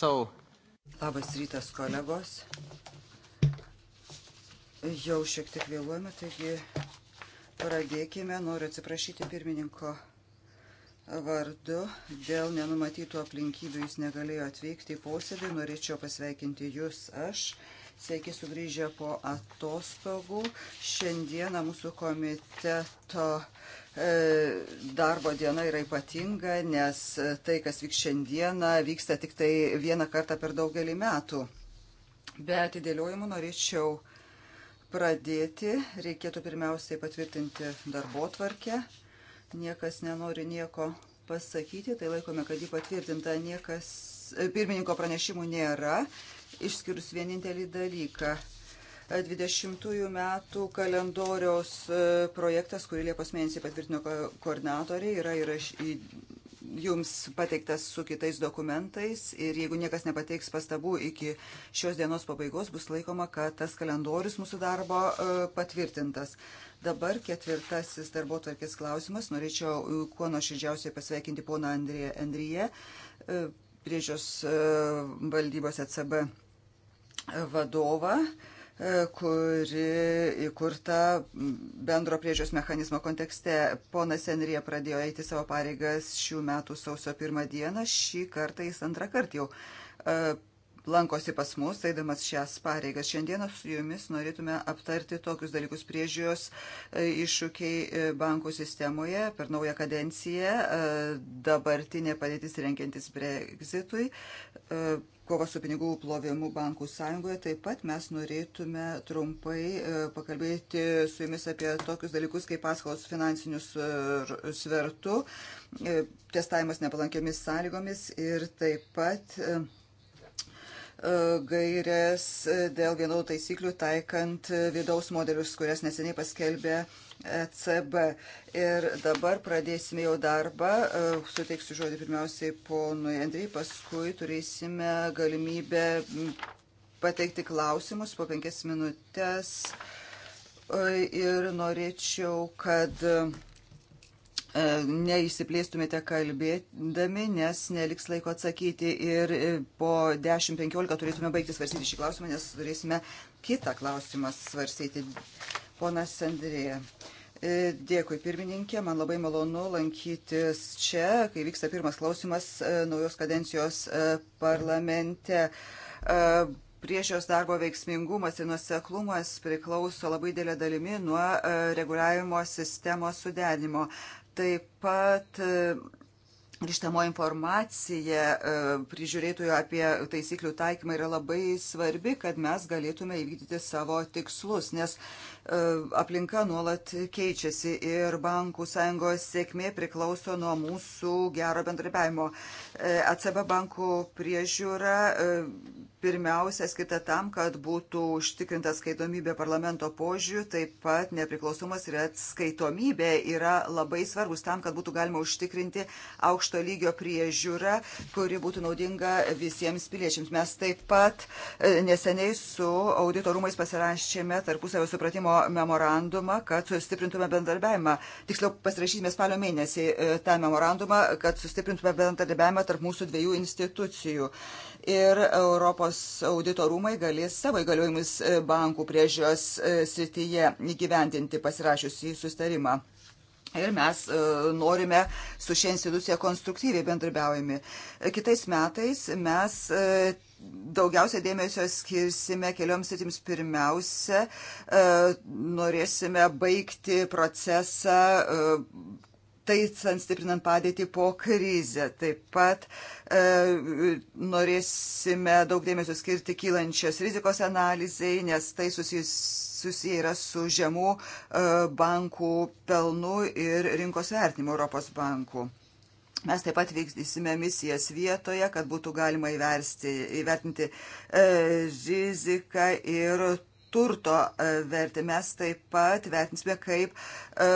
So... Labas rytas, kolegos. Jau šiek tiek vėluojame, taigi pradėkime. Noriu atsiprašyti pirmininko vardu. Dėl nenumatytų aplinkybių jis negalėjo atvykti į posėdį. Norėčiau pasveikinti jūs aš. Sveiki sugrįžę po atostogų. Šiandieną mūsų komiteto e, darbo diena yra ypatinga, nes tai, kas vyks šiandieną, vyksta tik tai vieną kartą per daugelį metų. Be atidėliojimų norėčiau pradėti. Reikėtų pirmiausiai patvirtinti darbo tvarkę. Niekas nenori nieko pasakyti, tai laikome, kad jį patvirtinta. Niekas e, pirmininko pranešimų nėra išskyrus vienintelį dalyką. 20 metų kalendoriaus e, projektas, kurį Liepos mėnesį patvirtino koordinatoriai, yra įraš, jums pateiktas su kitais dokumentais ir jeigu niekas nepateiks pastabų iki šios dienos pabaigos, bus laikoma, kad tas kalendorius mūsų darbo e, patvirtintas. Dabar ketvirtasis darbo tvarkės klausimas. Norėčiau e, kuo nuoširdžiausiai pasveikinti poną Andriją Andriją, priežios valdybos ECB vadovą e, kuri įkurta bendro priežios mechanizmo kontekste. Ponas Enrija pradėjo eiti savo pareigas šių metų sausio pirmą dieną, šį kartą jis antrą kartą jau e, lankosi pas mus, eidamas šias pareigas. Šiandieną su jumis norėtume aptarti tokius dalykus priežiūros e, iššūkiai e, bankų sistemoje per naują kadenciją, e, dabartinė padėtis renkiantis Brexitui, kova su pinigų plovimu bankų sąjungoje. Taip pat mes norėtume trumpai pakalbėti su jumis apie tokius dalykus kaip paskolos finansinių svertų, testavimas nepalankiamis sąlygomis ir taip pat gairės e, dėl vienodų taisyklių taikant e, vidaus modelius, kurias neseniai paskelbė ECB. Ir dabar pradėsime jau darbą. E, suteiksiu žodį pirmiausiai ponui Andrei, paskui turėsime galimybę pateikti klausimus po penkias minutės. Ir norėčiau, kad E, neįsiplėstumėte kalbėdami, nes neliks laiko atsakyti ir e, po 10.15 turėtume baigti svarstyti šį klausimą, nes turėsime kitą klausimą svarstyti. Ponas Sandrėja. E, dėkui pirmininkė, man labai malonu lankytis čia, kai vyksta pirmas klausimas naujos kadencijos parlamente. Priešios darbo veiksmingumas ir nuseklumas priklauso labai dėlė dalimi nuo reguliavimo sistemos suderinimo. Taip pat e, Grįžtamo informacija e, prižiūrėtojo apie taisyklių taikymą yra labai svarbi, kad mes galėtume įvykdyti savo tikslus, nes e, aplinka nuolat keičiasi ir bankų sąjungos sėkmė priklauso nuo mūsų gero bendrabiavimo. ECB bankų priežiūra pirmiausia skirta tam, kad būtų užtikrinta skaitomybė parlamento požiūrių, taip pat nepriklausomas ir atskaitomybė yra labai svarbus tam, kad būtų galima užtikrinti aukšto lygio priežiūrą, kuri būtų naudinga visiems piliečiams. Mes taip pat e, neseniai su auditorumais pasirašėme tarpusavio supratimo memorandumą, kad sustiprintume bendarbiavimą. Tiksliau pasirašysime spalio mėnesį e, tą memorandumą, kad sustiprintume bendarbiavimą tarp mūsų dviejų institucijų ir Europos audito rūmai galės savo įgaliojimus e, bankų priežios e, srityje įgyvendinti pasirašius į sustarimą. Ir mes e, norime su šia institucija konstruktyviai bendrabiaujami. Kitais metais mes daugiausia dėmesio skirsime kelioms sritims. Pirmiausia, norėsime baigti procesą taisant, stiprinant padėtį po krizę. Taip pat uh, E, norėsime daug dėmesio skirti kylančios rizikos analizai, nes tai susijęs susiję yra su žemų e, bankų pelnu ir rinkos vertinimu Europos bankų. Mes taip pat vykdysime misijas vietoje, kad būtų galima įversti, įvertinti e, riziką ir turto e, vertę. Mes taip pat vertinsime, kaip e,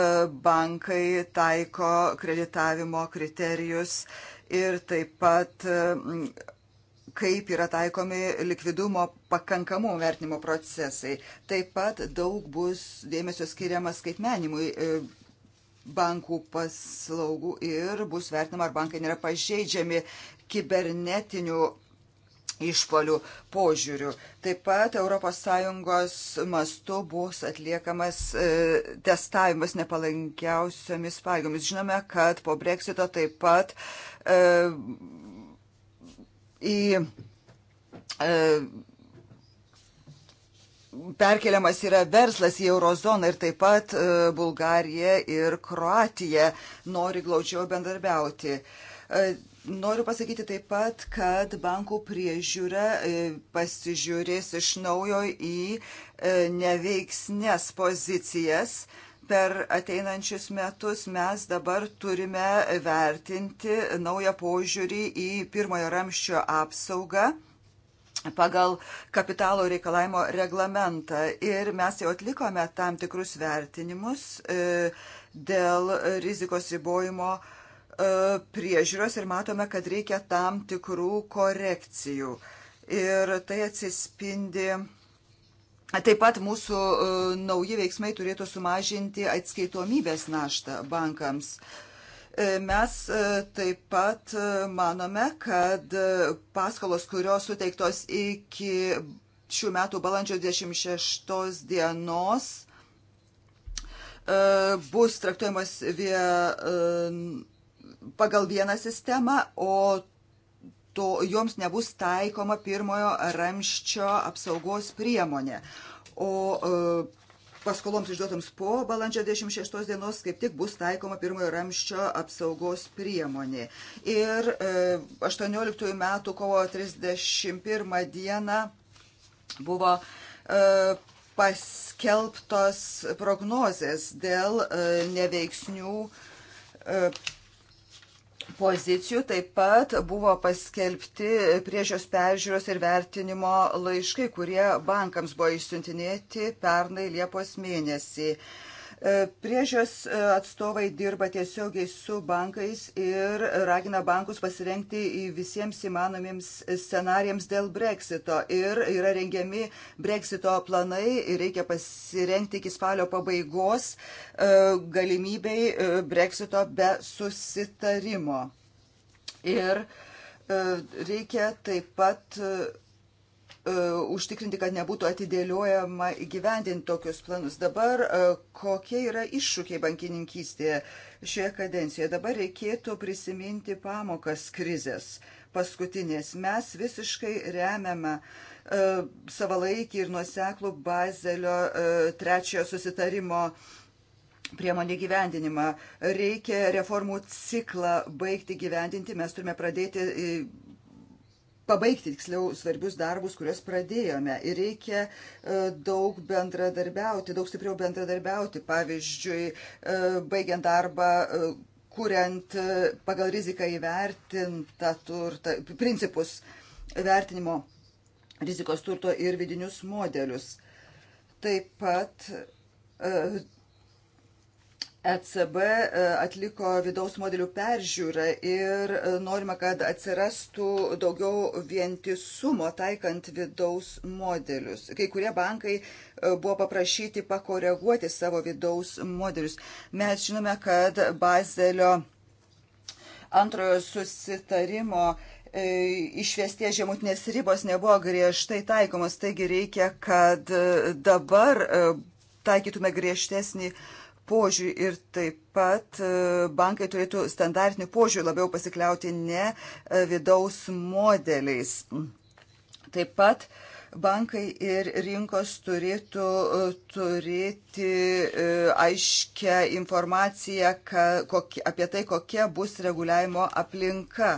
bankai taiko kreditavimo kriterijus. E, ir taip pat mm, kaip yra taikomi likvidumo pakankamumo vertinimo procesai. Taip pat daug bus dėmesio skiriama skaitmenimui e, bankų paslaugų ir bus vertinama, ar bankai nėra pažeidžiami kibernetinių išpolių požiūrių. Taip pat ES mastu bus atliekamas e, testavimas nepalankiausiomis pareigomis. Žinome, kad po breksito taip pat e, į e, perkeliamas yra verslas į eurozoną ir taip pat e, Bulgarija ir Kroatija nori glaučiau bendarbiauti. E, Noriu pasakyti taip pat, kad bankų priežiūra e, pasižiūrės iš naujo į e, neveiksnės pozicijas. Per ateinančius metus mes dabar turime vertinti naują požiūrį į pirmojo ramščio apsaugą pagal kapitalo reikalavimo reglamentą. Ir mes jau atlikome tam tikrus vertinimus e, dėl rizikos ribojimo reglamento E, priežiūros ir matome, kad reikia tam tikrų korekcijų. Ir tai atsispindi. Taip pat mūsų e, nauji veiksmai turėtų sumažinti atskaitomybės naštą bankams. E, mes taip pat manome, kad paskolos, kurios suteiktos iki šių metų balandžio 26 dienos, bus traktuojamos vien pagal vieną sistemą, o to, joms nebus taikoma pirmojo ramščio apsaugos priemonė. O e, paskoloms išduotams po balandžio 26 dienos kaip tik bus taikoma pirmojo ramščio apsaugos priemonė. Ir 18 e, metų kovo 31 dieną buvo e, paskelbtos prognozės dėl neveiksnių pozicijų taip pat buvo paskelbti priežios peržiūros ir vertinimo laiškai, kurie bankams buvo išsiuntinėti pernai Liepos mėnesį. E, priežios e, atstovai dirba tiesiogiai su bankais ir ragina bankus pasirengti visiems įmanomiems scenarijams dėl breksito. Ir yra rengiami breksito planai ir reikia pasirengti iki spalio pabaigos e, galimybei breksito be susitarimo. Ir reikia taip pat E, užtikrinti, kad nebūtų atidėliojama įgyvendinti tokius planus. Dabar e, kokie yra iššūkiai bankininkystėje šioje kadencijoje? Dabar reikėtų prisiminti pamokas krizės paskutinės. Mes visiškai remiame e, savalaikį ir nuoseklų Bazelio trečiojo susitarimo priemonė gyvendinimą. Reikia reformų ciklą baigti gyvendinti. Mes turime pradėti pabaigti tiksliau svarbius darbus, kuriuos pradėjome. Ir reikia e, daug bendradarbiauti, daug stipriau bendradarbiauti. Pavyzdžiui, e, baigiant darbą, e, kuriant pagal riziką įvertintą turtą, principus vertinimo rizikos turto ir vidinius modelius. Taip pat ECB e, atliko vidaus modelių peržiūrą ir e, norima, kad atsirastų daugiau vientisumo taikant vidaus modelius. Kai kurie bankai e, buvo paprašyti pakoreguoti savo vidaus modelius. Mes žinome, kad Bazelio antrojo susitarimo išvesties žemutinės ribos nebuvo griežtai taikomos, taigi reikia, kad dabar taikytume griežtesnį uh, požiūrį ir taip pat e, bankai turėtų standartinių požiūrį labiau pasikliauti ne e, vidaus modeliais. Taip pat bankai ir rinkos turėtų e, turėti aiškę informaciją ka, kokie, apie tai, kokia bus reguliavimo aplinka.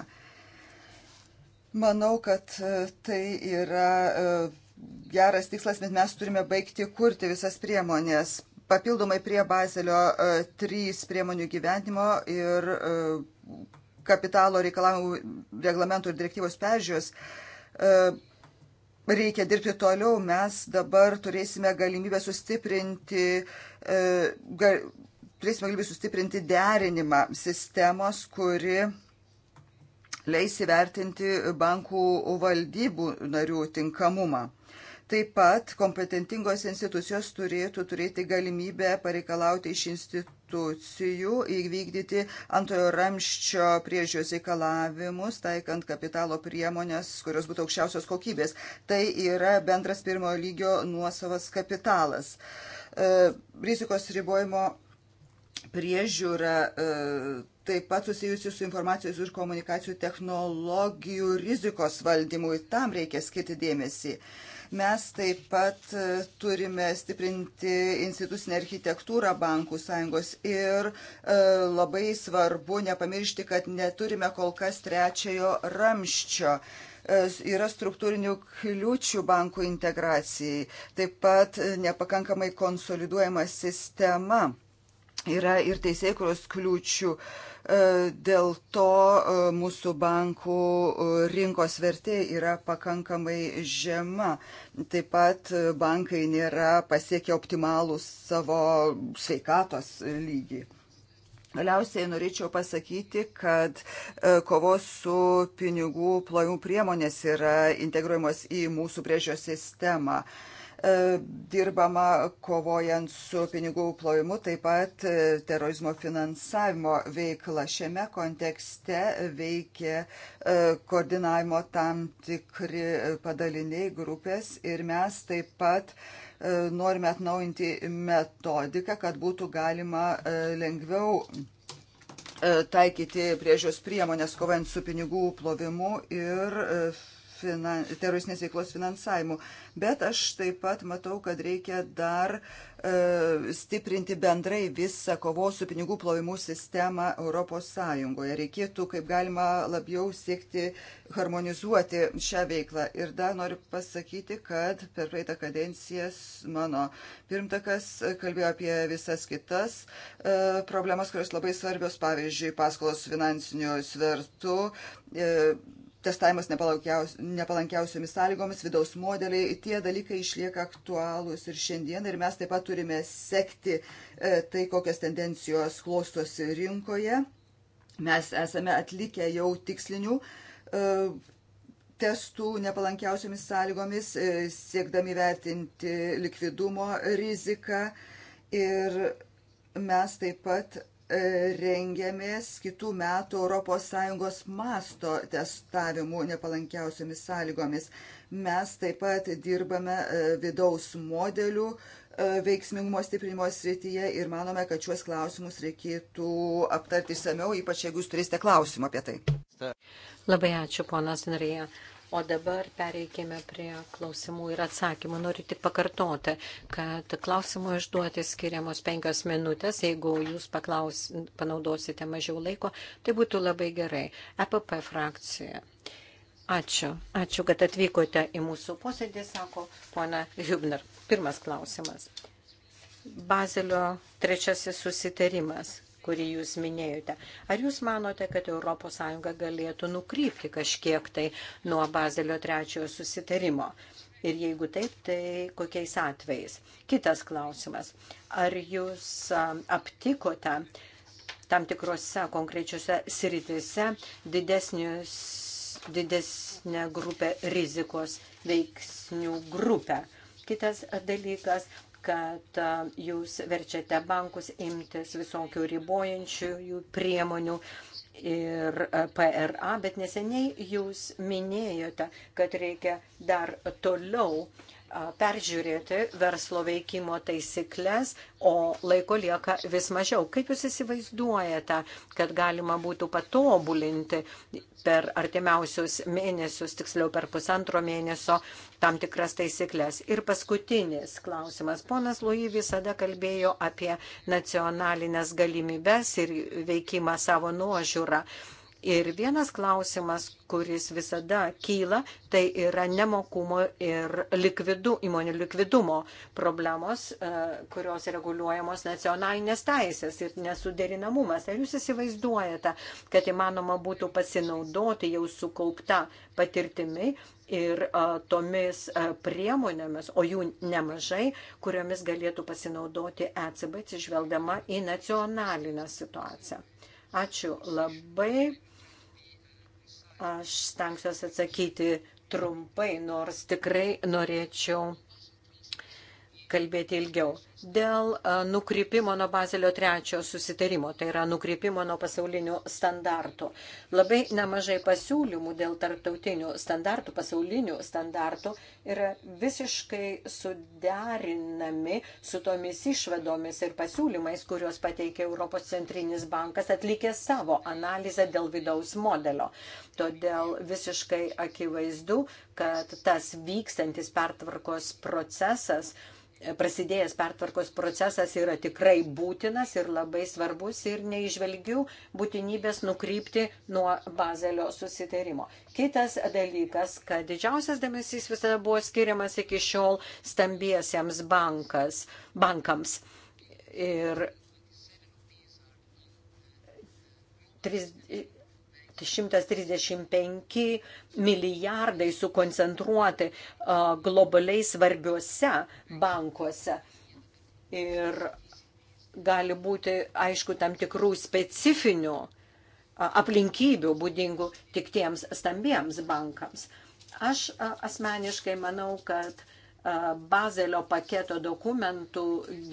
Manau, kad tai yra geras tikslas, bet mes turime baigti kurti visas priemonės papildomai prie Bazelio 3 e, priemonių gyvenimo ir e, kapitalo reikalavimų reglamentų ir direktyvos peržiūros e, reikia dirbti toliau. Mes dabar turėsime galimybę sustiprinti. Turėsime galimybę sustiprinti derinimą sistemos, kuri leis įvertinti bankų valdybų narių tinkamumą. Taip pat kompetentingos institucijos turėtų turėti galimybę pareikalauti iš institucijų įvykdyti antrojo ramščio priežiūros reikalavimus, taikant kapitalo priemonės, kurios būtų aukščiausios kokybės. Tai yra bendras pirmojo lygio nuosavas kapitalas. E, rizikos ribojimo priežiūra e, taip pat susijusi su informacijos ir komunikacijų technologijų rizikos valdymui. Tam reikia skirti dėmesį. Mes taip pat e, turime stiprinti institucinę architektūrą bankų sąjungos ir e, labai svarbu nepamiršti, kad neturime kol kas trečiojo ramščio e, yra struktūrinių kliūčių bankų integracijai, taip pat nepakankamai konsoliduojama sistema yra ir teisėkros kliūčių. E, dėl to e, mūsų bankų e, rinkos vertė yra pakankamai žema. Taip pat bankai nėra pasiekę optimalų savo sveikatos lygį. Galiausiai norėčiau pasakyti, kad kovos su pinigų plovimų priemonės yra integruojamos į mūsų priežios sistemą. Uh, E, dirbama kovojant su pinigų plovimu, taip pat e, terorizmo finansavimo veikla. Šiame kontekste veikia e, koordinavimo tam tikri padaliniai grupės ir mes taip pat norime atnaujinti metodiką, kad būtų galima lengviau taikyti priežios priemonės kovant su pinigų plovimu ir finan, teroristinės veiklos finansavimu. Bet aš taip pat matau, kad reikia dar e, stiprinti bendrai visą kovos su pinigų plovimu sistemą ES. Reikėtų kaip galima labiau siekti harmonizuoti šią veiklą. Ir dar noriu pasakyti, kad per praeitą kadenciją mano pirmtakas kalbėjo apie visas kitas e, problemas, kurios labai svarbios, pavyzdžiui, paskolos finansinių svertų. E, testavimas nepalankiausiomis sąlygomis, vidaus modeliai, tie dalykai išlieka aktualūs ir šiandien. Ir mes taip pat turime sekti e, tai, kokios tendencijos klostosi rinkoje. Mes esame atlikę jau tikslinių e, testų nepalankiausiomis sąlygomis, e, siekdami vertinti likvidumo riziką. Ir mes taip pat E, rengiamės kitų metų ES masto testavimų nepalankiausiomis sąlygomis. Mes taip pat dirbame e, vidaus modelių e, veiksmingumo stiprinimo srityje ir manome, kad šiuos klausimus reikėtų aptarti išsameu, ypač jeigu jūs turėsite klausimą apie tai. Labai ačiū, ponas Narija. O dabar pereikime prie klausimų ir atsakymų. Noriu tik pakartoti, kad klausimų išduoti skiriamos penkios minutės. Jeigu jūs paklaus, panaudosite mažiau laiko, tai būtų labai gerai. EPP frakcija. Ačiū. Ačiū, kad atvykote į mūsų posėdį, sako pona Hübner. Pirmas klausimas. Bazelio trečiasis susitarimas kurį jūs minėjote. Ar jūs manote, kad ES galėtų nukrypti kažkiek tai nuo Bazelio trečiojo susitarimo? Ir jeigu taip, tai kokiais atvejais? Kitas klausimas. Ar jūs aptikote tam tikrose konkrečiose sritise didesnę grupę rizikos veiksnių grupę? Kitas dalykas, kad jūs verčiate bankus imtis visokių ribojančių priemonių ir PRA, bet neseniai jūs minėjote, kad reikia dar toliau uh, peržiūrėti verslo veikimo taisyklės, o laiko lieka vis mažiau. Kaip Jūs įsivaizduojate, kad galima būtų patobulinti per artimiausius mėnesius, tiksliau per pusantro mėnesio, tam tikras taisyklės? Ir paskutinis klausimas. Ponas Lui visada kalbėjo apie nacionalinės galimybės ir veikimą savo nuožiūrą. Ir vienas klausimas, kuris visada kyla, tai yra nemokumo ir likvidų, įmonių likvidumo problemos, e, kurios reguliuojamos nacionalinės teisės ir nesuderinamumas. Ar jūs įsivaizduojate, kad įmanoma būtų pasinaudoti jau sukaupta patirtimi ir a, e, tomis a, e, priemonėmis, o jų nemažai, kuriomis galėtų pasinaudoti ECB atsižvelgdama į nacionalinę situaciją. Ačiū labai. Aš stengsiuosi atsakyti trumpai, nors tikrai norėčiau kalbėti ilgiau. Dėl nukrypimo nuo Bazilio trečio susitarimo, tai yra nukrypimo nuo pasaulinių standartų. Labai nemažai pasiūlymų dėl tarptautinių standartų, pasaulinių standartų yra visiškai suderinami su tomis išvadomis ir pasiūlymais, kuriuos pateikė Europos centrinis bankas, atlikė savo analizę dėl vidaus modelio. Todėl visiškai akivaizdu, kad tas vykstantis pertvarkos procesas, procesas prasidėjęs pertvarkos procesas yra tikrai būtinas ir labai svarbus ir neižvelgiu būtinybės nukrypti nuo bazelio susitarimo. Kitas dalykas, kad didžiausias dėmesys visada buvo skiriamas iki šiol stambiesiems bankas, bankams. Ir 3, 135 milijardai sukoncentruoti globaliai svarbiuose bankuose. Ir gali būti, aišku, tam tikrų specifinių aplinkybių būdingų tik tiems stambiems bankams. Aš asmeniškai manau, kad Bazelio paketo dokumentų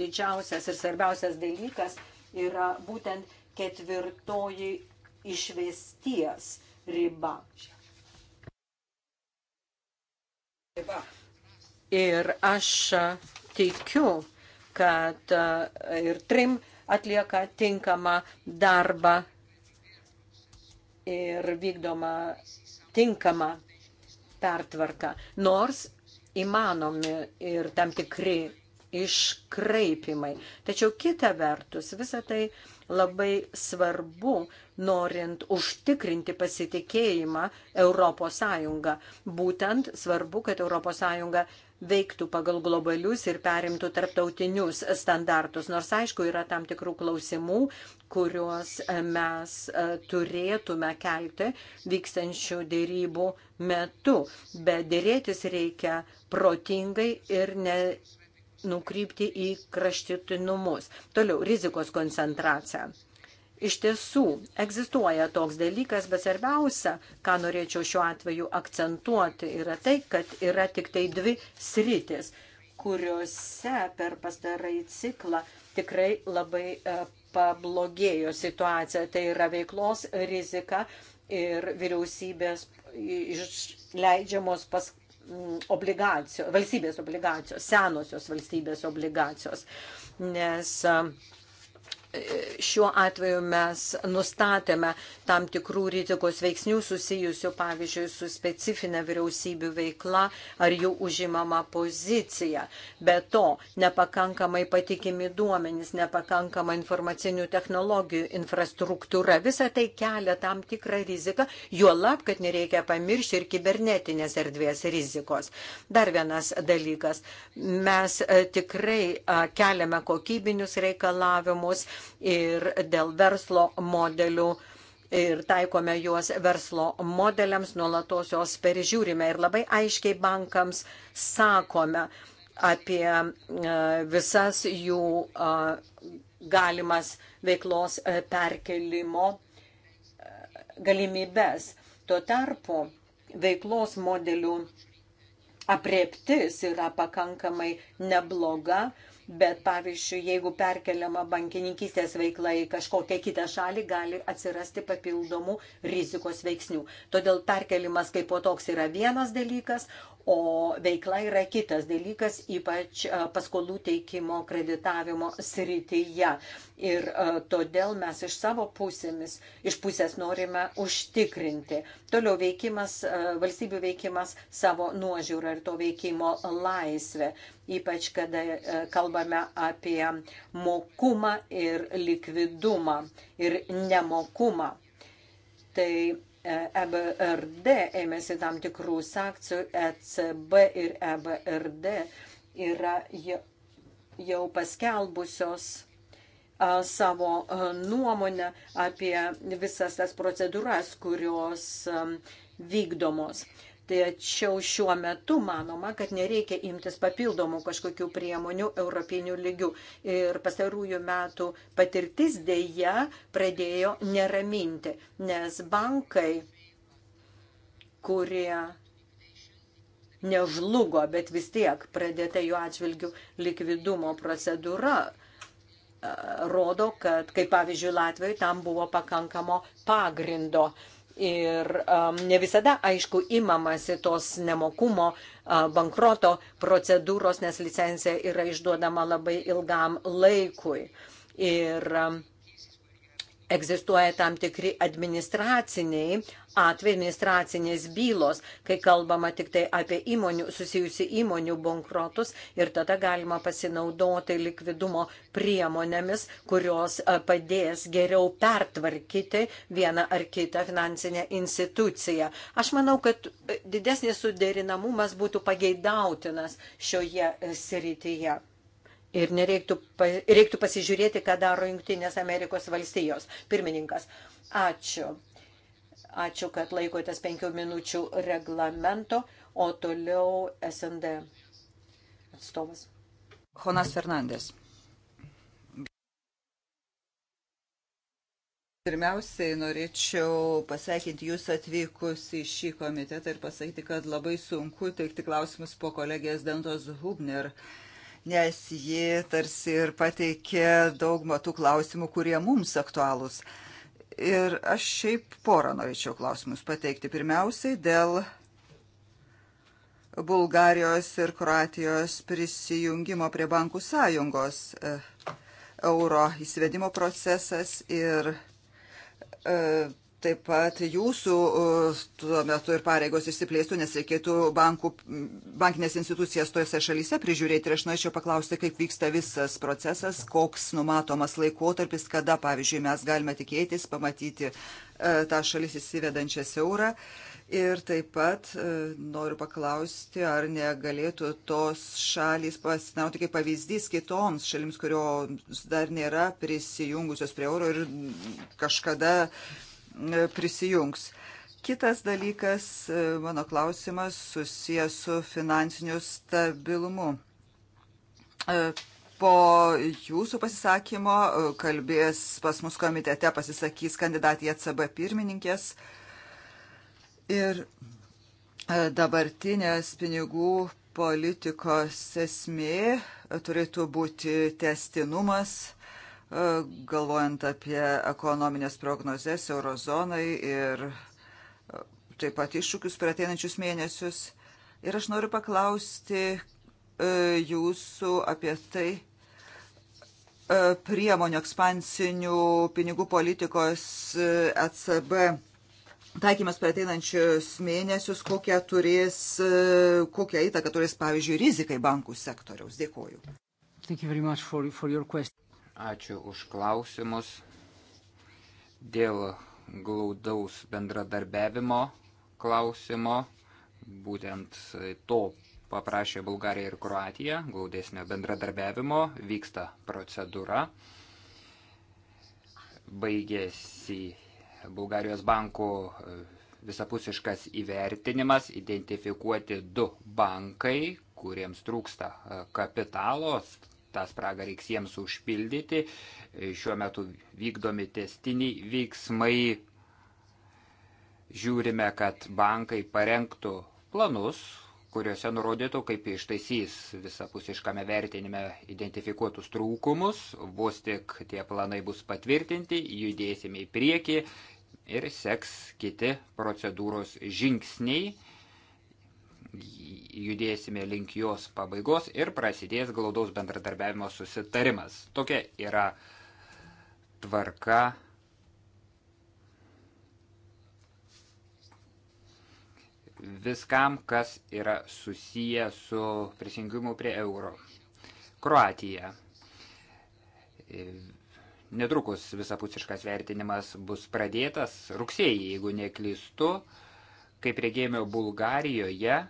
didžiausias ir svarbiausias dalykas yra būtent ketvirtoji išvesties riba. Ir aš tikiu, kad ir trim atlieka tinkamą darbą ir vykdoma tinkama pertvarka. Nors įmanomi ir tam tikri iškraipimai. Tačiau kita vertus, visą tai labai svarbu, norint užtikrinti pasitikėjimą Europos Sąjungą. Būtent svarbu, kad Europos Sąjunga veiktų pagal globalius ir perimtų tarptautinius standartus. Nors, aišku, yra tam tikrų klausimų, kuriuos e, mes e, turėtume kelti vykstančių dėrybų metu. Bet dėrėtis reikia protingai ir ne nukrypti į kraštutinumus. Toliau, rizikos koncentracija. Iš tiesų, egzistuoja toks dalykas, bet svarbiausia, ką norėčiau šiuo atveju akcentuoti, yra tai, kad yra tik tai dvi sritis, kuriuose per pastarai ciklą tikrai labai e, pablogėjo situacija. Tai yra veiklos rizika ir vyriausybės išleidžiamos pas obligacijos, valstybės obligacijos, senosios valstybės obligacijos. Nes uh, šiuo atveju mes nustatėme tam tikrų rizikos veiksnių susijusių, pavyzdžiui, su specifinė vyriausybių veikla ar jų užimama pozicija. Be to, nepakankamai patikimi duomenys, nepakankama informacinių technologijų infrastruktūra. Visa tai kelia tam tikrą riziką, juolab, kad nereikia pamiršti ir kibernetinės erdvės rizikos. Dar vienas dalykas. Mes e, tikrai keliame kokybinius reikalavimus ir dėl verslo modelių ir taikome juos verslo modeliams, nuolatos juos peržiūrime ir labai aiškiai bankams sakome apie e, visas jų e, galimas veiklos e, perkelimo galimybės. Tuo tarpu veiklos modelių apreptis yra pakankamai nebloga bet pavyzdžiui, jeigu perkeliama bankininkystės veikla į kažkokią kitą šalį, gali atsirasti papildomų rizikos veiksnių. Todėl perkelimas kaip po toks yra vienas dalykas, o veikla yra kitas dalykas, ypač paskolų teikimo kreditavimo srityje. Ir todėl mes iš savo pusėmis, iš pusės norime užtikrinti. Toliau veikimas, valstybių veikimas savo nuožiūrą ir to veikimo laisvę, ypač kada kalbame apie mokumą ir likvidumą ir nemokumą. Tai EBRD ėmėsi tam tikrų sankcijų, ECB ir EBRD yra jau paskelbusios savo nuomonę apie visas tas procedūras, kurios vykdomos. Tačiau šiuo metu manoma, kad nereikia imtis papildomų kažkokių priemonių europinių lygių. Ir pastarųjų metų patirtis dėja pradėjo neraminti, nes bankai, kurie nežlugo, bet vis tiek pradėta jų atžvilgių likvidumo procedūra rodo, kad, kaip pavyzdžiui, Latvijoje tam buvo pakankamo pagrindo. Ir um, ne visada, aišku, imamasi tos nemokumo uh, bankroto procedūros, nes licencija yra išduodama labai ilgam laikui. Ir um, egzistuoja tam tikri administraciniai administracinės bylos, kai kalbama tik tai apie įmonių, susijusi įmonių bankrotus ir tada galima pasinaudoti likvidumo priemonėmis, kurios e, padės geriau pertvarkyti vieną ar kitą finansinę instituciją. Aš manau, kad e, didesnis suderinamumas būtų pageidautinas šioje e, srityje. Ir nereiktų, reiktų pasižiūrėti, ką daro Junktinės Amerikos valstijos. Pirmininkas, ačiū. Ačiū, kad laikotės penkių minučių reglamento, o toliau SND atstovas. Jonas Fernandės. Pirmiausiai norėčiau pasveikinti Jūs atvykus į šį komitetą ir pasakyti, kad labai sunku teikti klausimus po kolegės Dantos Hubner, nes ji tarsi ir pateikė daug matų klausimų, kurie mums aktualūs. Ir aš šiaip porą norėčiau klausimus pateikti. Pirmiausiai dėl Bulgarijos ir Kroatijos prisijungimo prie bankų sąjungos e, euro įsivedimo procesas ir e, taip pat jūsų uh, tuo metu ir pareigos išsiplėstų, nes reikėtų bankų, bankinės institucijas tojose šalyse prižiūrėti. Ir aš norėčiau paklausti, kaip vyksta visas procesas, koks numatomas laikotarpis, kada, pavyzdžiui, mes galime tikėtis pamatyti uh, tą šalis įsivedančias eurą. Ir taip pat uh, noriu paklausti, ar negalėtų tos šalys pasinauti kaip pavyzdys kitoms šalims, kurios dar nėra prisijungusios prie euro ir kažkada uh, E, prisijungs. Kitas dalykas, e, mano klausimas, susijęs su finansiniu stabilumu. E, po jūsų pasisakymo kalbės pas mus komitete pasisakys kandidatė ECB pirmininkės ir dabartinės pinigų politikos esmė turėtų būti testinumas, galvojant apie ekonominės prognozes eurozonai ir e, taip pat iššūkius per ateinančius mėnesius. Ir aš noriu paklausti e, jūsų apie tai e, priemonių ekspansinių pinigų politikos ECB taikymas per ateinančius mėnesius, kokią turės, kokią įtaką turės, pavyzdžiui, rizikai bankų sektoriaus. Dėkuoju. For, for Ačiū už klausimus. Dėl glaudaus bendradarbiavimo klausimo, būtent to paprašė Bulgarija ir Kroatija, glaudesnio bendradarbiavimo, vyksta procedūra. Baigėsi Bulgarijos bankų e, visapusiškas įvertinimas, identifikuoti du bankai, kuriems trūksta e, kapitalos, tą spragą reiks jiems užpildyti. Šiuo metu vykdomi testiniai veiksmai. Žiūrime, kad bankai parengtų planus, kuriuose nurodytų, kaip ištaisys visapusiškame vertinime identifikuotus trūkumus. Vos tik tie planai bus patvirtinti, judėsime į priekį ir seks kiti procedūros žingsniai judėsime link jos pabaigos ir prasidės glaudaus bendradarbiavimo susitarimas. Tokia yra tvarka. viskam, kas yra susiję su prisijungimu prie euro. Kroatija. Netrukus visapusiškas vertinimas bus pradėtas rugsėjį, jeigu neklystu, kaip regėjome Bulgarijoje,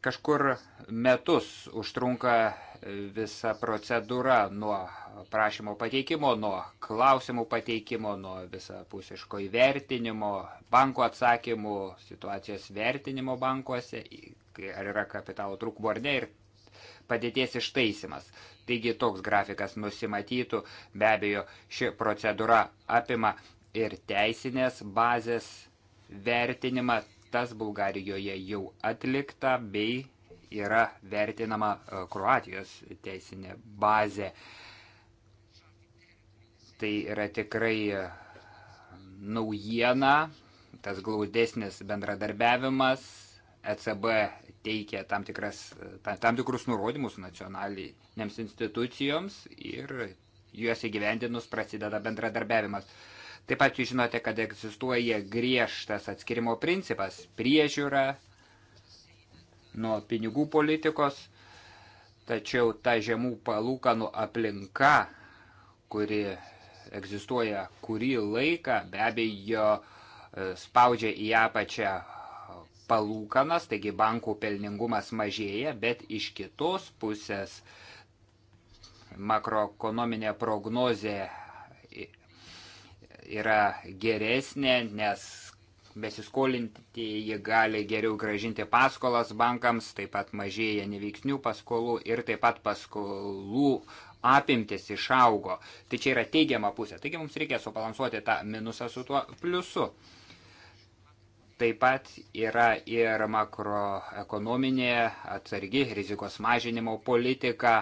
Kažkur metus užtrunka visa procedūra nuo prašymo pateikimo, nuo klausimų pateikimo, nuo visapusiško įvertinimo, banko atsakymų, situacijos vertinimo bankuose, ar yra kapitalo trūkumo ar ne ir padėties ištaisimas. Taigi toks grafikas nusimatytų, be abejo, ši procedūra apima ir teisinės bazės vertinimą, tas Bulgarijoje jau atlikta bei yra vertinama e, Kroatijos teisinė bazė. Tai yra tikrai e, naujiena, tas glaudesnis bendradarbiavimas. ECB teikia tam, tikras, e, tam, tam tikrus nurodymus nacionalinėms institucijoms ir juos įgyvendinus prasideda bendradarbiavimas. Taip pat jūs žinote, kad egzistuoja griežtas atskirimo principas - priežiūra nuo pinigų politikos, tačiau ta žemų palūkanų aplinka, kuri egzistuoja kurį laiką, be abejo, e, spaudžia į apačią palūkanas, taigi bankų pelningumas mažėja, bet iš kitos pusės makroekonominė prognozė yra geresnė, nes besiskolinti jie gali geriau gražinti paskolas bankams, taip pat mažėja neveiksnių paskolų ir taip pat paskolų apimtis išaugo. Tai čia yra teigiama pusė. Taigi mums reikia subalansuoti tą minusą su tuo pliusu. Taip pat yra ir makroekonominė atsargi rizikos mažinimo politika,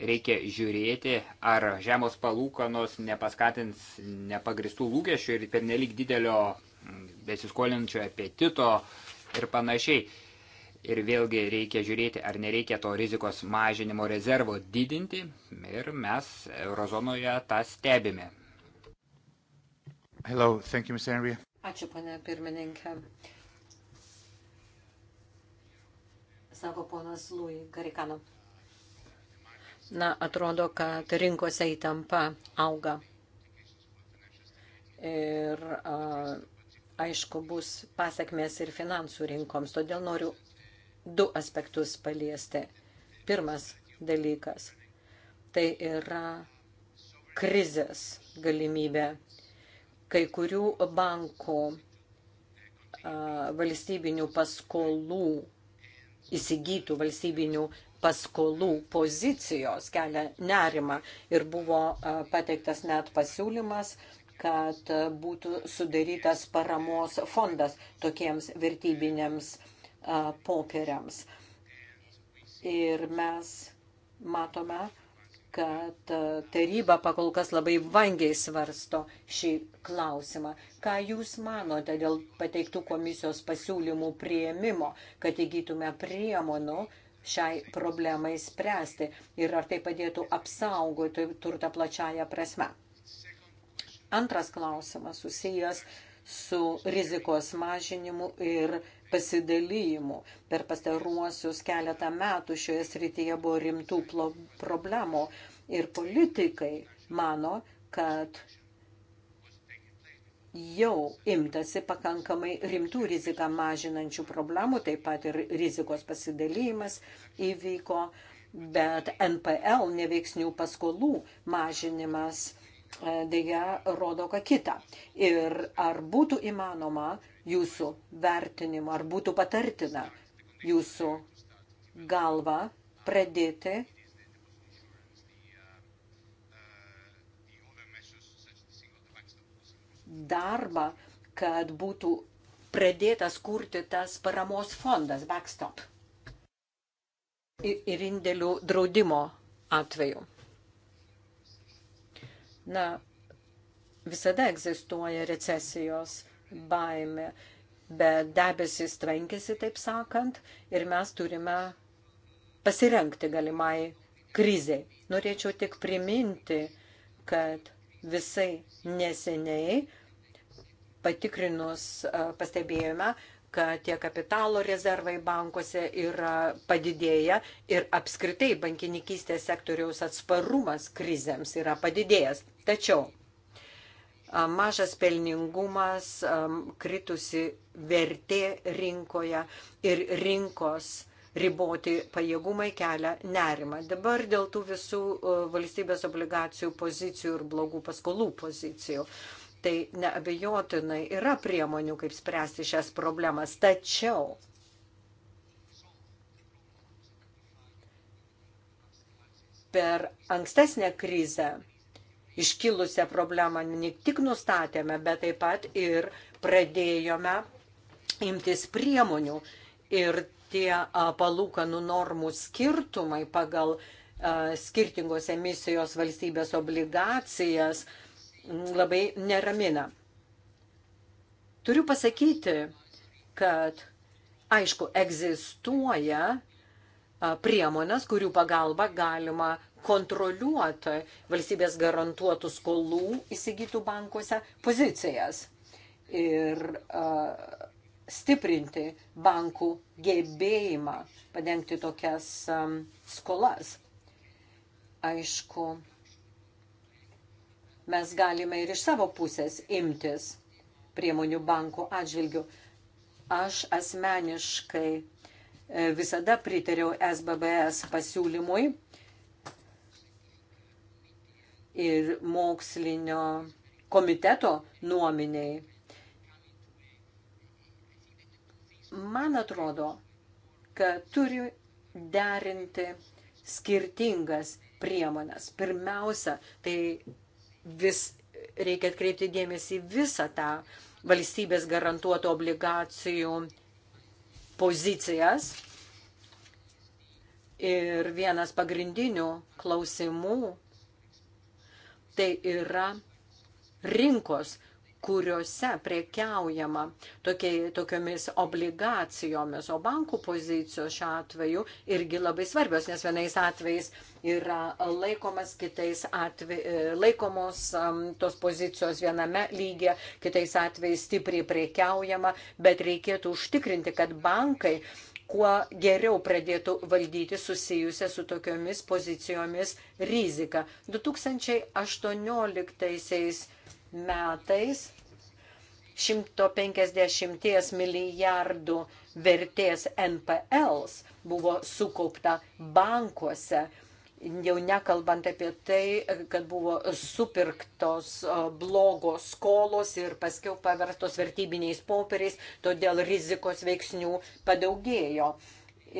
reikia žiūrėti, ar žemos palūkanos nepaskatins nepagristų lūkesčių ir pernelik didelio besiskolinčio apetito ir panašiai. Ir vėlgi reikia žiūrėti, ar nereikia to rizikos mažinimo rezervo didinti ir mes eurozonoje tą stebime. Hello, thank you, Mr. Henry. Ačiū, ponė pirmininkė. Sako ponas Lui Garikano na, atrodo, kad rinkose įtampa auga. Ir a, aišku, bus pasiekmes ir finansų rinkoms. Todėl noriu du aspektus paliesti. Pirmas dalykas - tai yra krizės galimybė. Kai kurių bankų a, valstybinių paskolų įsigytų valstybinių paskolų pozicijos kelia nerima ir buvo pateiktas net pasiūlymas, kad būtų sudarytas paramos fondas tokiems vertybinėms popieriams. Ir mes matome, kad e, taryba pakol kas labai vangiai svarsto šį klausimą. Ką Jūs manote dėl pateiktų komisijos pasiūlymų prieimimo, kad įgytume priemonų šiai problemai spręsti ir ar tai padėtų apsaugoti turtą plačiają prasme? Antras klausimas susijęs su rizikos mažinimu ir pasidalyjimų. Per pastaruosius keletą metų šioje srityje buvo rimtų problemų ir politikai mano, kad jau imtasi pakankamai rimtų riziką mažinančių problemų, taip pat ir rizikos pasidalymas įvyko, bet NPL neveiksnių paskolų mažinimas E, dėja rodo ką kitą. Ir ar būtų įmanoma jūsų vertinimu, ar būtų patartina jūsų galva pradėti darbą, kad būtų pradėtas kurti tas paramos fondas backstop ir indėlių draudimo atveju. Na, visada egzistuoja recesijos baime, bet debesis tvenkėsi, taip sakant, ir mes turime pasirenkti galimai kriziai. Norėčiau tik priminti, kad visai neseniai patikrinus pastebėjome, kad tie kapitalo rezervai bankuose yra padidėję ir apskritai bankininkystės sektoriaus atsparumas krizėms yra padidėjęs. Tačiau mažas pelningumas, kritusi vertė rinkoje ir rinkos riboti pajėgumai kelia nerimą. Dabar dėl tų visų valstybės obligacijų pozicijų ir blogų paskolų pozicijų tai neabejotinai yra priemonių, kaip spręsti šias problemas. Tačiau per ankstesnę krizę iškilusią problemą ne tik nustatėme, bet taip pat ir pradėjome imtis priemonių. Ir tie palūkanų normų skirtumai pagal skirtingos emisijos valstybės obligacijas labai neramina. Turiu pasakyti, kad aišku, egzistuoja priemonės, kurių pagalba galima kontroliuoti valstybės garantuotų skolų įsigytų bankuose pozicijas ir a, stiprinti bankų gebėjimą padengti tokias a, skolas. Aišku, mes galime ir iš savo pusės imtis priemonių bankų atžvilgių. Aš asmeniškai e, visada pritariau SBBS pasiūlymui ir mokslinio komiteto nuominiai. Man atrodo, kad turi derinti skirtingas priemonės. Pirmiausia, tai vis reikia atkreipti dėmesį visą tą valstybės garantuotų obligacijų pozicijas. Ir vienas pagrindinių klausimų tai yra rinkos kuriuose prekiaujama tokiai, tokiomis obligacijomis, o bankų pozicijos šiuo atveju irgi labai svarbios, nes vienais atvejais yra laikomas kitais atvejais, e, laikomos um, tos pozicijos viename lygiai, kitais atvejais stipriai prekiaujama, bet reikėtų užtikrinti, kad bankai kuo geriau pradėtų valdyti susijusią su tokiomis pozicijomis riziką. 2018 metais 150 milijardų vertės NPLs buvo sukaupta bankuose, jau nekalbant apie tai, kad buvo supirktos blogos skolos ir paskiau paverstos vertybiniais popieriais, todėl rizikos veiksnių padaugėjo.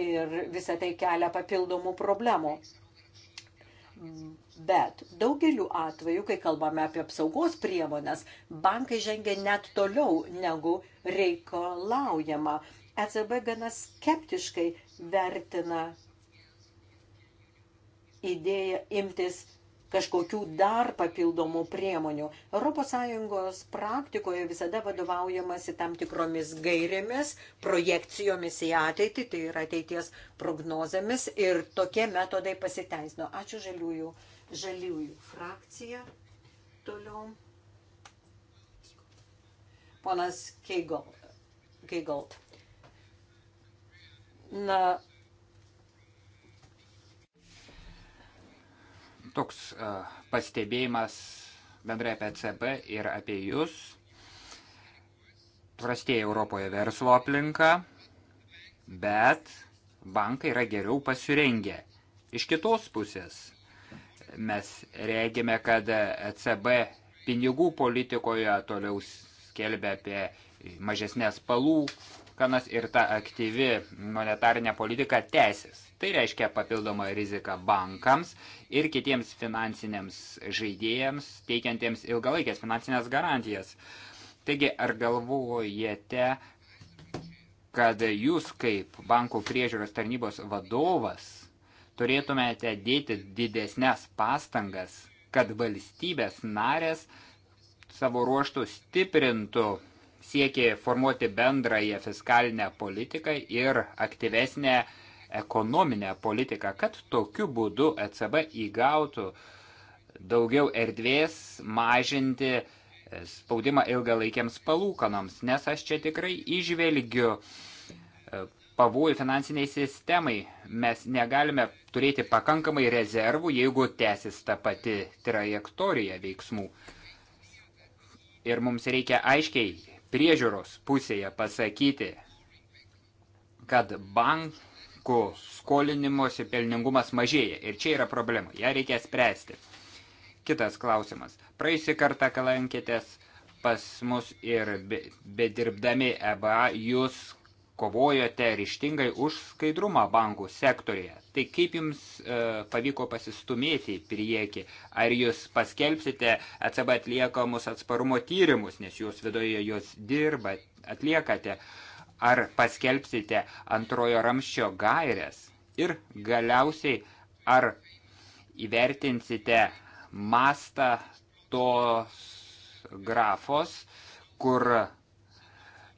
Ir visą tai kelia papildomų problemų. Bet daugeliu atveju, kai kalbame apie apsaugos priemonės, bankai žengia net toliau negu reikalaujama. ECB gana skeptiškai vertina idėją imtis kažkokių dar papildomų priemonių. ES praktikoje visada vadovaujamasi tam tikromis gairėmis, projekcijomis į ateitį, tai yra ateities prognozėmis ir tokie metodai pasiteisino. Ačiū žaliųjų, žaliųjų frakcija. Toliau. Ponas Keigold. Na, Toks uh, pastebėjimas bendrai apie ECB ir apie jūs. Prastėja Europoje verslo aplinka, bet bankai yra geriau pasirengę. Iš kitos pusės mes reagime, kad ECB pinigų politikoje toliau skelbia apie mažesnės palūkanas ir ta aktyvi monetarinė politika tęsis. Tai reiškia papildomą riziką bankams ir kitiems finansiniams žaidėjams, teikiantiems ilgalaikės finansinės garantijas. Taigi, ar galvojate, kad jūs kaip bankų priežiūros tarnybos vadovas turėtumėte dėti didesnės pastangas, kad valstybės narės savo ruoštų stiprintų siekė formuoti bendrąją fiskalinę politiką ir aktyvesnę ekonominę politiką, kad tokiu būdu ECB įgautų daugiau erdvės mažinti spaudimą ilgalaikiams palūkanoms, nes aš čia tikrai išvelgiu e, pavojų finansiniai sistemai. Mes negalime turėti pakankamai rezervų, jeigu tęsis ta pati trajektorija veiksmų. Ir mums reikia aiškiai priežiūros pusėje pasakyti, kad bank, aišku, skolinimuose pelningumas mažėja ir čia yra problema, ją reikia spręsti. Kitas klausimas. Praėjusį kartą, kai lankėtės pas mus ir bedirbdami EBA, jūs kovojote ryštingai už skaidrumą bankų sektorėje. Tai kaip jums e, pavyko pasistumėti į priekį? Ar jūs paskelbsite ECB atliekamus atsparumo tyrimus, nes jūs viduje juos dirba, atliekate? E, ar paskelbsite antrojo ramščio gairės ir galiausiai ar įvertinsite mastą tos grafos, kur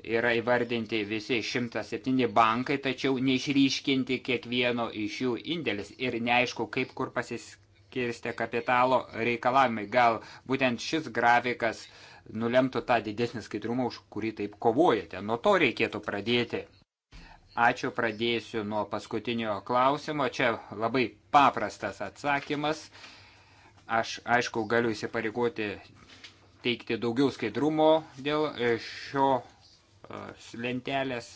yra įvardinti visi 107 bankai, tačiau neišryškinti kiekvieno iš jų indėlis ir neaišku, kaip kur pasiskirsti kapitalo reikalavimai. Gal būtent šis grafikas uh, nulemtų tą didesnį skaidrumą, už kurį taip kovojate. Nuo to reikėtų pradėti. Ačiū, pradėsiu nuo paskutinio klausimo. Čia labai paprastas atsakymas. Aš, aišku, galiu įsipareigoti teikti daugiau skaidrumo dėl e, šio e, lentelės,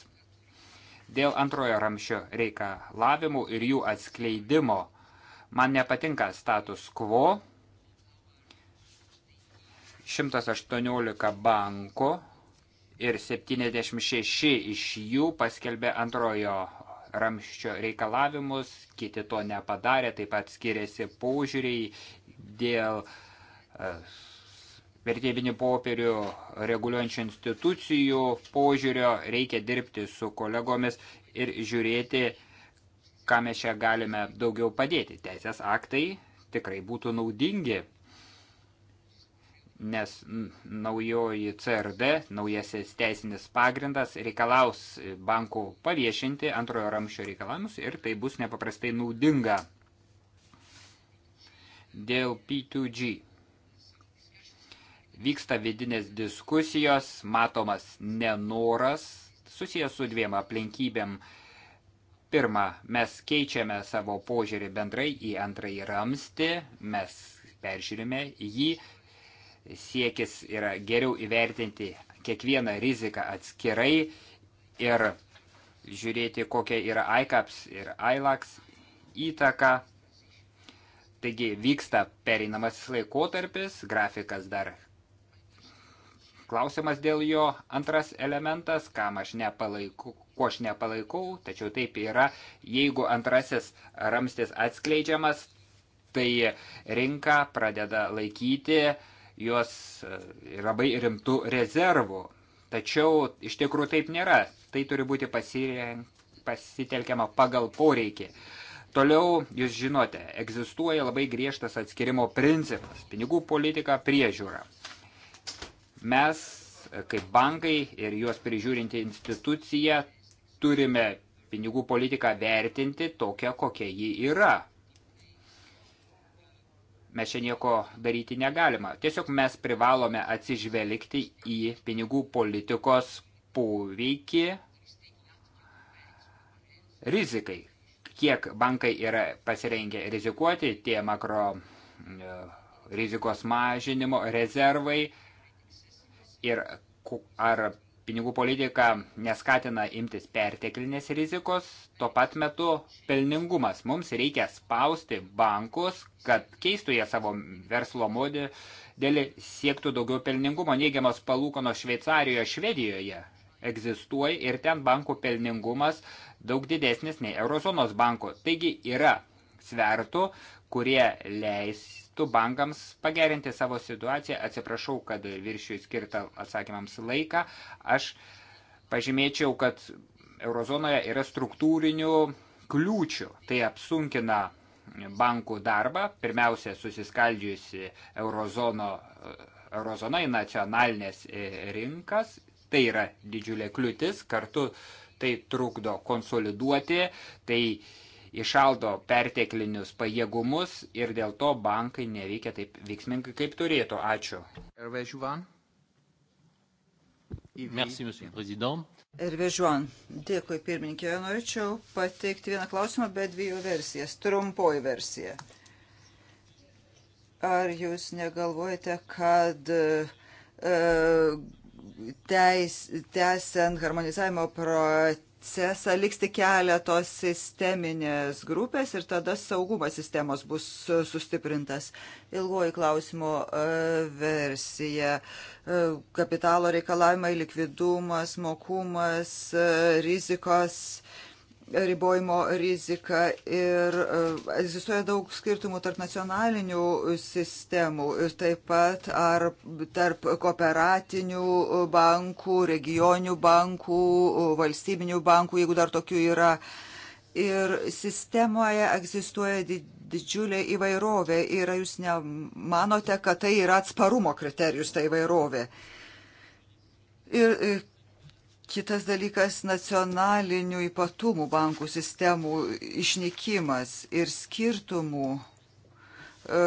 dėl antrojo ramščio reikalavimų ir jų atskleidimo. Man nepatinka status quo, 118 banko ir 76 iš jų paskelbė antrojo ramščio reikalavimus, kiti to nepadarė, taip pat skiriasi paužiūriai dėl e, vertybinių popierių reguliuojančių institucijų požiūrio, reikia dirbti su kolegomis ir žiūrėti, ką mes čia galime daugiau padėti. Teisės aktai tikrai būtų naudingi nes naujoji CRD, naujasis teisinis pagrindas, reikalaus bankų paviešinti antrojo ramščio reikalavimus ir tai bus nepaprastai naudinga dėl P2G. Vyksta vidinės diskusijos, matomas nenoras, susijęs su dviem aplinkybėm. Pirma, mes keičiame savo požiūrį bendrai į antrąjį ramstį, mes peržiūrime jį, siekis yra geriau įvertinti kiekvieną riziką atskirai ir žiūrėti, kokia yra ICAPS ir ILAX įtaka. Taigi vyksta pereinamasis laikotarpis, grafikas dar klausimas dėl jo. Antras elementas, kam aš nepalaikau, ko aš nepalaikau, tačiau taip yra, jeigu antrasis ramstis atskleidžiamas, tai rinka pradeda laikyti uh, jos e, labai rimtų rezervų. Tačiau iš tikrųjų taip nėra. Tai turi būti pasitelkiama pagal poreikį. Toliau, jūs žinote, egzistuoja labai griežtas atskirimo principas - pinigų politika priežiūra. Mes, e, kaip bankai ir juos prižiūrinti institucija, turime pinigų politiką vertinti tokią, kokia ji yra mes čia nieko daryti negalima. Tiesiog mes privalome atsižvelgti į pinigų politikos poveikį rizikai. Kiek bankai yra pasirengę rizikuoti, tie makro e, rizikos mažinimo rezervai ir ar pinigų politika neskatina imtis perteklinės rizikos, tuo pat metu pelningumas. Mums reikia spausti bankus, kad keistų jie savo verslo modelį, siektų daugiau pelningumo. Neigiamas palūkanos Šveicarijoje, Švedijoje egzistuoja ir ten bankų pelningumas daug didesnis nei Eurozonos bankų. Taigi yra svertų, kurie leis leistų bankams pagerinti savo situaciją. Atsiprašau, kad viršiu skirtą atsakymams laiką. Aš pažymėčiau, kad eurozonoje yra struktūrinių kliūčių. Tai apsunkina bankų darbą. Pirmiausia, susiskaldžiusi eurozono, eurozona į nacionalinės rinkas. Tai yra didžiulė kliūtis. Kartu tai trukdo konsoliduoti. Tai uh, išaldo perteklinius pajėgumus ir dėl to bankai neveikia taip veiksmingai, kaip turėtų. Ačiū. Merci, monsieur le président. Ervežuan, dėkui pirmininkė. Norėčiau pateikti vieną klausimą, bet dviejų versijas, trumpoji versija. Ar jūs negalvojate, kad e, teis, tęsiant harmonizavimo procesą, procesą liks tik keletos sisteminės grupės ir tada saugumas sistemos bus sustiprintas. Ilgoji klausimo e, versija e, - kapitalo reikalavimai, likvidumas, mokumas, e, rizikos ribojimo rizika ir e, egzistuoja daug skirtumų tarp nacionalinių sistemų ir taip pat ar tarp kooperatinių bankų, regioninių bankų, valstybinių bankų, jeigu dar tokių yra. Ir sistemoje egzistuoja didžiulė įvairovė ir jūs nemanote, kad tai yra atsparumo kriterijus, ta įvairovė. Ir e, Kitas dalykas - nacionalinių ypatumų bankų sistemų išnykimas ir skirtumų e,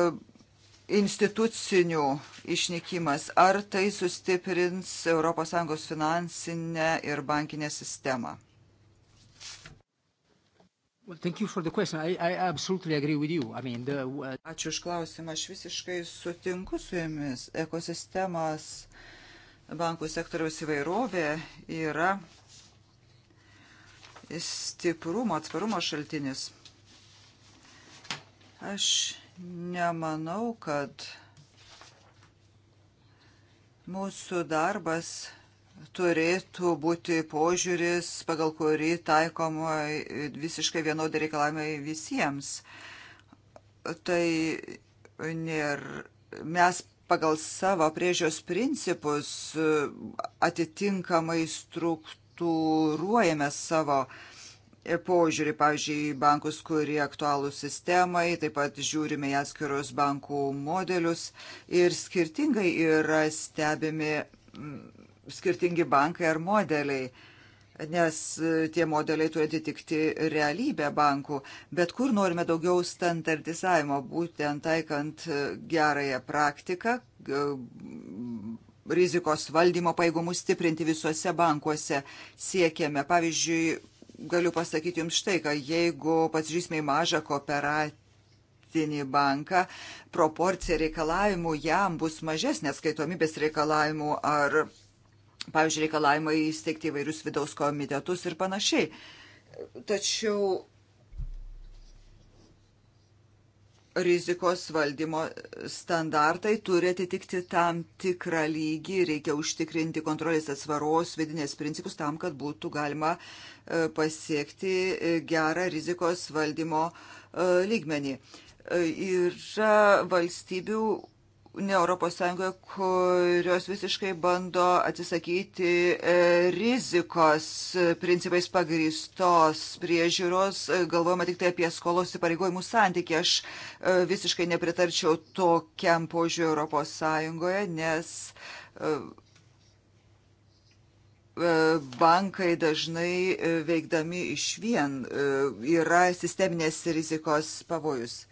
institucinių išnykimas. Ar tai sustiprins ES finansinę ir bankinę sistemą? Uh, Ačiū iš klausimą. Aš visiškai sutinku su jumis. Ekosistemas uh, bankų sektoriaus įvairovė yra stiprumo, atsparumo šaltinis. Aš nemanau, kad mūsų darbas turėtų būti požiūris, pagal kurį taikoma visiškai vienodai reikalavimai visiems. Tai nėra, mes pagal savo priežios principus e, atitinkamai struktūruojame savo e, požiūrį, pavyzdžiui, bankus, kurie aktualų sistemai, taip pat žiūrime į atskirus bankų modelius ir skirtingai yra stebimi skirtingi bankai ar modeliai nes e, tie modeliai turi atitikti realybę bankų. Bet kur norime daugiau standartizavimo, būtent taikant e, gerąją praktiką, rizikos valdymo paėgumus stiprinti visuose bankuose siekiame. Pavyzdžiui, galiu pasakyti Jums štai, kad jeigu pasižiūrėsime į mažą kooperatyvą, valstybinį banką, proporcija reikalavimų jam bus mažesnė skaitomybės reikalavimų ar pavyzdžiui, reikalavimai įsteigti įvairius vidaus komitetus ir panašiai. Tačiau rizikos valdymo standartai turi atitikti tam tikrą lygį, reikia užtikrinti kontrolės atsvaros vidinės principus tam, kad būtų galima e, pasiekti e, gerą rizikos valdymo e, lygmenį. Yra valstybių ne Europos Sąjungoje, kurios visiškai bando atsisakyti e, rizikos e, principais pagrįstos priežiūros, e, galvojama tik tai apie skolos įpareigojimų santykį. Aš visiškai nepritarčiau tokiam požiūriu Europos Sąjungoje, nes bankai dažnai veikdami iš vien yra sisteminės rizikos pavojus.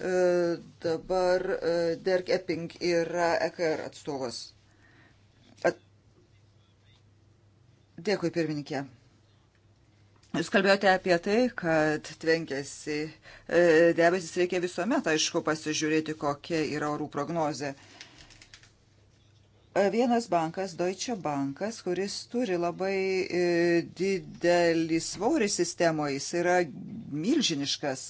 E, dabar e, Dirk Epping yra EKR atstovas. At... Dėkui, pirmininkė. Jūs kalbėjote apie tai, kad tvenkėsi e, debesis, reikia visuomet, aišku, pasižiūrėti, kokia yra orų prognozė. Vienas bankas, Deutsche Bankas, kuris turi labai didelį svorį sistemoje, jis yra milžiniškas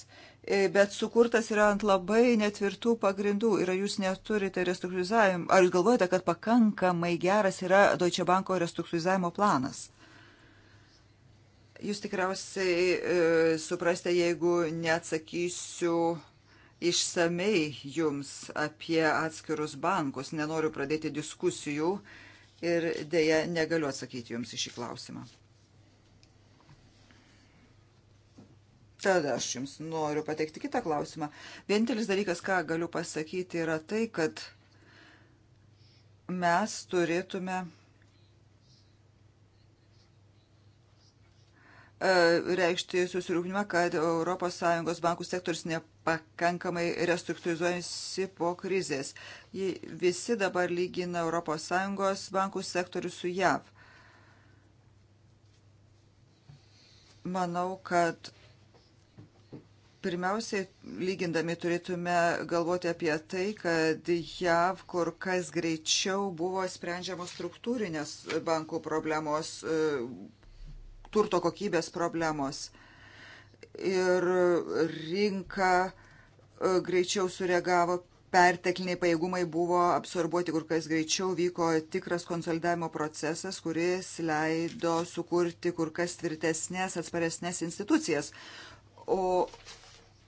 E, bet sukurtas yra ant labai netvirtų pagrindų ir jūs neturite restruktūrizavimo. Ar jūs galvojate, kad pakankamai geras yra Deutsche Banko restruktūrizavimo planas? Jūs tikriausiai e, suprastė, jeigu neatsakysiu išsamei jums apie atskirus bankus, nenoriu pradėti diskusijų ir dėja negaliu atsakyti jums į šį klausimą. Tad aš jums noriu pateikti kitą klausimą. Vienintelis dalykas, ką galiu pasakyti, yra tai, kad mes turėtume e, reikšti susirūpinimą, kad ES bankų sektorius nepakankamai restruktūrizuojasi po krizės. Visi dabar lygina ES bankų sektorių su JAV. Manau, kad Pirmiausiai, lygindami turėtume galvoti apie tai, kad JAV kur kas greičiau buvo sprendžiamos struktūrinės bankų problemos, e, turto kokybės problemos. Ir rinka e, greičiau sureagavo, pertekliniai pajėgumai buvo absorbuoti kur kas greičiau, vyko tikras konsolidavimo procesas, kuris leido sukurti kur kas tvirtesnės, atsparesnės institucijas. O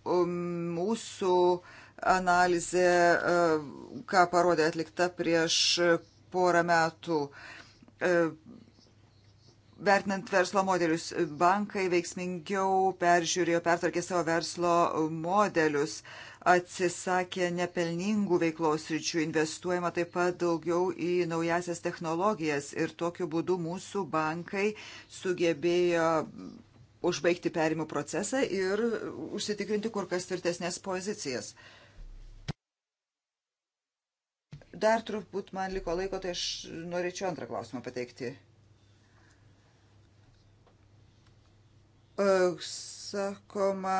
mūsų analizė, e, ką parodė atlikta prieš porą metų, e, vertinant verslo modelius, bankai veiksmingiau peržiūrėjo, pertvarkė savo verslo modelius, atsisakė nepelningų veiklos ryčių, investuojama taip pat daugiau į naujasias technologijas ir tokiu būdu mūsų bankai sugebėjo užbaigti perimų procesą ir užsitikrinti kur kas tvirtesnės pozicijas. Dar turbūt man liko laiko, tai aš norėčiau antrą klausimą pateikti. E, sakoma,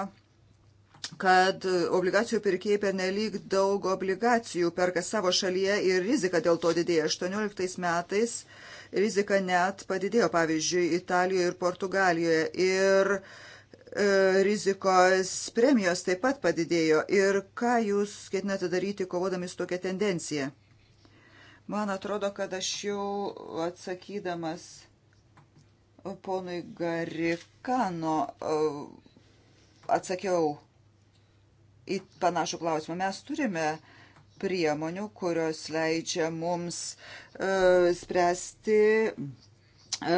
kad obligacijų pirkėjai pernelyg daug obligacijų perka savo šalyje ir rizika dėl to didėja. 18 metais uh, rizika net padidėjo, pavyzdžiui, Italijoje ir Portugalijoje. Ir e, rizikos premijos taip pat padidėjo. Ir ką jūs ketinate daryti, kovodami su tokia tendencija? Man atrodo, kad aš jau atsakydamas ponui Garikano e, atsakiau į panašų klausimą. Mes turime uh, priemonių, kurios leidžia mums uh, spręsti e,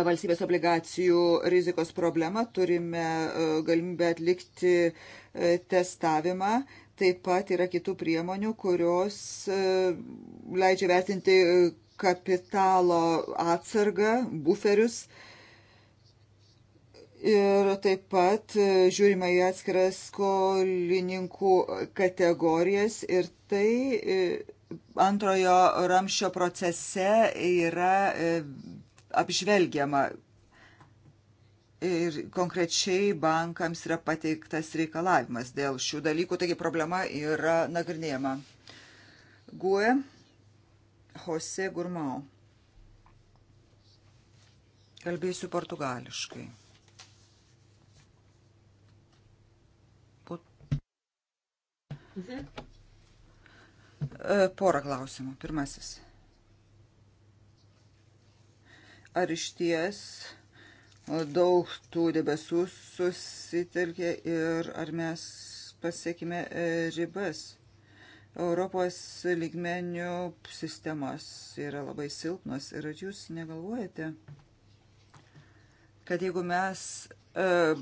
valstybės obligacijų rizikos problemą, turime e, galimybę atlikti testavimą, taip pat yra kitų priemonių, kurios leidžia vertinti kapitalo atsargą, buferius, uh, Ir taip pat e, žiūrima į atskiras skolininkų kategorijas ir tai e, antrojo ramščio procese yra e, apžvelgiama. Ir konkrečiai bankams yra pateiktas reikalavimas dėl šių dalykų, taigi problema yra nagrinėjama. Gue Jose Gurmau. Kalbėsiu portugališkai. Mhm. E, porą klausimų. Pirmasis. Ar iš ties daug tų debesų susitelkė ir ar mes pasiekime e, ribas? Europos lygmenių sistemos yra labai silpnos ir ar jūs negalvojate, kad jeigu mes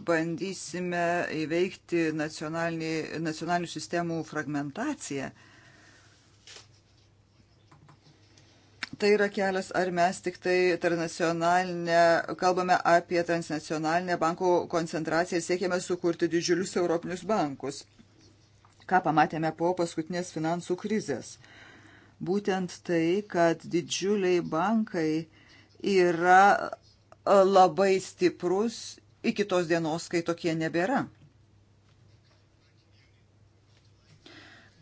bandysime įveikti nacionalinių sistemų fragmentaciją. Tai yra kelias, ar mes tik tai transnacionalinę, kalbame apie transnacionalinę bankų koncentraciją ir siekėme sukurti didžiulius europinius bankus. Ką pamatėme po paskutinės finansų krizės? Būtent tai, kad didžiuliai bankai yra labai stiprus iki tos dienos, kai tokie nebėra.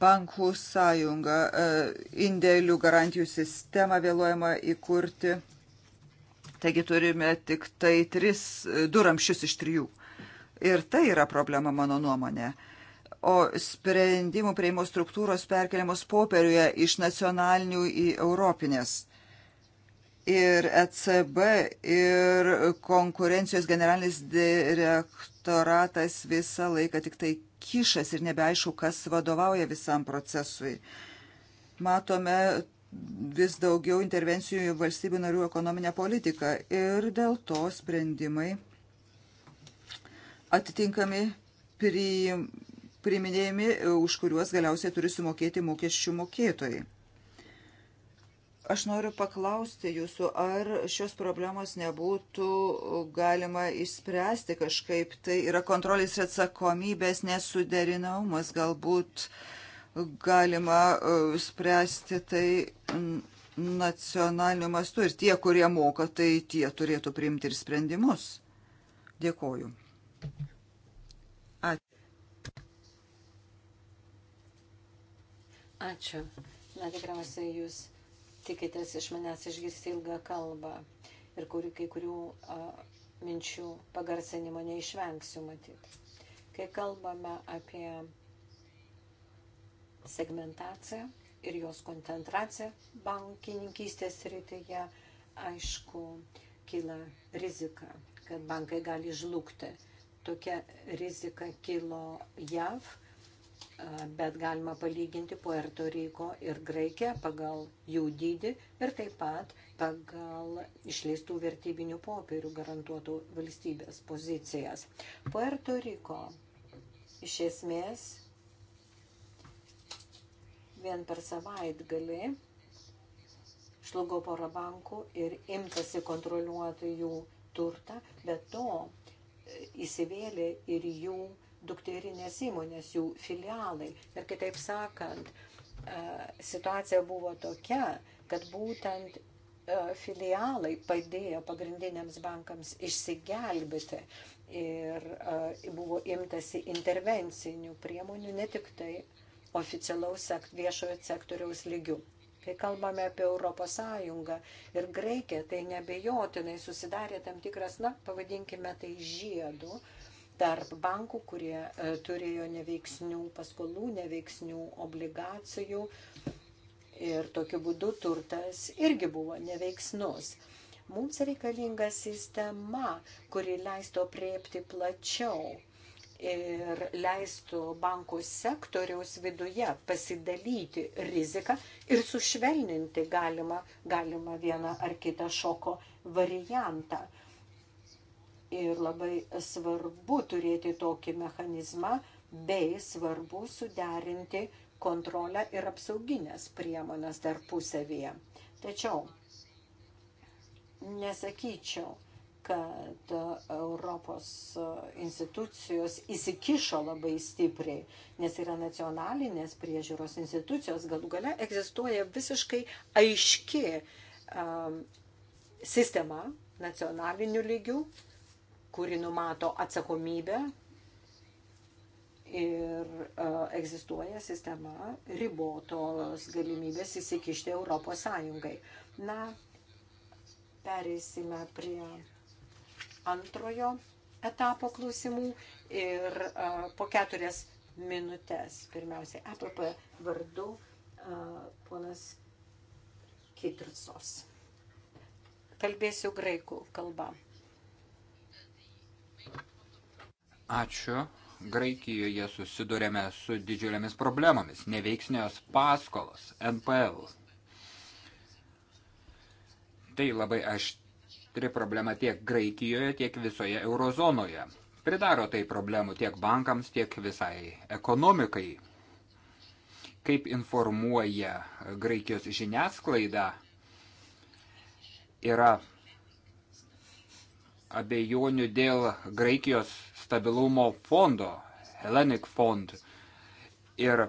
Bankų sąjunga, e, indėlių garantijų sistema vėluojama įkurti. Taigi turime tik tai tris, e, du ramščius iš trijų. Ir tai yra problema mano nuomonė o sprendimų prieimo struktūros perkeliamos popieriuje iš nacionalinių į europinės ir ECB, ir konkurencijos generalinis direktoratas visą laiką tik tai kišas ir nebeaišku, kas vadovauja visam procesui. Matome vis daugiau intervencijų į valstybių narių ekonominę politiką ir dėl to sprendimai atitinkami priiminėjami, už kuriuos galiausiai turi sumokėti mokesčių mokėtojai. Aš noriu paklausti jūsų, ar šios problemos nebūtų galima išspręsti kažkaip. Tai yra kontrolės ir atsakomybės nesuderinaumas. Galbūt galima e, spręsti tai nacionaliniu mastu ir tie, kurie moka, tai tie turėtų priimti ir sprendimus. Dėkoju. Ačiū. Ačiū. Na tikriausiai jūs tikitės iš manęs išgirsti ilgą kalbą ir kuri, kai kurių a, minčių pagarsinimo neišvengsiu matyti. Kai kalbame apie segmentaciją ir jos koncentraciją bankininkystės rytyje, aišku, kyla rizika, kad bankai gali žlugti. Tokia rizika kilo JAV bet galima palyginti Puerto Riko ir Graikiją pagal jų dydį ir taip pat pagal išleistų vertybinių popierių garantuotų valstybės pozicijas. Puerto Riko iš esmės vien per savaitgalį šlugo porą bankų ir imtasi kontroliuoti jų turtą, bet to įsivėlė ir jų uh, dukterinės įmonės, jų filialai. Ir kitaip sakant, e, situacija buvo tokia, kad būtent e, filialai padėjo pagrindiniams bankams išsigelbėti ir e, buvo imtasi intervencinių priemonių, ne tik tai oficialaus sekt, viešojo sektoriaus lygių. Kai kalbame apie Europos Sąjungą ir Graikiją, tai nebejotinai susidarė tam tikras, na, pavadinkime tai žiedų, uh, tarp bankų, kurie e, turėjo neveiksnių paskolų, neveiksnių obligacijų ir tokiu būdu turtas irgi buvo neveiksnus. Mums reikalinga sistema, kuri leistų apriepti plačiau ir leistų bankų sektoriaus viduje pasidalyti riziką ir sušvelninti galimą, galimą vieną ar kitą šoko variantą ir labai svarbu turėti tokį mechanizmą, bei svarbu suderinti kontrolę ir apsauginės priemonės tarpusavyje. Tačiau nesakyčiau, kad Europos institucijos įsikišo labai stipriai, nes yra nacionalinės priežiūros institucijos, galų gale egzistuoja visiškai aiški um, sistema nacionaliniu lygiu, kuri numato atsakomybę ir e, egzistuoja sistema ribotos galimybės įsikišti Europos Sąjungai. Na, pereisime prie antrojo etapo klausimų ir e, po keturias minutės. Pirmiausiai, EPP vardu e, ponas Kitrsos. Kalbėsiu graikų kalbą. Ačiū. Graikijoje susidurėme su didžiulėmis problemomis - neveiksnios paskolos, NPL. Tai labai aštri problema tiek Graikijoje, tiek visoje eurozonoje. Pridaro tai problemų tiek bankams, tiek visai ekonomikai. Kaip informuoja Graikijos žiniasklaida, yra abejonių dėl Graikijos stabilumo fondo, Hellenic Fond. Ir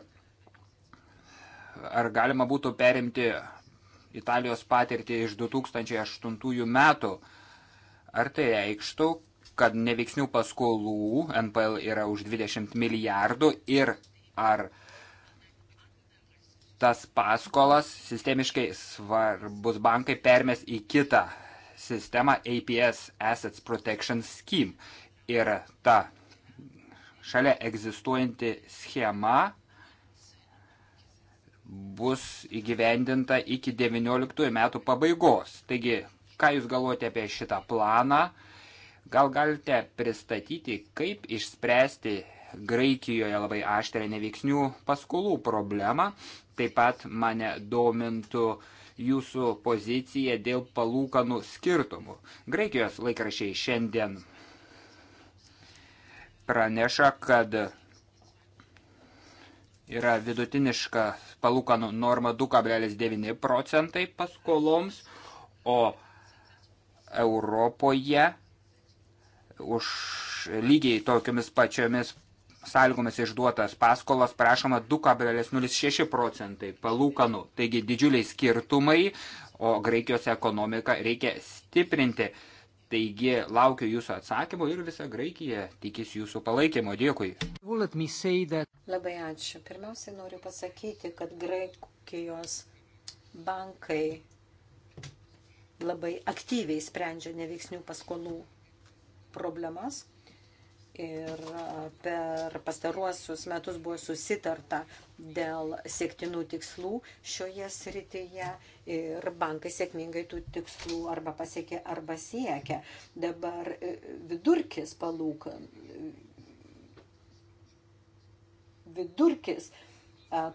ar galima būtų perimti Italijos patirtį iš 2008 metų? Ar tai reikštų, kad neveiksnių paskolų NPL yra už 20 milijardų ir ar tas paskolas sistemiškai svarbus bankai permės į kitą sistemą APS Assets Protection Scheme yra ta šalia egzistuojanti schema bus įgyvendinta iki 19 metų pabaigos. Taigi, ką Jūs galvojate apie šitą planą? Gal galite pristatyti, kaip išspręsti Graikijoje labai aštrę neveiksnių paskolų problemą? Taip pat mane domintų Jūsų pozicija dėl palūkanų skirtumų. Graikijos laikrašiai šiandien praneša, kad yra vidutiniška palūkanų norma 2,9 procentai paskoloms, o Europoje už lygiai tokiamis pačiomis sąlygomis išduotas paskolas prašoma 2,06 procentai palūkanų. Taigi didžiuliai skirtumai, o Graikijos ekonomiką reikia stiprinti. Taigi laukiu jūsų atsakymų ir visa Graikija tikis jūsų palaikymo. Dėkui. Labai ačiū. Pirmiausiai noriu pasakyti, kad Graikijos bankai labai aktyviai sprendžia neveiksnių paskolų problemas, ir per pastaruosius metus buvo susitarta dėl siektinų tikslų šioje srityje ir bankai sėkmingai tų tikslų arba pasiekė arba siekia. Dabar e, vidurkis palūkan, vidurkis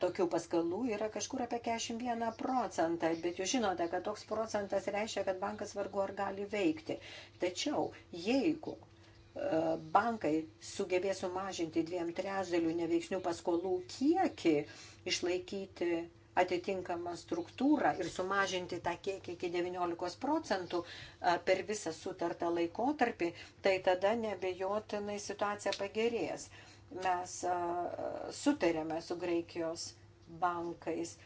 tokių paskalų yra kažkur apie 41 procentą, bet jūs žinote, kad toks procentas reiškia, kad bankas vargu ar gali veikti. Tačiau jeigu bankai sugebės sumažinti dviem trešdalių neveiksnių paskolų kiekį, išlaikyti atitinkamą struktūrą ir sumažinti tą kiekį iki 19 procentų per visą sutartą laikotarpį, tai tada nebejotinai situacija pagerės. Mes sutarėme su Graikijos bankais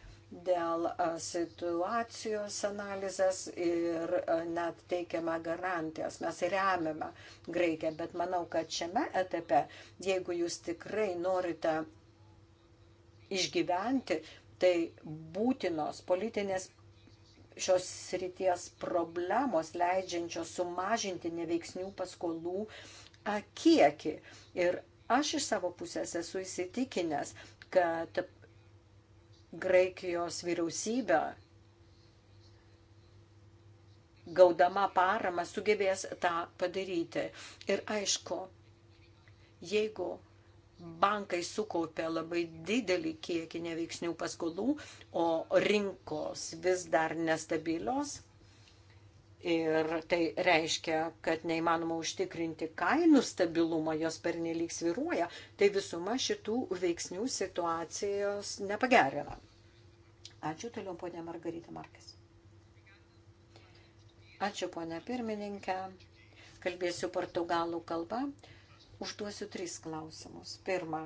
dėl situacijos analizės ir net teikiama garantijos. Mes remiame Graikiją, bet manau, kad šiame etape, jeigu jūs tikrai norite išgyventi, tai būtinos politinės šios srities problemos leidžiančios sumažinti neveiksnių paskolų kiekį. Ir aš iš savo pusės esu įsitikinęs, kad Graikijos vyriausybė gaudama paramą sugebės tą padaryti. Ir aišku, jeigu bankai sukaupė labai didelį kiekį neveiksnių paskolų, o rinkos vis dar nestabilios, Ir tai reiškia, kad neįmanoma užtikrinti kainų stabilumą, jos pernelyg sviruoja, tai visuma šitų veiksnių situacijos nepagerina. Ačiū toliau, ponė Margarita Markas. Ačiū, ponė pirmininkė. Kalbėsiu portugalų kalbą. Užduosiu tris klausimus. Pirma,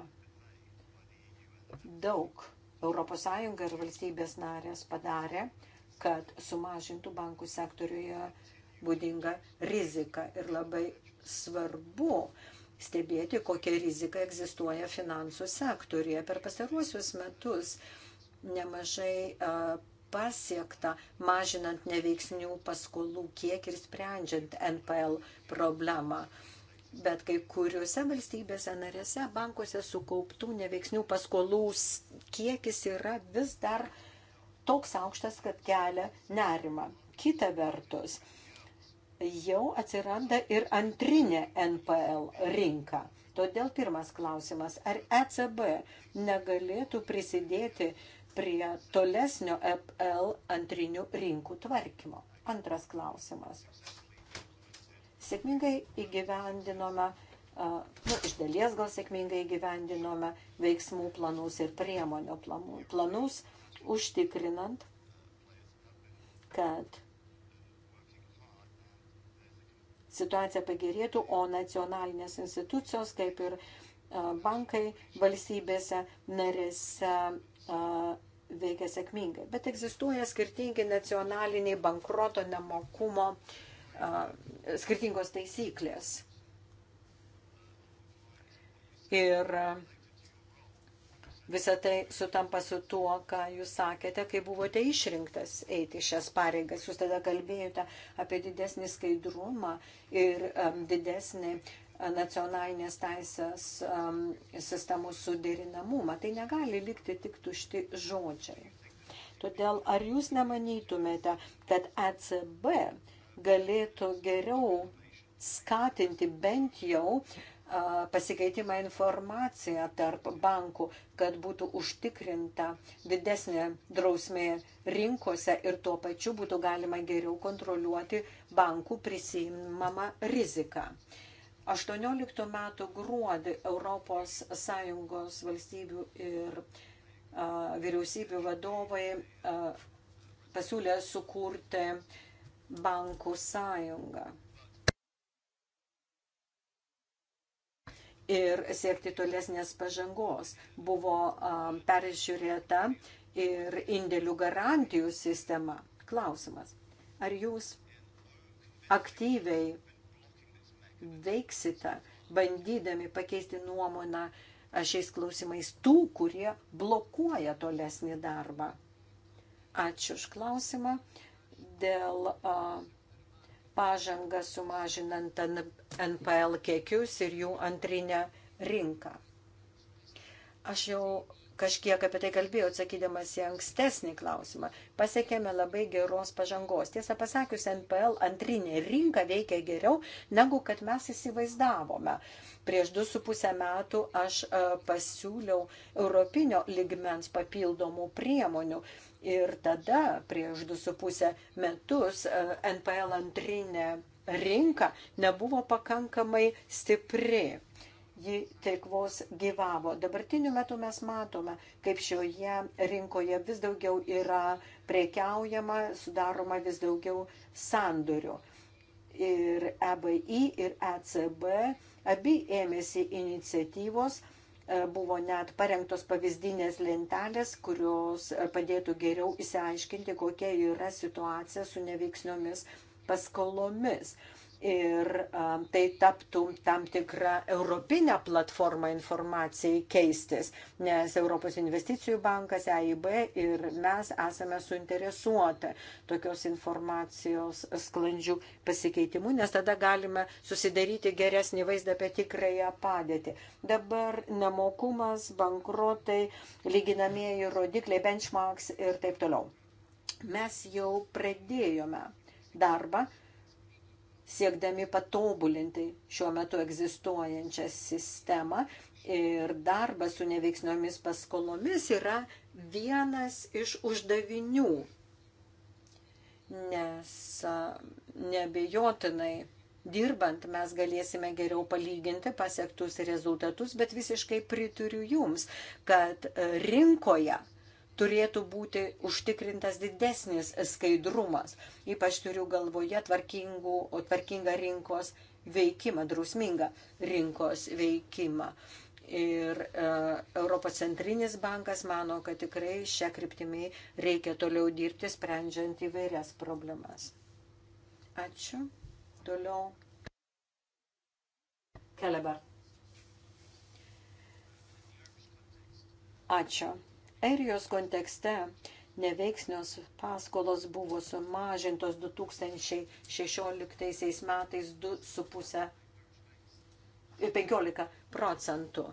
daug ES ir valstybės narės padarė kad sumažintų bankų sektoriuje būdingą riziką. Ir labai svarbu stebėti, kokia rizika egzistuoja finansų sektoriuje. Per pastaruosius metus nemažai pasiekta, mažinant neveiksnių paskolų kiekį ir sprendžiant NPL problemą. Bet kai kuriuose valstybėse narėse bankuose sukauptų neveiksnių paskolų kiekis yra vis dar uh, toks aukštas, kad kelia nerima. Kita vertus, jau atsiranda ir antrinė NPL rinka. Todėl pirmas klausimas, ar ECB negalėtų prisidėti prie tolesnio EPL antrinių rinkų tvarkymo? Antras klausimas. Sėkmingai įgyvendinome Uh, nu, iš dalies gal sėkmingai gyvendinome veiksmų planus ir priemonių planus, užtikrinant, kad situacija pagerėtų, o nacionalinės institucijos, kaip ir bankai valstybėse narėse veikia sėkmingai. Bet egzistuoja skirtingi nacionaliniai bankroto nemokumo skirtingos taisyklės. Ir Visą tai sutampa su tuo, ką jūs sakėte, kai buvote išrinktas eiti šias pareigas. Jūs tada kalbėjote apie didesnį skaidrumą ir um, didesnį uh, nacionalinės teisės um, sistemų suderinamumą. Tai negali likti tik tušti žodžiai. Todėl ar jūs nemanytumėte, kad ECB galėtų geriau skatinti bent jau uh, pasikeitimą informaciją tarp bankų, kad būtų užtikrinta didesnė drausmė rinkose ir tuo pačiu būtų galima geriau kontroliuoti bankų prisimamą riziką. 18 metų gruodį ES valstybių ir a, vyriausybių vadovai a, pasiūlė sukurti bankų sąjungą ir siekti tolesnės pažangos. Buvo peržiūrėta ir indėlių garantijų sistema. Klausimas, ar jūs aktyviai veiksite, bandydami pakeisti nuomoną šiais klausimais tų, kurie blokuoja tolesnį darbą? Ačiū už klausimą. Dėl uh, pažangą sumažinant NPL kiekius ir jų antrinę rinką. Aš jau kažkiek apie tai kalbėjau, atsakydamas į ankstesnį klausimą. Pasiekėme labai geros pažangos. Tiesą pasakius, NPL antrinė rinka veikia geriau, negu kad mes įsivaizdavome. Prieš du su pusę metų aš e, pasiūliau europinio ligmens papildomų priemonių Ir tada, prieš du su pusę metus, e, NPL antrinė rinka nebuvo pakankamai stipri ji tik vos gyvavo. Dabartiniu metu mes matome, kaip šioje rinkoje vis daugiau yra prekiaujama, sudaroma vis daugiau sandorių. Ir EBI ir ECB abi ėmėsi iniciatyvos E, buvo net parengtos pavyzdinės lentelės, kurios padėtų geriau įsiaiškinti, kokia yra situacija su neveiksniomis paskolomis ir um, tai taptų tam tikrą europinę platformą informacijai keistis, nes Europos investicijų bankas, EIB ir mes esame suinteresuoti tokios informacijos sklandžių pasikeitimų, nes tada galime susidaryti geresnį vaizdą apie tikrąją padėtį. Dabar nemokumas, bankrotai, lyginamieji rodikliai, benchmarks ir taip toliau. Mes jau pradėjome darbą siekdami patobulinti šiuo metu egzistuojančią sistemą. Ir darbas su neveiksniomis paskolomis yra vienas iš uždavinių, nes nebejotinai dirbant mes galėsime geriau palyginti pasiektus rezultatus, bet visiškai prituriu Jums, kad rinkoje turėtų būti užtikrintas didesnis skaidrumas, ypač turiu galvoje tvarkingą rinkos veikimą, drausmingą rinkos veikimą. Ir e, Europos centrinis bankas mano, kad tikrai šią kryptimį reikia toliau dirbti, sprendžiant įvairias problemas. Ačiū. Toliau. Kelebar. Ačiū. Airijos kontekste neveiksnios paskolos buvo sumažintos 2016 metais 2,5-15 procentų.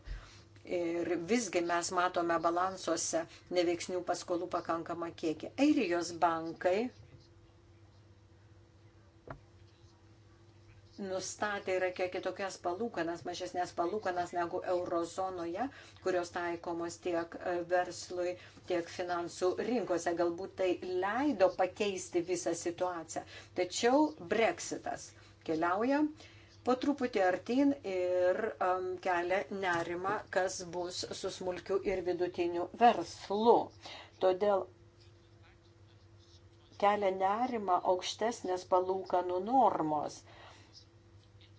Ir visgi mes matome balansuose neveiksnių paskolų pakankamą kiekį. Airijos bankai nustatė yra kiek kitokias palūkanas, mažesnės palūkanas negu eurozonoje, kurios taikomos tiek e, verslui, tiek finansų rinkose. Galbūt tai leido pakeisti visą situaciją. Tačiau breksitas keliauja po truputį artin ir um, kelia nerima, kas bus su smulkiu ir vidutiniu verslu. Todėl kelia nerima aukštesnės palūkanų normos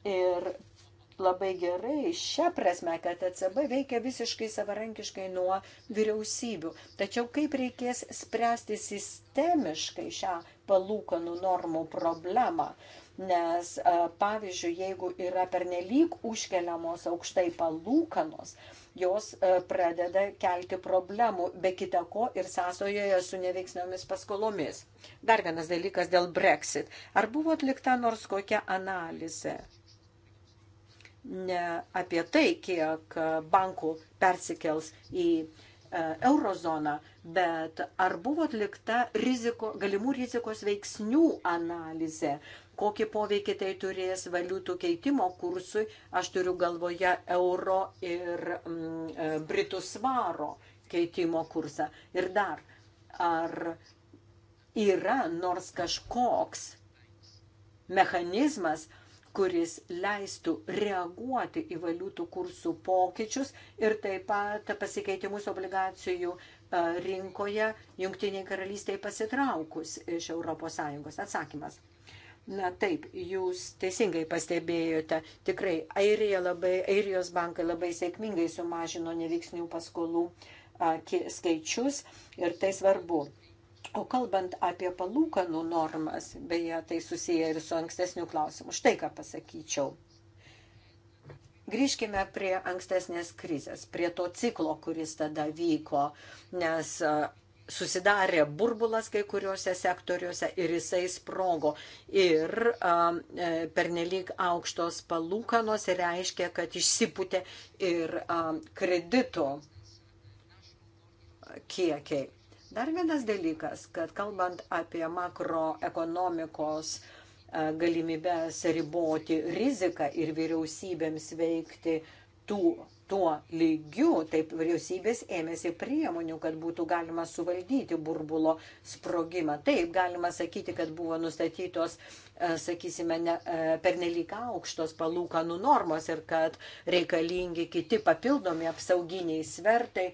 Ir labai gerai šią prasme, kad ECB veikia visiškai savarankiškai nuo vyriausybių. Tačiau kaip reikės spręsti sistemiškai šią palūkanų normų problemą? Nes, pavyzdžiui, jeigu yra pernelyg užkeliamos aukštai palūkanos, jos pradeda kelti problemų, be kita ko ir sąsojoje su neveiksniomis paskolomis. Dar vienas dalykas dėl Brexit. Ar buvo atlikta nors kokia analizė? apie tai, kiek e, bankų persikels į e, eurozoną, bet ar buvo atlikta riziko, galimų rizikos veiksnių analizė, kokį poveikį tai turės valiutų keitimo kursui, aš turiu galvoje euro ir mm, e, britų svaro keitimo kursą. Ir dar, ar yra nors kažkoks mechanizmas, kuris leistų reaguoti į valiutų kursų pokyčius ir taip pat pasikeitimus obligacijų rinkoje jungtiniai karalystiai pasitraukus iš ES. Atsakymas. Na taip, jūs teisingai pastebėjote, tikrai Airija labai, Airijos bankai labai sėkmingai sumažino neveiksnių paskolų a, skaičius ir tai svarbu. O kalbant apie palūkanų normas, beje, tai susiję ir su ankstesniu klausimu. Štai ką pasakyčiau. Grįžkime prie ankstesnės krizės, prie to ciklo, kuris tada vyko, nes susidarė burbulas kai kuriuose sektoriuose ir jisai sprogo. Ir um, pernelyg aukštos palūkanos reiškia, kad išsiputė ir um, kredito kiekiai Dar vienas dalykas, kad kalbant apie makroekonomikos e, galimybės riboti riziką ir vyriausybėms veikti tų tuo lygiu, taip vyriausybės ėmėsi priemonių, kad būtų galima suvaldyti burbulo sprogimą. Taip, galima sakyti, kad buvo nustatytos, e, sakysime, ne, e, pernelyg aukštos palūkanų normos ir kad reikalingi kiti papildomi apsauginiai svertai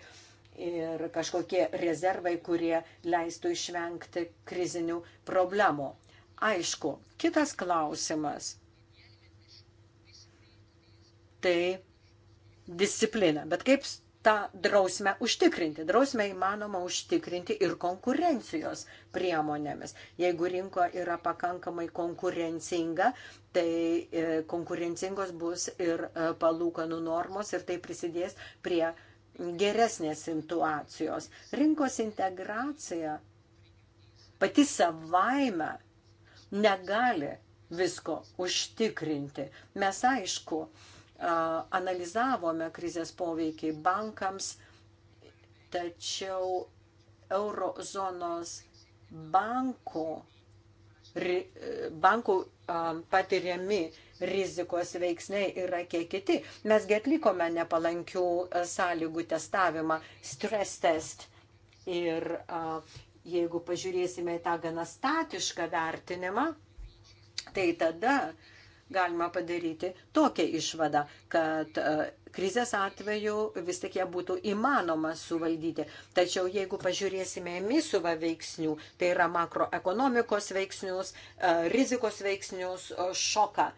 ir kažkokie rezervai, kurie leistų išvengti krizinių problemų. Aišku, kitas klausimas - tai disciplina. Bet kaip tą drausmę užtikrinti? Drausmę įmanoma užtikrinti ir konkurencijos priemonėmis. Jeigu rinko yra pakankamai konkurencinga, tai e, konkurencingos bus ir e, palūkanų normos ir tai prisidės prie uh, geresnės situacijos. Rinkos integracija pati savaime negali visko užtikrinti. Mes aišku analizavome krizės poveikį bankams, tačiau eurozonos banko, bankų patiriami rizikos veiksniai yra kiek kiti. Mesgi atlikome nepalankių e, sąlygų testavimą, stress test. Ir a, jeigu pažiūrėsime į tą gana statišką vertinimą, tai tada galima padaryti tokią išvadą, kad e, krizės atveju vis tik ją būtų įmanoma suvaldyti. Tačiau jeigu pažiūrėsime į misuvą veiksnių, tai yra makroekonomikos veiksnius, e, rizikos veiksnius, šoką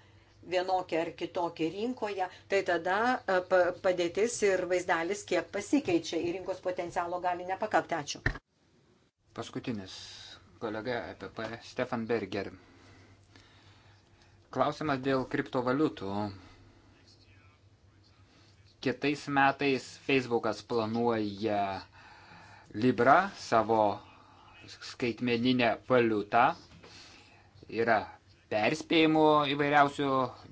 vienokia ar kitokia rinkoje, tai tada e, padėtis ir vaizdelis kiek pasikeičia ir rinkos potencialo gali nepakakti. Ačiū. Paskutinis kolega EPP Stefan Berger. Klausimas dėl kriptovaliutų. Kitais metais Facebookas planuoja Libra savo skaitmeninę valiutą. Yra perspėjimų įvairiausių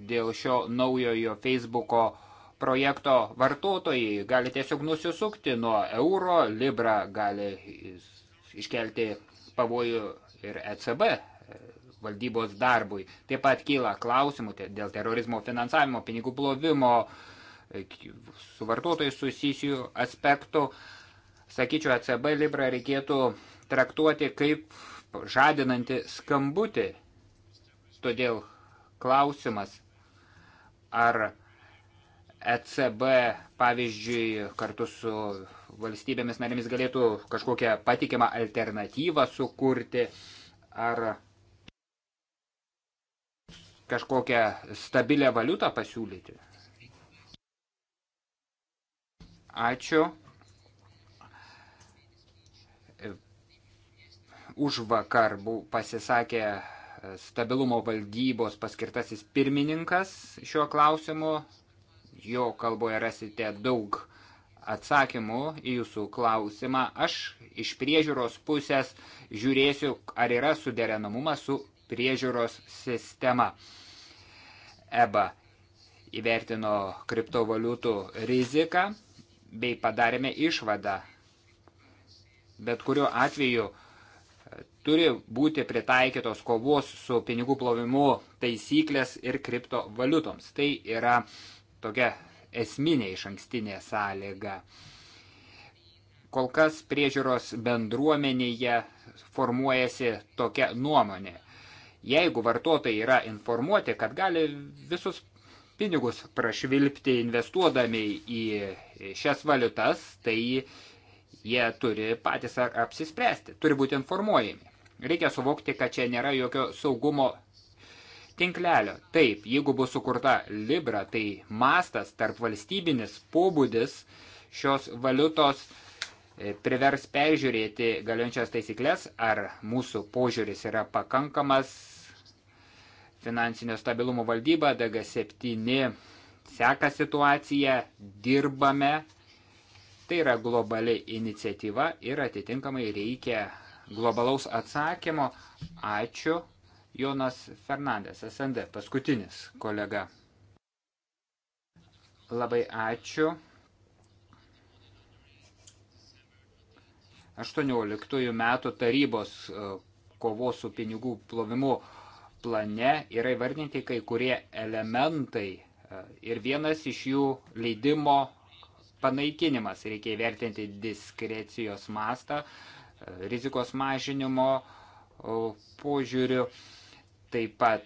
dėl šio naujojo Facebooko projekto vartotojai gali tiesiog nusisukti nuo euro, Libra gali iškelti pavojų ir ECB e, valdybos darbui. Taip pat kyla klausimų dėl terorizmo finansavimo, pinigų plovimo, e, su vartotojais susijusių aspektų. Sakyčiau, ECB Libra reikėtų traktuoti kaip žadinanti skambutį Todėl klausimas, ar ECB, pavyzdžiui, kartu su valstybėmis narėmis galėtų kažkokią patikimą alternatyvą sukurti, ar kažkokią stabilę valiutą pasiūlyti. Ačiū. Už vakar pasisakė stabilumo valdybos paskirtasis pirmininkas šiuo klausimu. Jo kalboje rasite daug atsakymų į jūsų klausimą. Aš iš priežiūros pusės žiūrėsiu, ar yra suderinamumas su priežiūros sistema. EBA įvertino kriptovaliutų riziką bei padarėme išvadą. Bet kuriuo atveju turi būti pritaikytos kovos su pinigų plovimu taisyklės ir kriptovaliutoms. Tai yra tokia esminė iš ankstinė sąlyga. Kol kas priežiūros bendruomenėje formuojasi tokia nuomonė. Jeigu vartotojai yra informuoti, kad gali visus pinigus prašvilpti investuodami į šias valiutas, tai jie turi patys apsispręsti, turi būti informuojami. Reikia suvokti, kad čia nėra jokio saugumo tinklelio. Taip, jeigu bus sukurta Libra, tai mastas tarp valstybinis pobūdis šios valiutos e, privers peržiūrėti galiojančias taisyklės, ar mūsų požiūris yra pakankamas. Finansinio stabilumo valdyba DG7 seka situaciją, dirbame. Tai yra globali iniciatyva ir atitinkamai reikia globalaus atsakymo. Ačiū. Jonas Fernandės, SND, paskutinis kolega. Labai ačiū. 18 metų tarybos e, kovos su pinigų plovimu plane yra įvardinti kai kurie elementai e, ir vienas iš jų leidimo panaikinimas. Reikia įvertinti diskrecijos mastą, rizikos mažinimo požiūriu, taip pat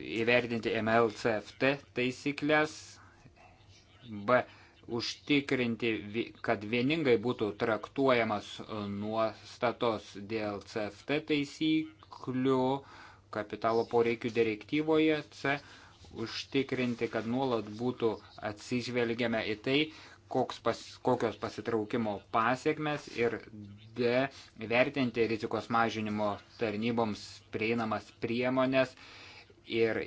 įvertinti MLCFT taisyklės, B užtikrinti, kad vieningai būtų traktuojamas nuostatos dėl CFT taisyklių kapitalo poreikių direktyvoje, C užtikrinti, kad nuolat būtų atsižvelgiame į tai, koks pas, kokios pasitraukimo pasiekmes ir D. Vertinti rizikos mažinimo tarnyboms prieinamas priemonės ir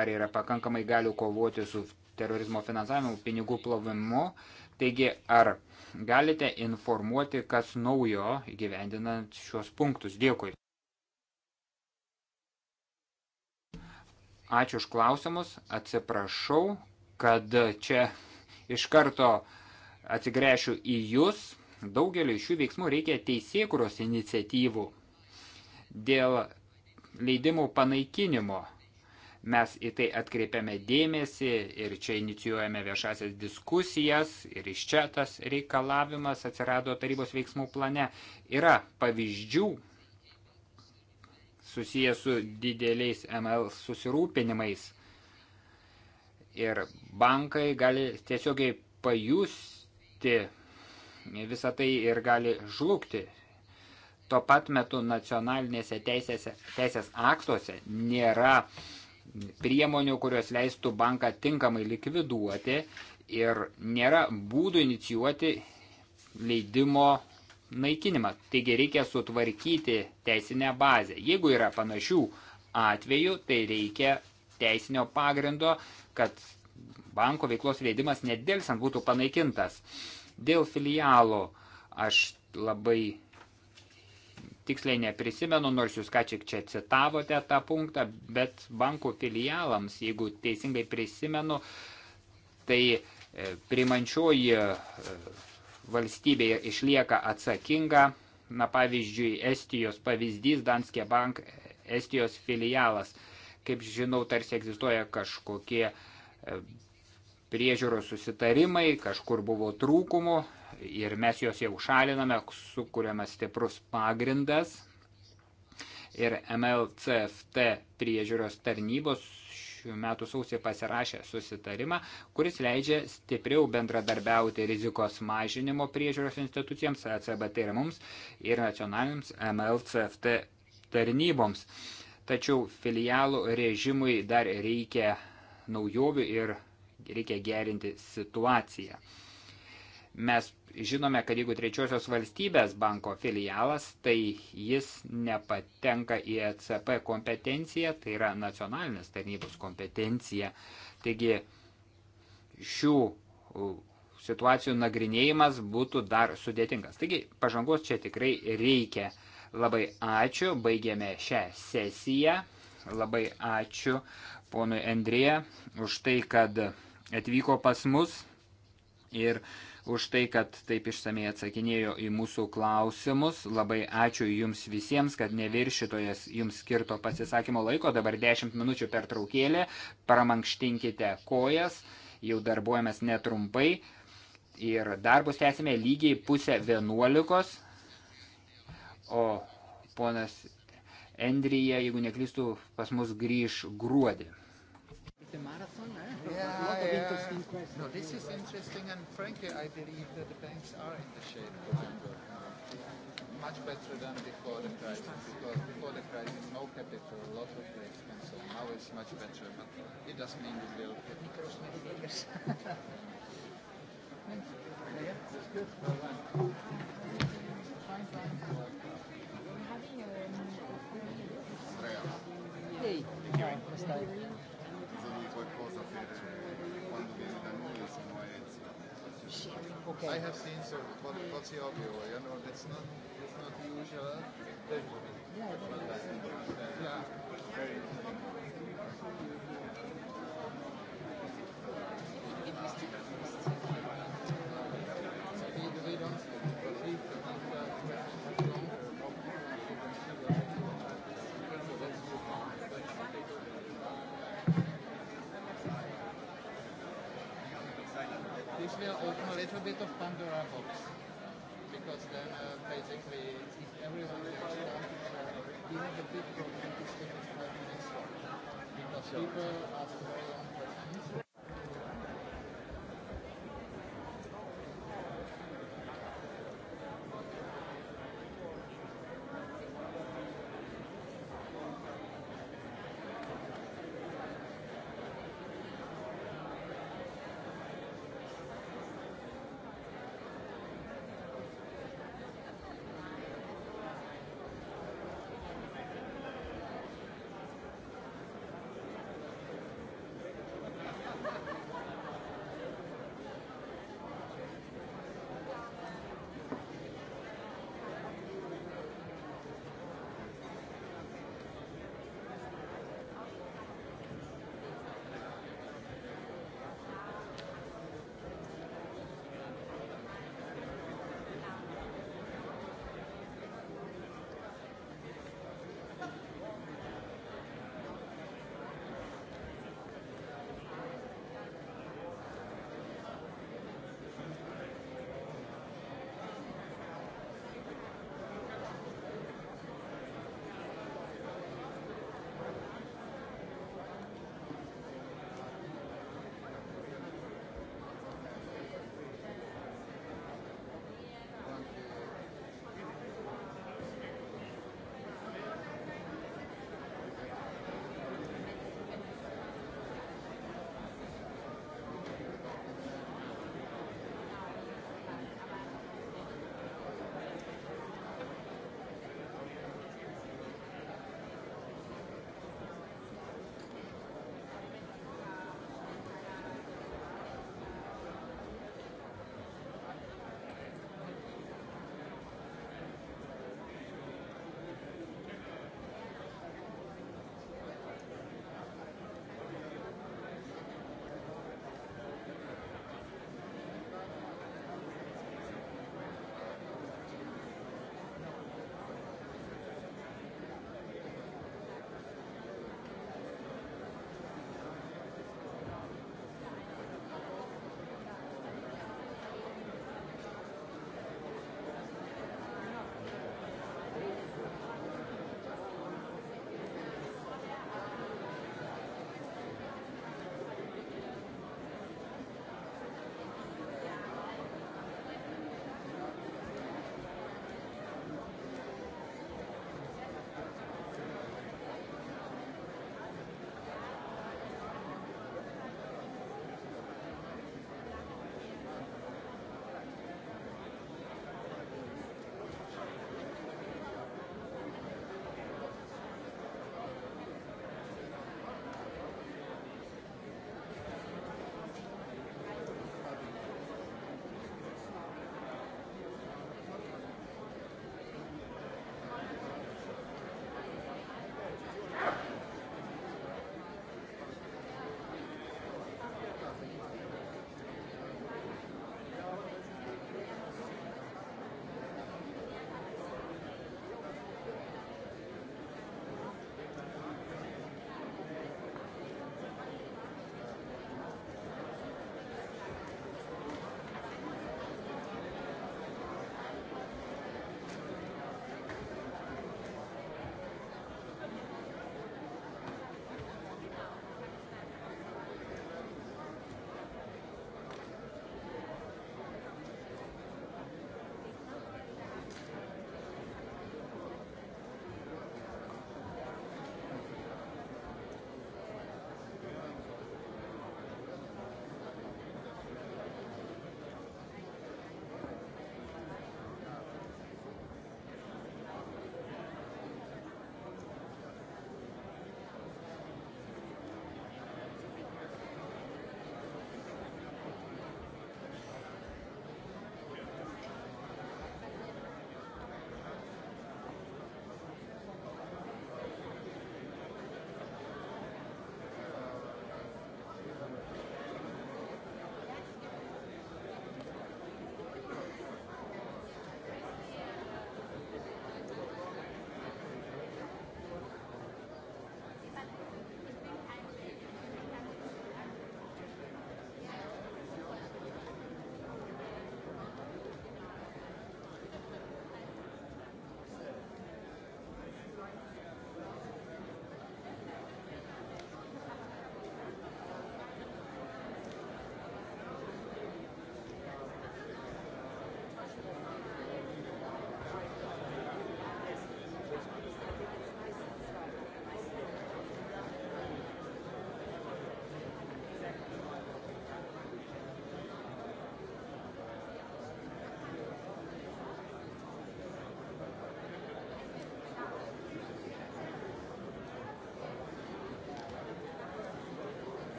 ar yra pakankamai galių kovoti su terorizmo finansavimu, pinigų plovimu. Taigi, ar galite informuoti, kas naujo gyvendinant šios punktus? Dėkui. Ačiū už klausimus. Atsiprašau, kad čia iš karto atsigręšiu į jūs. Daugelį šių veiksmų reikia teisėkuros iniciatyvų dėl leidimų panaikinimo. Mes į tai atkreipiame dėmesį ir čia inicijuojame viešasias diskusijas ir iš čia tas reikalavimas atsirado tarybos veiksmų plane. Yra pavyzdžių susijęs su dideliais ML susirūpinimais – ir bankai gali tiesiogiai pajusti visą tai ir gali žlugti. Tuo pat metu nacionalinėse teisėse, teisės aktuose nėra priemonių, kurios leistų banką tinkamai likviduoti ir nėra būdų inicijuoti leidimo naikinimą. Taigi reikia sutvarkyti teisinę bazę. Jeigu yra panašių atvejų, tai reikia teisinio pagrindo kad banko veiklos leidimas nedėlsant būtų panaikintas. Dėl filialo aš labai tiksliai neprisimenu, nors jūs ką tik čia citavote tą punktą, bet bankų filialams, jeigu teisingai prisimenu, tai e, primančioji e, valstybė išlieka atsakinga. Na pavyzdžiui, Estijos pavyzdys Danske Bank, Estijos filialas kaip žinau, tarsi egzistuoja kažkokie e, priežiūros susitarimai, kažkur buvo trūkumų ir mes juos jau šaliname, sukūrėme stiprus pagrindas. Ir MLCFT priežiūros tarnybos šių metų sausį pasirašė susitarimą, kuris leidžia stipriau bendradarbiauti rizikos mažinimo priežiūros institucijams, ECBT ir mums, ir nacionaliniams MLCFT tarnyboms. Uh, tačiau filialų režimui dar reikia naujovių ir reikia gerinti situaciją. Mes žinome, kad jeigu trečiosios valstybės banko filialas, tai jis nepatenka į ECP kompetenciją, tai yra nacionalinės tarnybos kompetencija. Taigi šių situacijų nagrinėjimas būtų dar sudėtingas. Taigi pažangos čia tikrai reikia. Labai ačiū, baigėme šią sesiją. Labai ačiū ponui Andrėje už tai, kad atvyko pas mus ir už tai, kad taip išsamei atsakinėjo į mūsų klausimus. Labai ačiū Jums visiems, kad neviršytojas Jums skirto pasisakymo laiko. Dabar 10 minučių per traukėlę. Paramankštinkite kojas. Jau darbuojamės netrumpai. Ir darbus tęsime lygiai pusę vienuolikos o ponas Endrija, jeigu neklystų, pas mus grįž gruodį. The marathon, eh? yeah, a lot of yeah. interesting questions. No, this is interesting, and frankly, I believe that the banks are in the shape of much better than before the crisis. Because before the crisis, no capital, a lot of risk, and so now it's much better. But it doesn't mean we will. Ehi, hey. come stai? Bisogna qualcosa per quando viene da noi sono a Ezio. Okay. I have seen so what, what's the audio? You know, it's not it's not usual. Yeah, yeah. Very interesting. people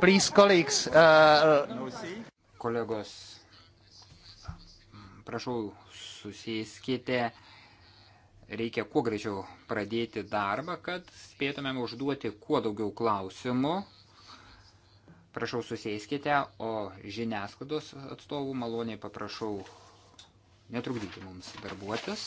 Please, colleagues. Uh... uh Kolegos, prašau, susėskite. Reikia kuo greičiau pradėti darbą, kad spėtumėm užduoti kuo daugiau klausimų. Prašau, susėskite, o žiniasklaidos atstovų maloniai paprašau netrukdyti mums darbuotis.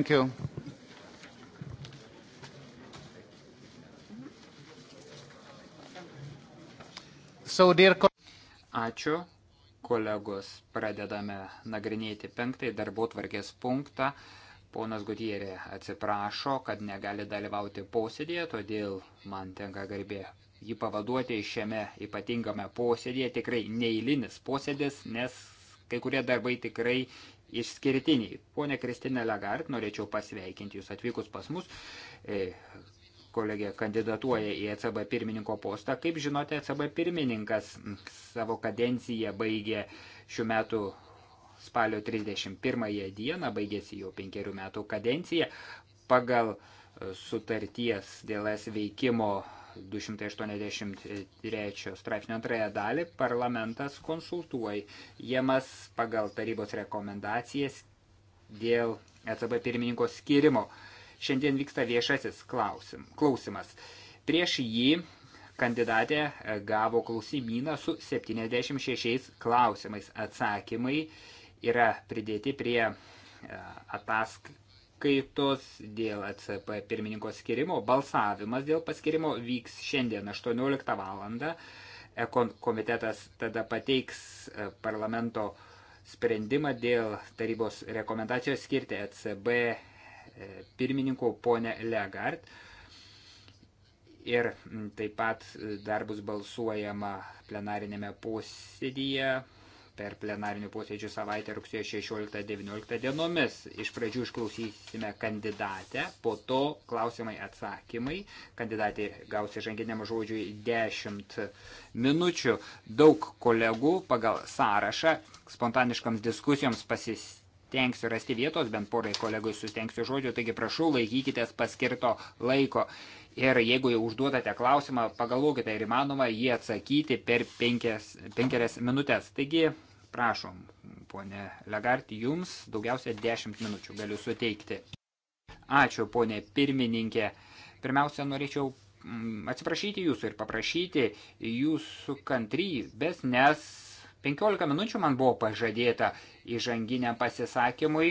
Thank you. So, dear... Ačiū, kolegos. Pradedame nagrinėti penktąjį darbo tvarkės punktą. Ponas Gutierė atsiprašo, kad negali dalyvauti posėdėje, todėl man tenka garbė jį pavaduoti šiame ypatingame posėdėje. Tikrai neįlinis posėdis, nes kai kurie darbai tikrai išskirtiniai. Pone Kristina Legard, norėčiau pasveikinti Jūs atvykus pas mus. E, kolegė kandidatuoja į ECB pirmininko postą. Kaip žinote, ECB pirmininkas savo kadenciją baigė šiuo metu spalio 31 dieną, baigėsi jau penkerių metų kadencija. Pagal sutarties dėl es veikimo 283 straipsnio antrąją dalį parlamentas konsultuojamas pagal tarybos rekomendacijas dėl ECB pirmininko skirimo. Šiandien vyksta viešasis klausim, klausimas. Prieš jį kandidatė gavo klausimyną su 76 klausimais. Atsakymai yra pridėti prie e, atask, kaitos, dėl ECP pirmininko skirimo. Balsavimas dėl paskirimo vyks šiandien 18 val. Ekon komitetas tada pateiks e, parlamento sprendimą dėl tarybos rekomendacijos skirti ECB e, pirmininkų ponę Legard. Ir taip pat e, dar bus balsuojama plenarinėme posėdyje per plenarinių posėdžių savaitę rugsėjo 16-19 dienomis. Iš pradžių išklausysime kandidatę, po to klausimai atsakymai. Kandidatė gaus įžanginiam žodžiui 10 minučių. Daug kolegų pagal sąrašą spontaniškams diskusijoms pasistengsiu rasti vietos, bent porai kolegų sustengsiu žodžių, taigi prašau laikykitės paskirto laiko. Ir jeigu jau užduodate klausimą, pagalvokite, ar įmanoma jį atsakyti per penkias, penkerias minutės. Taigi, Prašom, ponė Legart, jums daugiausia 10 minučių galiu suteikti. Ačiū, ponė pirmininkė. Pirmiausia, norėčiau mm, atsiprašyti jūsų ir paprašyti jūsų kantrybės, nes 15 minučių man buvo pažadėta įžanginiam pasisakymui.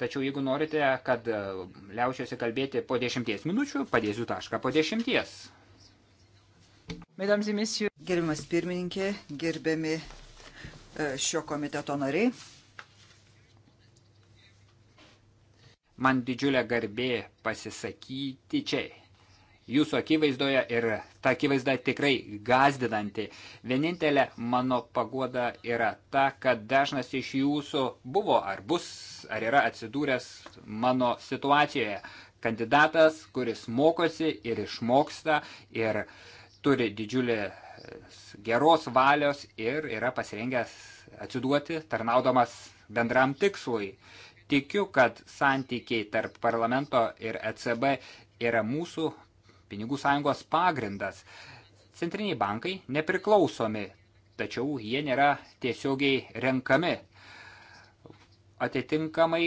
Tačiau jeigu norite, kad e, liaušiuosi kalbėti po dešimties minučių, padėsiu tašką po dešimties. Mesdames et messieurs. Gerbiamas pirmininkė, gerbiami e, šio komiteto nariai. Man didžiulė garbė pasisakyti čia. Jūsų akivaizdoje ir ta akivaizda tikrai gazdinanti. Vienintelė mano pagoda yra ta, kad dažnas iš jūsų buvo ar bus ar yra atsidūręs mano situacijoje. Kandidatas, kuris mokosi ir išmoksta ir turi didžiulę geros valios ir yra pasirengęs atsiduoti, tarnaudamas bendram tikslui. Tikiu, kad santykiai tarp parlamento ir ECB yra mūsų pinigų sąjungos pagrindas. Centriniai bankai nepriklausomi, tačiau jie nėra tiesiogiai renkami. Atitinkamai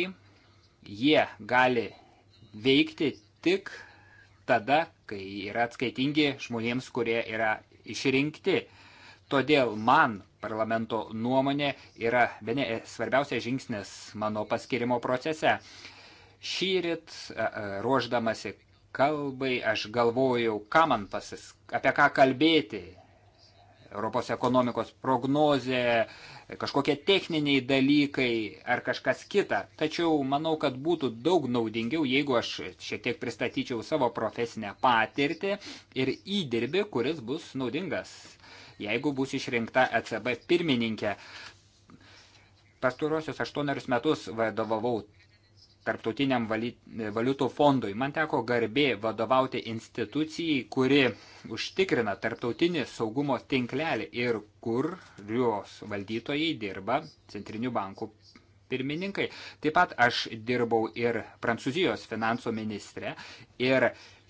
jie gali veikti tik tada, kai yra atskaitingi žmonėms, kurie yra išrinkti. Todėl man parlamento nuomonė yra vieni svarbiausias žingsnis mano paskirimo procese. Šyrit, e, e, ruoždamasi kalbai, aš galvojau, ką man pasis, apie ką kalbėti. Europos ekonomikos prognozė, kažkokie techniniai dalykai ar kažkas kita. Tačiau manau, kad būtų daug naudingiau, jeigu aš šiek tiek pristatyčiau savo profesinę patirtį ir įdirbį, kuris bus naudingas, jeigu bus išrinkta ECB pirmininkė. Pastarosius aštuonerius metus vadovavau Tarptautiniam valiutų fondui. Man teko garbė vadovauti institucijai, kuri užtikrina tarptautinį saugumo tinklelį ir kurios valdytojai dirba centrinių bankų pirmininkai. Taip pat aš dirbau ir Prancūzijos finansų ministre ir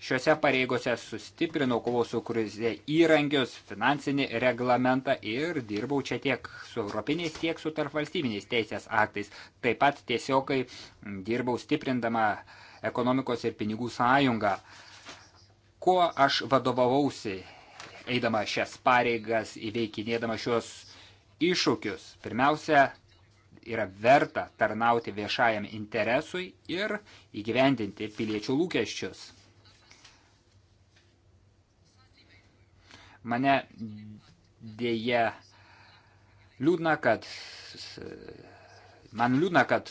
šiuose pareigose sustiprinau kovos su krize įrankius, finansinį reglamentą ir dirbau čia tiek su europiniais, tiek su tarpvalstybiniais teisės aktais. Taip pat tiesiogai dirbau stiprindama ekonomikos ir pinigų sąjungą. Kuo aš vadovavausi, eidama šias pareigas, įveikinėdama šios iššūkius? Pirmiausia, yra verta tarnauti viešajam interesui ir įgyvendinti piliečių lūkesčius. Mane dėja liūdna, kad man liūdna, kad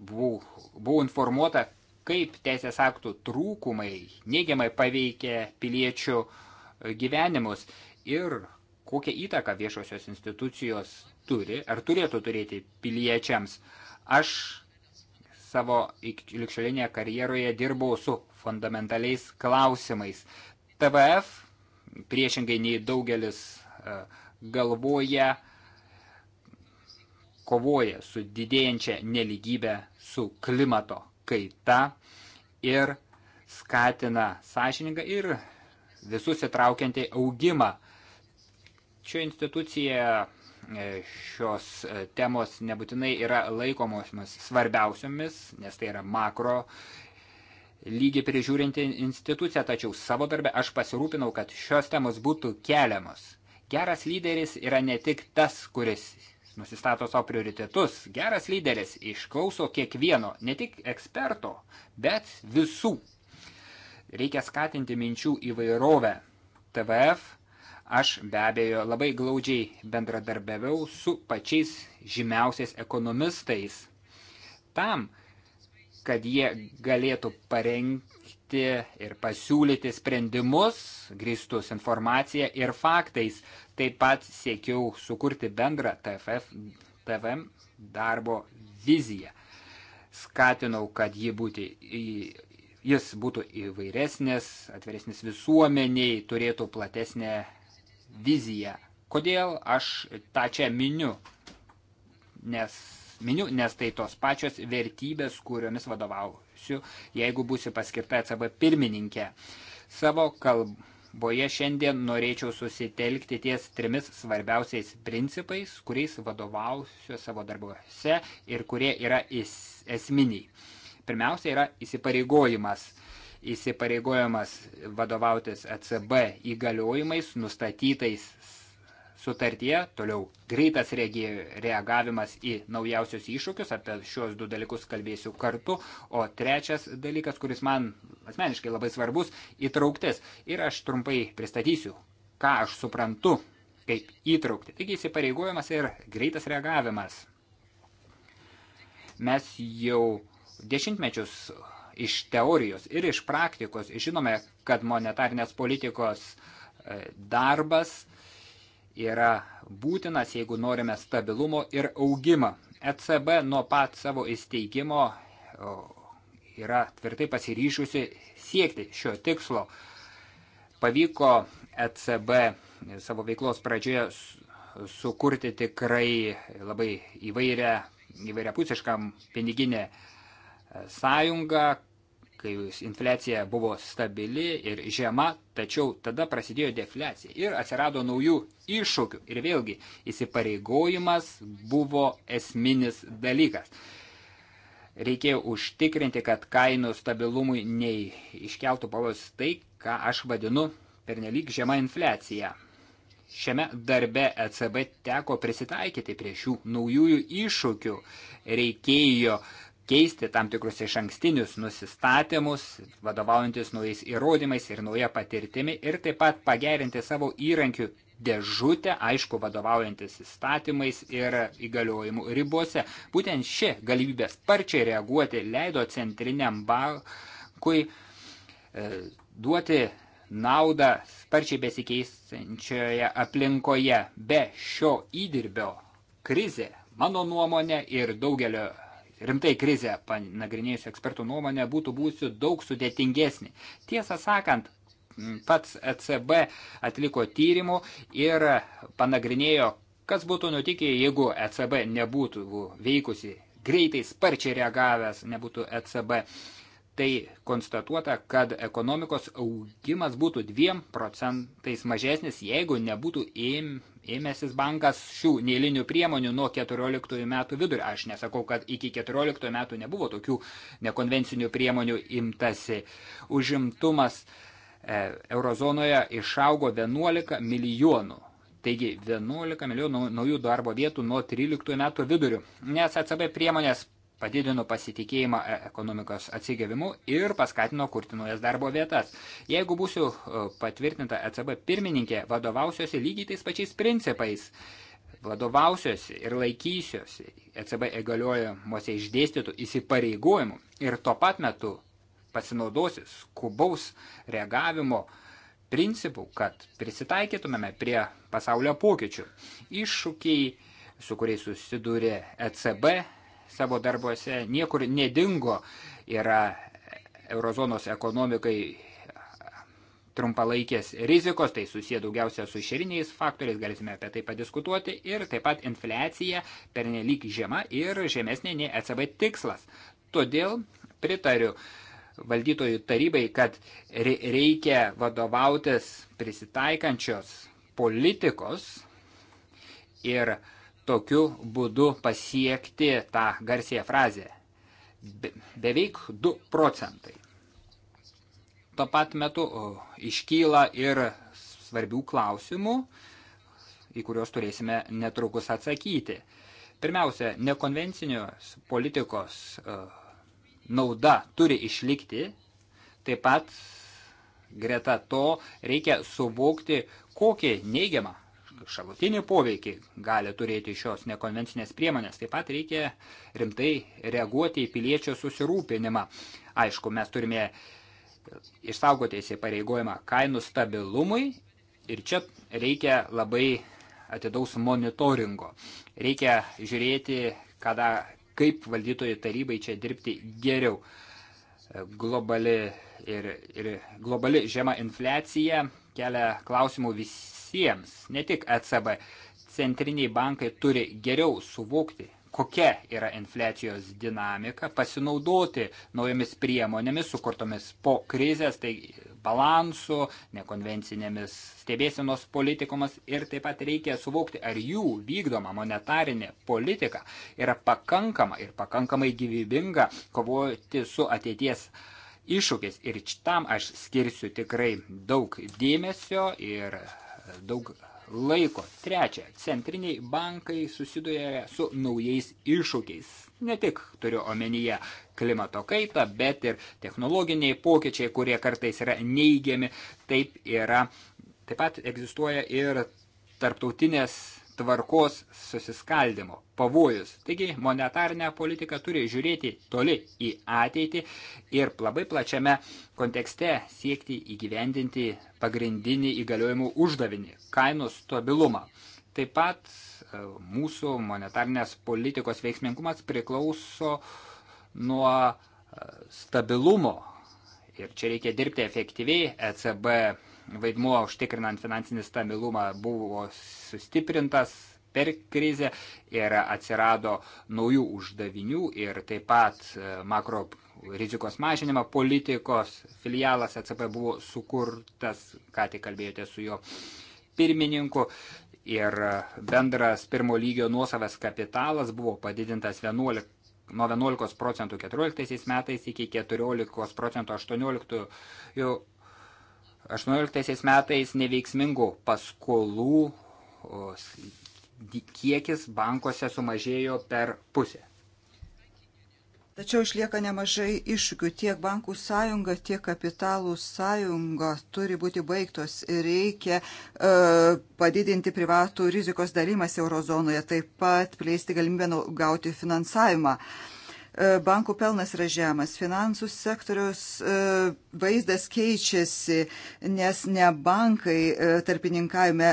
buvau, buvau informuota, kaip teisės aktų trūkumai neigiamai paveikia piliečių gyvenimus ir kokią įtaką viešosios institucijos turi ar turėtų turėti piliečiams. Aš savo likščiolinėje karjeroje dirbau su fundamentaliais klausimais. TVF, priešingai nei daugelis e, galvoja, kovoja su didėjančia neligybė, su klimato kaita ir skatina sąžiningą ir visus įtraukiantį augimą. Čia institucija E, šios e, temos nebūtinai yra laikomosios svarbiausiomis, nes tai yra makro lygiai prižiūrinti instituciją, tačiau savo darbę aš pasirūpinau, kad šios temos būtų keliamos. Geras lyderis yra ne tik tas, kuris nusistato savo prioritetus. Geras lyderis išklauso kiekvieno, ne tik eksperto, bet visų. Reikia skatinti minčių įvairovę. TVF Aš be abejo labai glaudžiai bendradarbiaviau su pačiais žymiausiais ekonomistais tam, kad jie galėtų parengti ir pasiūlyti sprendimus, grįstus informaciją ir faktais. Taip pat siekiau sukurti bendrą TFF, TVM darbo viziją. Skatinau, kad ji būti į jis būtų įvairesnis, atviresnis visuomeniai, turėtų platesnę viziją. Kodėl aš tą čia miniu? Nes, miniu, nes tai tos pačios vertybės, kuriomis vadovausiu, jeigu būsiu paskirta ECB pirmininkė. Savo kalboje šiandien norėčiau susitelkti ties trimis svarbiausiais principais, kuriais vadovausiu savo darbuose ir kurie yra esminiai. Pirmiausia yra įsipareigojimas – įsipareigojimas vadovautis ECB įgaliojimais nustatytais sutartyje, toliau greitas reagavimas į naujausius iššūkius, apie šios du dalykus kalbėsiu kartu, o trečias dalykas, kuris man asmeniškai labai svarbus, įtrauktis. Ir aš trumpai pristatysiu, ką aš suprantu kaip įtraukti. Taigi įsipareigojimas ir greitas reagavimas. Mes jau dešimtmečius iš teorijos ir iš praktikos žinome, kad monetarnės politikos e, darbas yra būtinas, jeigu norime stabilumo ir augimą. ECB nuo pat savo įsteigimo yra tvirtai pasiryšusi siekti šio tikslo. Pavyko ECB savo veiklos pradžioje sukurti tikrai labai įvairią, įvairiapusišką piniginę e, sąjungą, kai infliacija buvo stabili ir žema, tačiau tada prasidėjo defliacija ir atsirado naujų iššūkių. Ir vėlgi įsipareigojimas buvo esminis dalykas. Reikėjo užtikrinti, kad kainų stabilumui nei iškeltų pavojus tai, ką aš vadinu pernelyg žema infliacija. Šiame darbe ECB teko prisitaikyti prie šių naujųjų iššūkių. Reikėjo uh, keisti tam tikrus iš ankstinius nusistatymus, vadovaujantis naujais įrodymais ir nauja patirtimi ir taip pat pagerinti savo įrankių dėžutę, aišku, vadovaujantis įstatymais ir įgaliojimų ribose. Būtent ši galimybė sparčiai reaguoti leido centriniam bankui e, duoti naudą sparčiai besikeistančioje aplinkoje. Be šio įdirbio krizė, mano nuomonė ir daugelio rimtai krizę panagrinėjus ekspertų nuomonę būtų būsiu daug sudėtingesnė. Tiesą sakant, pats ECB atliko tyrimų ir panagrinėjo, kas būtų nutikę, jeigu ECB nebūtų veikusi greitai, sparčiai reagavęs, nebūtų ECB. Uh, tai konstatuota, kad ekonomikos augimas būtų 2 procentais mažesnis, jeigu nebūtų ėm, ėmėsis bankas šių neįlinių priemonių nuo 14 metų vidurio. Aš nesakau, kad iki 14 metų nebuvo tokių nekonvencinių priemonių imtasi. Užimtumas e, eurozonoje išaugo 11 milijonų. Taigi 11 milijonų naujų darbo vietų nuo 13 metų vidurių. Nes ECB priemonės padidino pasitikėjimą e, ekonomikos atsigavimu ir paskatino kurti naujas darbo vietas. Jeigu būsiu e, patvirtinta ECB pirmininkė, vadovausiuosi lygiai tais pačiais principais. Vadovausiuosi ir laikysiuosi ECB įgaliojimuose išdėstytų įsipareigojimų ir tuo pat metu pasinaudosi skubaus reagavimo principų, kad prisitaikytumėme prie pasaulio pokyčių. Iššūkiai, su kuriais susidūrė ECB, savo darbuose, niekur nedingo yra eurozonos ekonomikai e, trumpalaikės rizikos, tai susiję daugiausia su išeriniais faktoriais, galėsime apie tai padiskutuoti, ir taip pat infliacija per nelik žema ir žemesnė nei ECB tikslas. Todėl pritariu valdytojų tarybai, kad reikia vadovautis prisitaikančios politikos ir uh, tokiu būdu pasiekti tą garsiją frazę. Be, beveik 2 procentai. Tuo pat metu iškyla ir svarbių klausimų, į kuriuos turėsime netrukus atsakyti. Pirmiausia, nekonvencinios politikos nauda turi išlikti, taip pat greta to reikia suvokti, kokį neigiamą šalutinį poveikį gali turėti šios nekonvencinės priemonės. Taip pat reikia rimtai reaguoti į piliečio susirūpinimą. Aišku, mes turime išsaugoti įsipareigojimą kainų stabilumui ir čia reikia labai atidaus monitoringo. Reikia žiūrėti, kada, kaip valdytojų tarybai čia dirbti geriau. Globali, ir, ir globali žema inflecija kelia klausimų vis, visiems, ne tik ECB. Centriniai bankai turi geriau suvokti, kokia yra infliacijos dinamika, pasinaudoti naujomis priemonėmis sukurtomis po krizės, tai balansu, nekonvencinėmis stebėsienos politikomis ir taip pat reikia suvokti, ar jų vykdoma monetarinė politika yra pakankama ir pakankamai gyvybinga kovoti su ateities iššūkis. Ir tam aš skirsiu tikrai daug dėmesio ir daug laiko. Trečia, centriniai bankai susiduria su naujais iššūkiais. Ne tik turiu omenyje klimato kaitą, bet ir technologiniai pokyčiai, kurie kartais yra neigiami. Taip yra, taip pat egzistuoja ir tarptautinės tvarkos susiskaldimo pavojus. Taigi monetarinė politika turi žiūrėti toli į ateitį ir labai plačiame kontekste siekti įgyvendinti pagrindinį įgaliojimų uždavinį - kainų stabilumą. Taip pat e, mūsų monetarnės politikos veiksmingumas priklauso nuo e, stabilumo. Ir čia reikia dirbti efektyviai. ECB vaidmuo užtikrinant finansinį stabilumą buvo sustiprintas per krizę ir atsirado naujų uždavinių ir taip pat e, makro rizikos mažinimo politikos filialas ECB buvo sukurtas, ką tik kalbėjote su jo pirmininku. Ir e, bendras pirmo lygio nuosavas kapitalas buvo padidintas 11, nuo 11 procentų 14 metais iki 14 procentų 18 18 metais neveiksmingų paskolų kiekis bankuose sumažėjo per pusę. Tačiau išlieka nemažai iššūkių. Tiek bankų sąjunga, tiek kapitalų sąjunga turi būti baigtos ir reikia e, padidinti privatų rizikos dalymas eurozonoje, taip pat plėsti galimybę nu, gauti finansavimą. E, E, bankų pelnas yra žemas, finansų sektoriaus e, vaizdas keičiasi, nes ne bankai e, tarpininkavime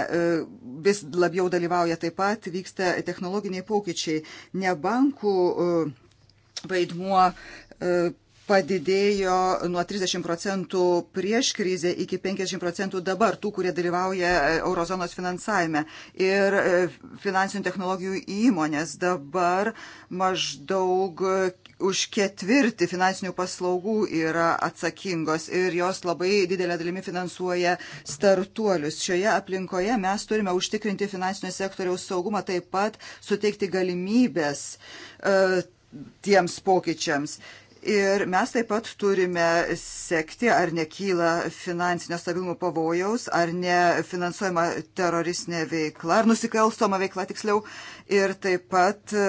vis labiau dalyvauja taip pat, vyksta technologiniai pokyčiai, ne bankų vaidmuo padidėjo nuo 30 procentų prieš krizę iki 50 procentų dabar tų, kurie dalyvauja e, eurozonos finansavime. Ir e, finansinių technologijų įmonės dabar maždaug e, už ketvirtį finansinių paslaugų yra atsakingos ir jos labai didelė dalimi finansuoja startuolius. Šioje aplinkoje mes turime užtikrinti finansinio sektoriaus saugumą, taip pat suteikti galimybės uh, tiems pokyčiams. Uh, Ir mes taip pat turime sekti, ar nekyla finansinio stabilumo pavojaus, ar nefinansuojama teroristinė veikla, ar nusikalstoma veikla tiksliau. Ir taip pat e,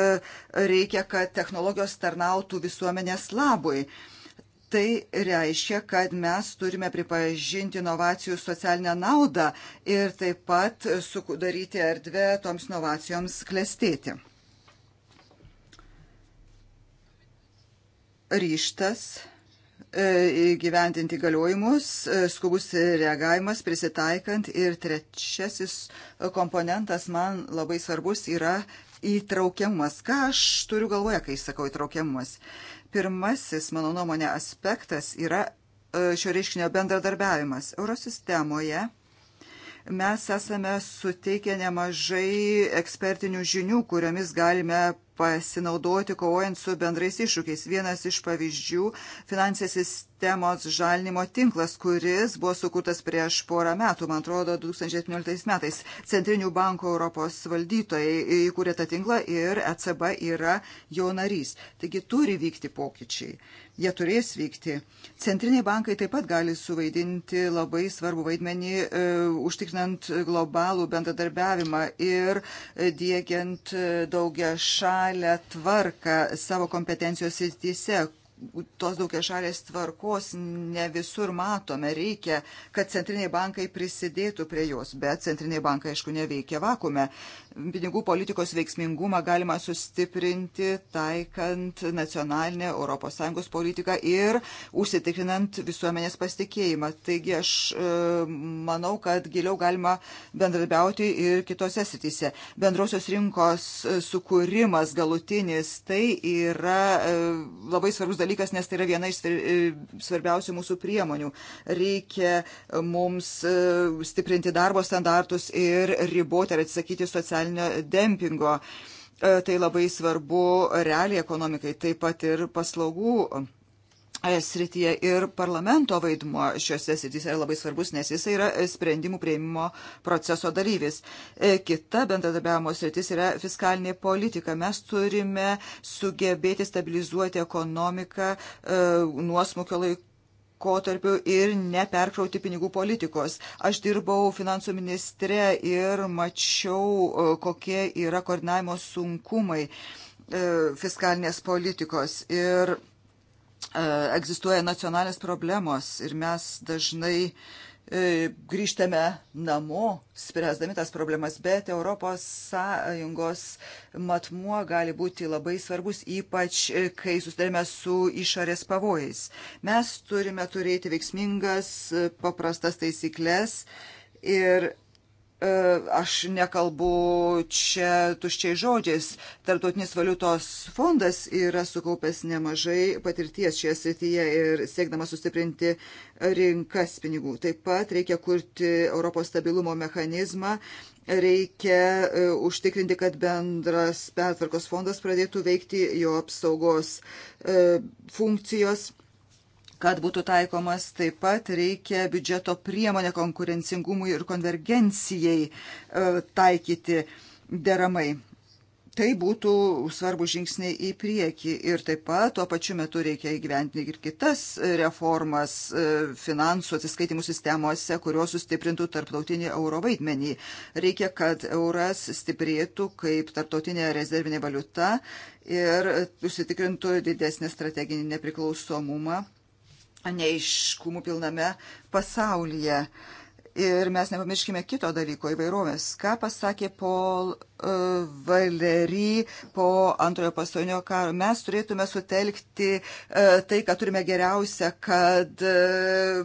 reikia, kad technologijos tarnautų visuomenės labui. Tai reiškia, kad mes turime pripažinti inovacijų socialinę naudą ir taip pat sudaryti erdvę toms inovacijoms klestėti. ryštas e, įgyventinti galiojimus, e, skubus reagavimas, prisitaikant ir trečiasis komponentas man labai svarbus yra įtraukiamumas. Ką aš turiu galvoje, kai sakau įtraukiamumas? Pirmasis, mano nuomonė, aspektas yra e, šio reiškinio bendradarbiavimas. Eurosistemoje mes esame suteikę nemažai ekspertinių žinių, kuriomis galime pasinaudoti kovojant su bendrais iššūkiais. Vienas iš pavyzdžių - finansinės sistemos žalinimo tinklas, kuris buvo sukurtas prieš porą metų, man atrodo, 2017 metais. Centrinių bankų Europos valdytojai įkūrė tą tinklą ir ECB yra jo narys. Taigi turi vykti pokyčiai. Jie turės vykti. Centriniai bankai taip pat gali suvaidinti labai svarbu vaidmenį e, užtikrinant globalų bendradarbiavimą ir e, diegiant e, daugia šalį originalią tvarką savo kompetencijos srityse, tos daugia šalės tvarkos ne visur matome. Reikia, kad centriniai bankai prisidėtų prie jos, bet centriniai bankai, aišku, neveikia vakume. Pinigų politikos veiksmingumą galima sustiprinti, taikant nacionalinę ES politiką ir užsitikrinant visuomenės pasitikėjimą. Taigi aš e, manau, kad giliau galima bendradarbiauti ir kitose srityse. Bendrosios rinkos e, sukūrimas galutinis tai yra e, labai svarbus dalykas dalykas, nes tai yra viena iš e, svarbiausių mūsų priemonių. Reikia mums e, stiprinti darbo standartus ir riboti ar atsisakyti socialinio dempingo. E, tai labai svarbu realiai ekonomikai, taip pat ir paslaugų E, srityje ir parlamento vaidmuo šiuose srityse yra labai svarbus, nes jis yra sprendimų prieimimo proceso dalyvis. E, kita bendradarbiavimo sritis yra fiskalinė politika. Mes turime sugebėti stabilizuoti ekonomiką e, nuosmukio laiku laikotarpiu ir neperkrauti pinigų politikos. Aš dirbau finansų ministre ir mačiau, kokie yra koordinavimo sunkumai fiskalinės politikos. Ir E, egzistuoja nacionalinės problemos ir mes dažnai e, grįžtame namo, spręsdami tas problemas, bet ES matmuo gali būti labai svarbus, ypač e, kai susidarėme su išorės pavojais. Mes turime turėti veiksmingas, paprastas taisyklės ir E, aš nekalbu čia tuščiai žodžiais. Tartautinis valiutos fondas yra sukaupęs nemažai patirties šioje srityje ir siekdama sustiprinti rinkas pinigų. Taip pat reikia kurti Europos stabilumo mechanizmą, reikia e, užtikrinti, kad bendras pertvarkos fondas pradėtų veikti jo apsaugos e, funkcijos kad būtų taikomas. Taip pat reikia biudžeto priemonę konkurencingumui ir konvergencijai e, taikyti deramai. Tai būtų svarbu žingsniai į priekį ir taip pat tuo pačiu metu reikia įgyventinti ir kitas reformas e, finansų atsiskaitimų sistemose, kurios sustiprintų tarptautinį euro vaidmenį. Reikia, kad euras stiprėtų kaip tarptautinė rezervinė valiuta ir užsitikrintų didesnį strateginį nepriklausomumą neiškumų pilname pasaulyje. Ir mes nepamirškime kito dalyko įvairovės. Ką pasakė Paul uh, e, Valery po antrojo pasaulinio karo? Mes turėtume sutelkti uh, tai, ką turime geriausia, kad uh,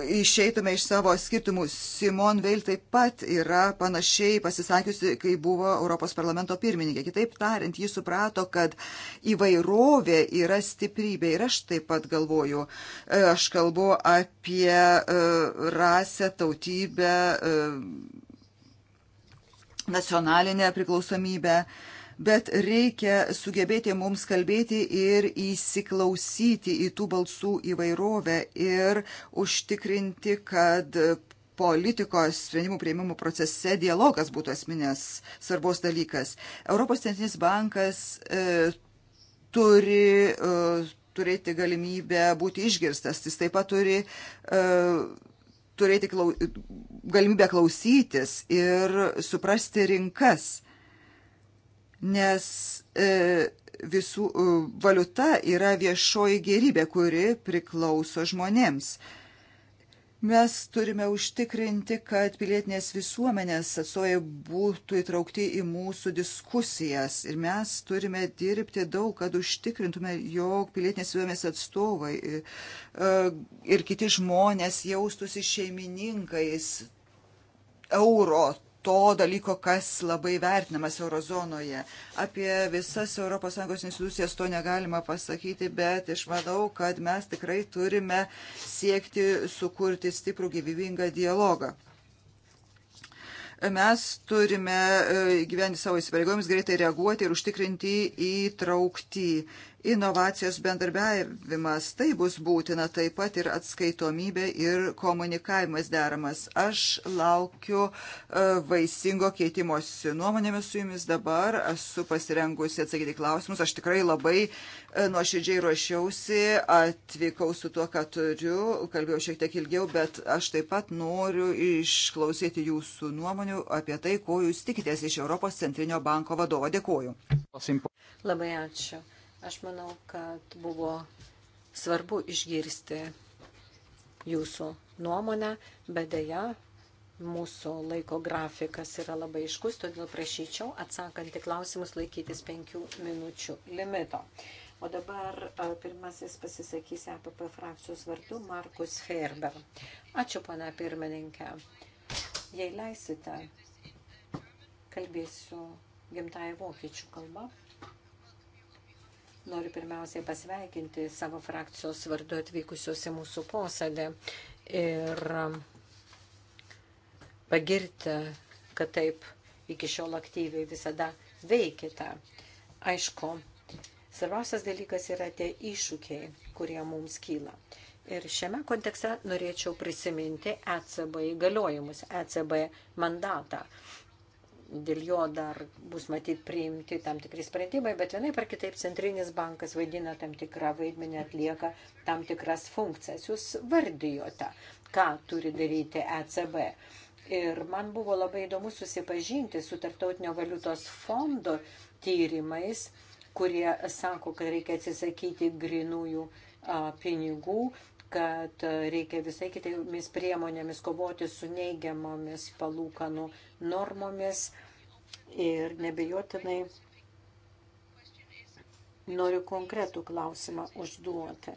išeitume iš savo skirtumų. Simon Veil taip pat yra panašiai pasisakiusi, kai buvo Europos parlamento pirmininkė. Kitaip tariant, ji suprato, kad įvairovė yra stiprybė. Ir aš taip pat galvoju, e, aš kalbu apie e, rasę, tautybę, e, nacionalinę priklausomybę. Uh, bet reikia sugebėti mums kalbėti ir įsiklausyti į tų balsų įvairovę ir užtikrinti, kad politikos sprendimų prieimimų procese dialogas būtų esminės svarbos dalykas. Europos centrinis bankas e, turi e, turėti galimybę būti išgirstas, jis taip pat turi e, turėti klau, galimybę klausytis ir suprasti rinkas. E, nes e, visų e, valiuta yra viešoji gerybė, kuri priklauso žmonėms. Mes turime užtikrinti, kad pilietinės visuomenės atstovai būtų įtraukti į mūsų diskusijas ir mes turime dirbti daug, kad užtikrintume, jog pilietinės visuomenės atstovai e, e, ir kiti žmonės jaustųsi šeimininkais euro to dalyko, kas labai vertinamas eurozonoje. Apie visas ES institucijas to negalima pasakyti, bet išmanau, kad mes tikrai turime siekti sukurti stiprų gyvybingą dialogą. Mes turime e, gyventi savo įsipareigojimus, greitai reaguoti ir užtikrinti įtraukti. Inovacijos bendarbiavimas tai bus būtina taip pat ir atskaitomybė ir komunikavimas deramas. Aš laukiu e, vaisingo keitimosi nuomonėmis su jumis dabar. Esu pasirengusi atsakyti klausimus. Aš tikrai labai e, nuoširdžiai ruošiausi, atvykau su tuo, ką turiu, kalbėjau šiek tiek ilgiau, bet aš taip pat noriu išklausyti jūsų nuomonių apie tai, ko jūs tikitės iš Europos Centrinio banko vadovo. Dėkuoju. Labai ačiū. Aš manau, kad buvo svarbu išgirsti jūsų nuomonę, bet dėja mūsų laiko grafikas yra labai iškus, todėl prašyčiau atsakant į klausimus laikytis penkių minučių limito. O dabar pirmasis pasisakys APP e frakcijos vardu Markus Ferber. Ačiū, pana pirmininkė. Jei leisite, kalbėsiu gimtąją vokiečių kalbą. Noriu pirmiausiai pasveikinti savo frakcijos vardu atvykusiuose mūsų posėdė ir um, pagirti, kad taip iki šiol aktyviai visada veikite. Aišku, svarbiausias dalykas yra tie iššūkiai, kurie mums kyla. Ir šiame kontekste norėčiau prisiminti ECB įgaliojimus, ECB mandatą dėl jo dar bus matyt priimti tam tikri sprendimai, bet vienaip ar kitaip centrinis bankas vaidina tam tikrą vaidmenį, atlieka tam tikras funkcijas. Jūs vardijote, ką turi daryti ECB. Ir man buvo labai įdomu susipažinti su Tartautinio valiutos fondo tyrimais, kurie sako, kad reikia atsisakyti grinųjų pinigų kad e, reikia visai kitomis priemonėmis kovoti su neigiamomis palūkanų normomis ir nebejotinai noriu konkretų klausimą užduoti.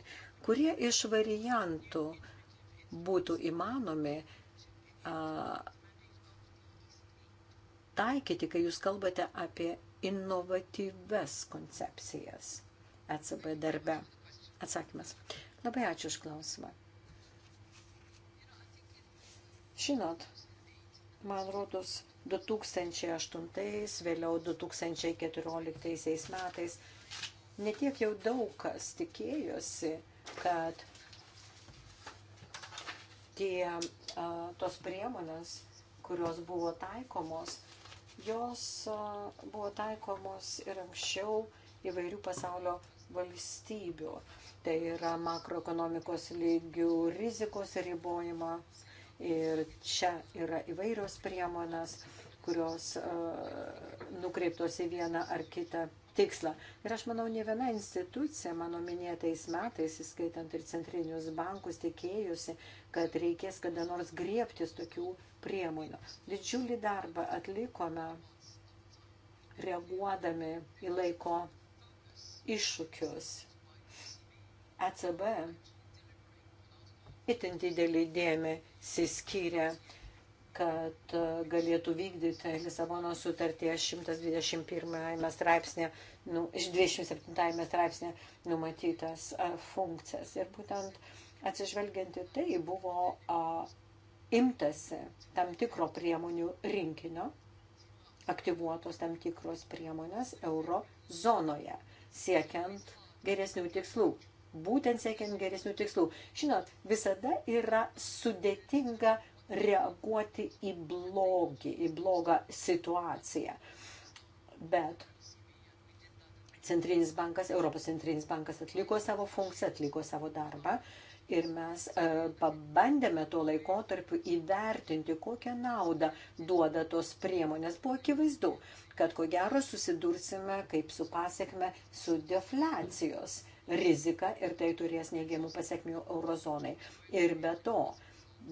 Kurie iš variantų būtų įmanomi a, taikyti, kai jūs kalbate apie inovatyves koncepcijas ECB darbe? Atsakymas. Labai ačiū už klausimą. Žinot, man rodos, 2008, vėliau 2014 metais netiek jau daug kas tikėjosi, kad tie, a, tos priemonės, kurios buvo taikomos, jos a, buvo taikomos ir anksčiau įvairių pasaulio valstybių tai yra makroekonomikos lygių rizikos ribojimo. Ir čia yra įvairios priemonės, kurios uh, nukreiptos į vieną ar kitą tikslą. Ir aš manau, ne viena institucija mano minėtais metais, įskaitant ir centrinius bankus, tikėjusi, kad reikės kada nors griebtis tokių priemonių. Didžiulį darbą atlikome reaguodami į laiko iššūkius ECB itin didelį dėmesį skyrė, kad e, galėtų vykdyti Lisabono sutarties 121 straipsnė, nu, 27 straipsnė numatytas e, funkcijas. Ir būtent atsižvelgianti tai buvo a, imtasi tam tikro priemonių rinkinio, aktyvuotos tam tikros priemonės euro zonoje, siekiant geresnių tikslų būtent siekiant geresnių tikslų. Žinot, visada yra sudėtinga reaguoti į blogį, į blogą situaciją. Bet Centrinis bankas, Europos Centrinis bankas atliko savo funkciją, atliko savo darbą ir mes e, pabandėme tuo laikotarpiu įvertinti, kokią naudą duoda tos priemonės. Buvo akivaizdu, kad ko gero susidursime kaip su pasiekme su deflecijos. E, riziką ir tai turės neigiamų pasiekmių eurozonai. Ir be to,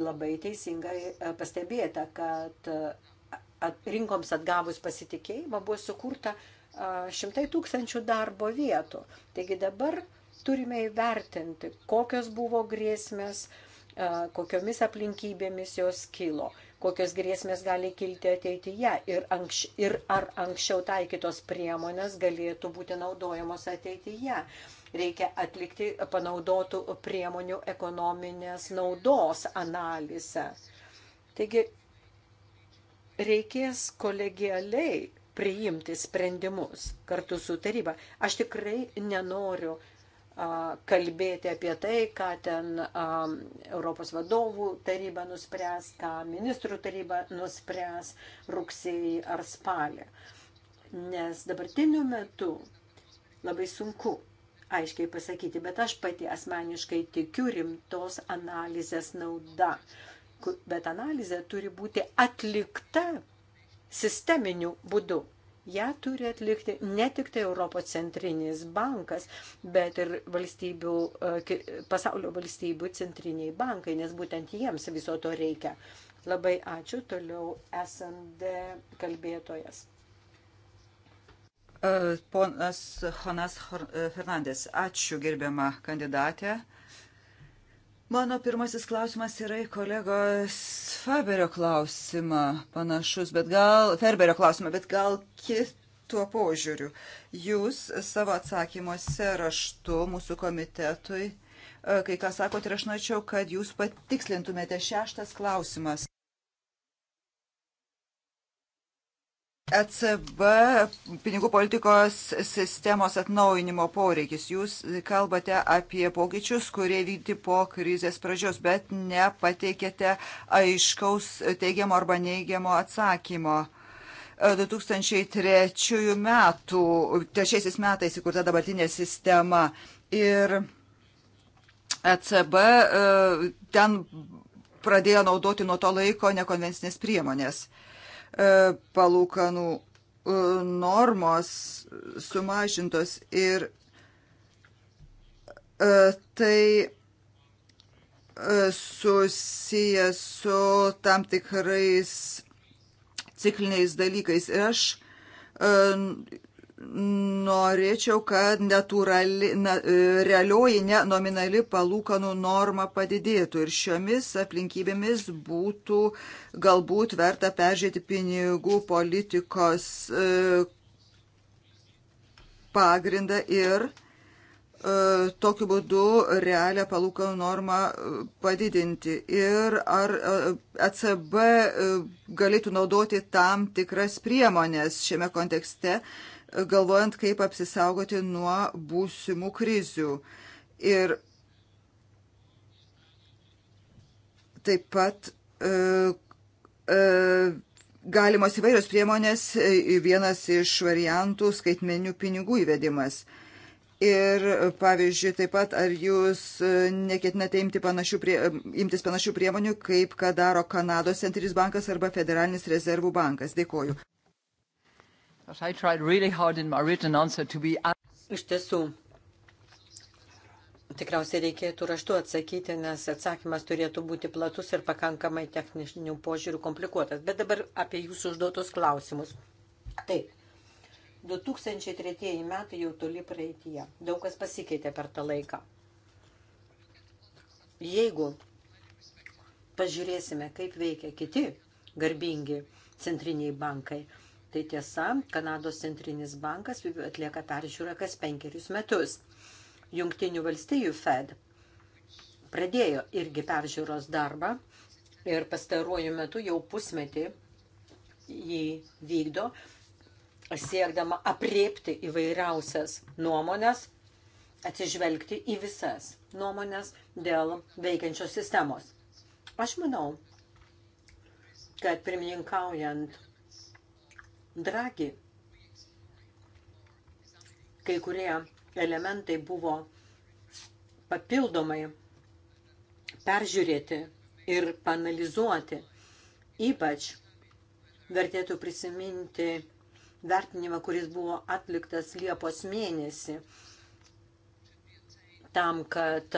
labai teisingai e, pastebėta, kad e, at, rinkoms atgavus pasitikėjimą buvo sukurta e, šimtai tūkstančių darbo vietų. Taigi dabar turime įvertinti, kokios buvo grėsmės, kokiomis aplinkybėmis jos kilo, kokios grėsmės gali kilti ateityje ir, anks, ir ar anksčiau taikytos priemonės galėtų būti naudojamos ateityje reikia atlikti panaudotų priemonių ekonominės naudos analizę. Taigi reikės kolegialiai priimti sprendimus kartu su taryba. Aš tikrai nenoriu kalbėti apie tai, ką ten um, Europos vadovų taryba nuspręs, ką ministrų taryba nuspręs rugsėjai ar spalį. Nes dabartiniu metu labai sunku aiškiai pasakyti, bet aš pati asmeniškai tikiu rimtos analizės nauda. Bet analizė turi būti atlikta sisteminiu būdu. Ja turi atlikti ne tik tai Europos centrinis bankas, bet ir valstybių, e, pasaulio valstybių centriniai bankai, nes būtent jiems viso to reikia. Labai ačiū. Toliau esant kalbėtojas. E, ponas Honas e, Fernandės, ačiū gerbiama kandidatė. Mano pirmasis klausimas yra į kolegos Faberio klausimą panašus, bet gal Ferberio klausimą, bet gal kituo požiūriu. Jūs savo atsakymuose raštu mūsų komitetui, e, kai ką sakote, ir aš norėčiau, kad jūs patikslintumėte šeštas klausimas. ECB pinigų politikos sistemos atnaujinimo poreikis. Jūs kalbate apie pokyčius, kurie vykti po krizės pradžios, bet nepateikėte aiškaus teigiamo arba neigiamo atsakymo. 2003 e, metų, trečiaisiais metais įkurta dabartinė sistema ir ECB e, ten pradėjo naudoti nuo to laiko nekonvencinės priemonės. E, palūkanų e, normos sumažintos ir e, tai susijęs su tam tikrais cikliniais dalykais. Ir aš norėčiau, kad natūrali, na, e, realioji, ne nominali palūkanų norma padidėtų ir šiomis aplinkybėmis būtų galbūt verta peržiūrėti pinigų politikos e, pagrindą ir e, tokiu būdu realią palūkanų normą padidinti ir ar ECB galėtų naudoti tam tikras priemonės šiame kontekste, galvojant, kaip apsisaugoti nuo būsimų krizių. Ir taip pat e, e, galimos įvairios priemonės, e, vienas iš variantų skaitmeninių pinigų įvedimas. Ir, pavyzdžiui, taip pat, ar jūs e, neketinate imti panašių prie, imtis panašių priemonių, kaip ką daro Kanados centrinis bankas arba Federalinis rezervų bankas? Dėkoju. Really be... Iš tiesų, tikriausiai reikėtų raštu atsakyti, nes atsakymas turėtų būti platus ir pakankamai techninių požiūrių komplikuotas. Bet dabar apie jūsų užduotus klausimus. Taip, 2003 metai jau toli praeitie. Daug kas pasikeitė per tą laiką. Jeigu pažiūrėsime, kaip veikia kiti garbingi centriniai bankai, Tai tiesa, Kanados centrinis bankas atlieka peržiūrą kas penkerius metus. Jungtinių valstijų Fed pradėjo irgi peržiūros darbą ir pastaruoju metu jau pusmetį jį vykdo, siekdama apriepti įvairiausias nuomonės, atsižvelgti į visas nuomonės dėl veikiančios sistemos. Aš manau, kad pirmininkaujant Dragi kai kurie elementai buvo papildomai peržiūrėti ir panalizuoti. Ypač vertėtų prisiminti vertinimą, kuris buvo atliktas Liepos mėnesį, tam, kad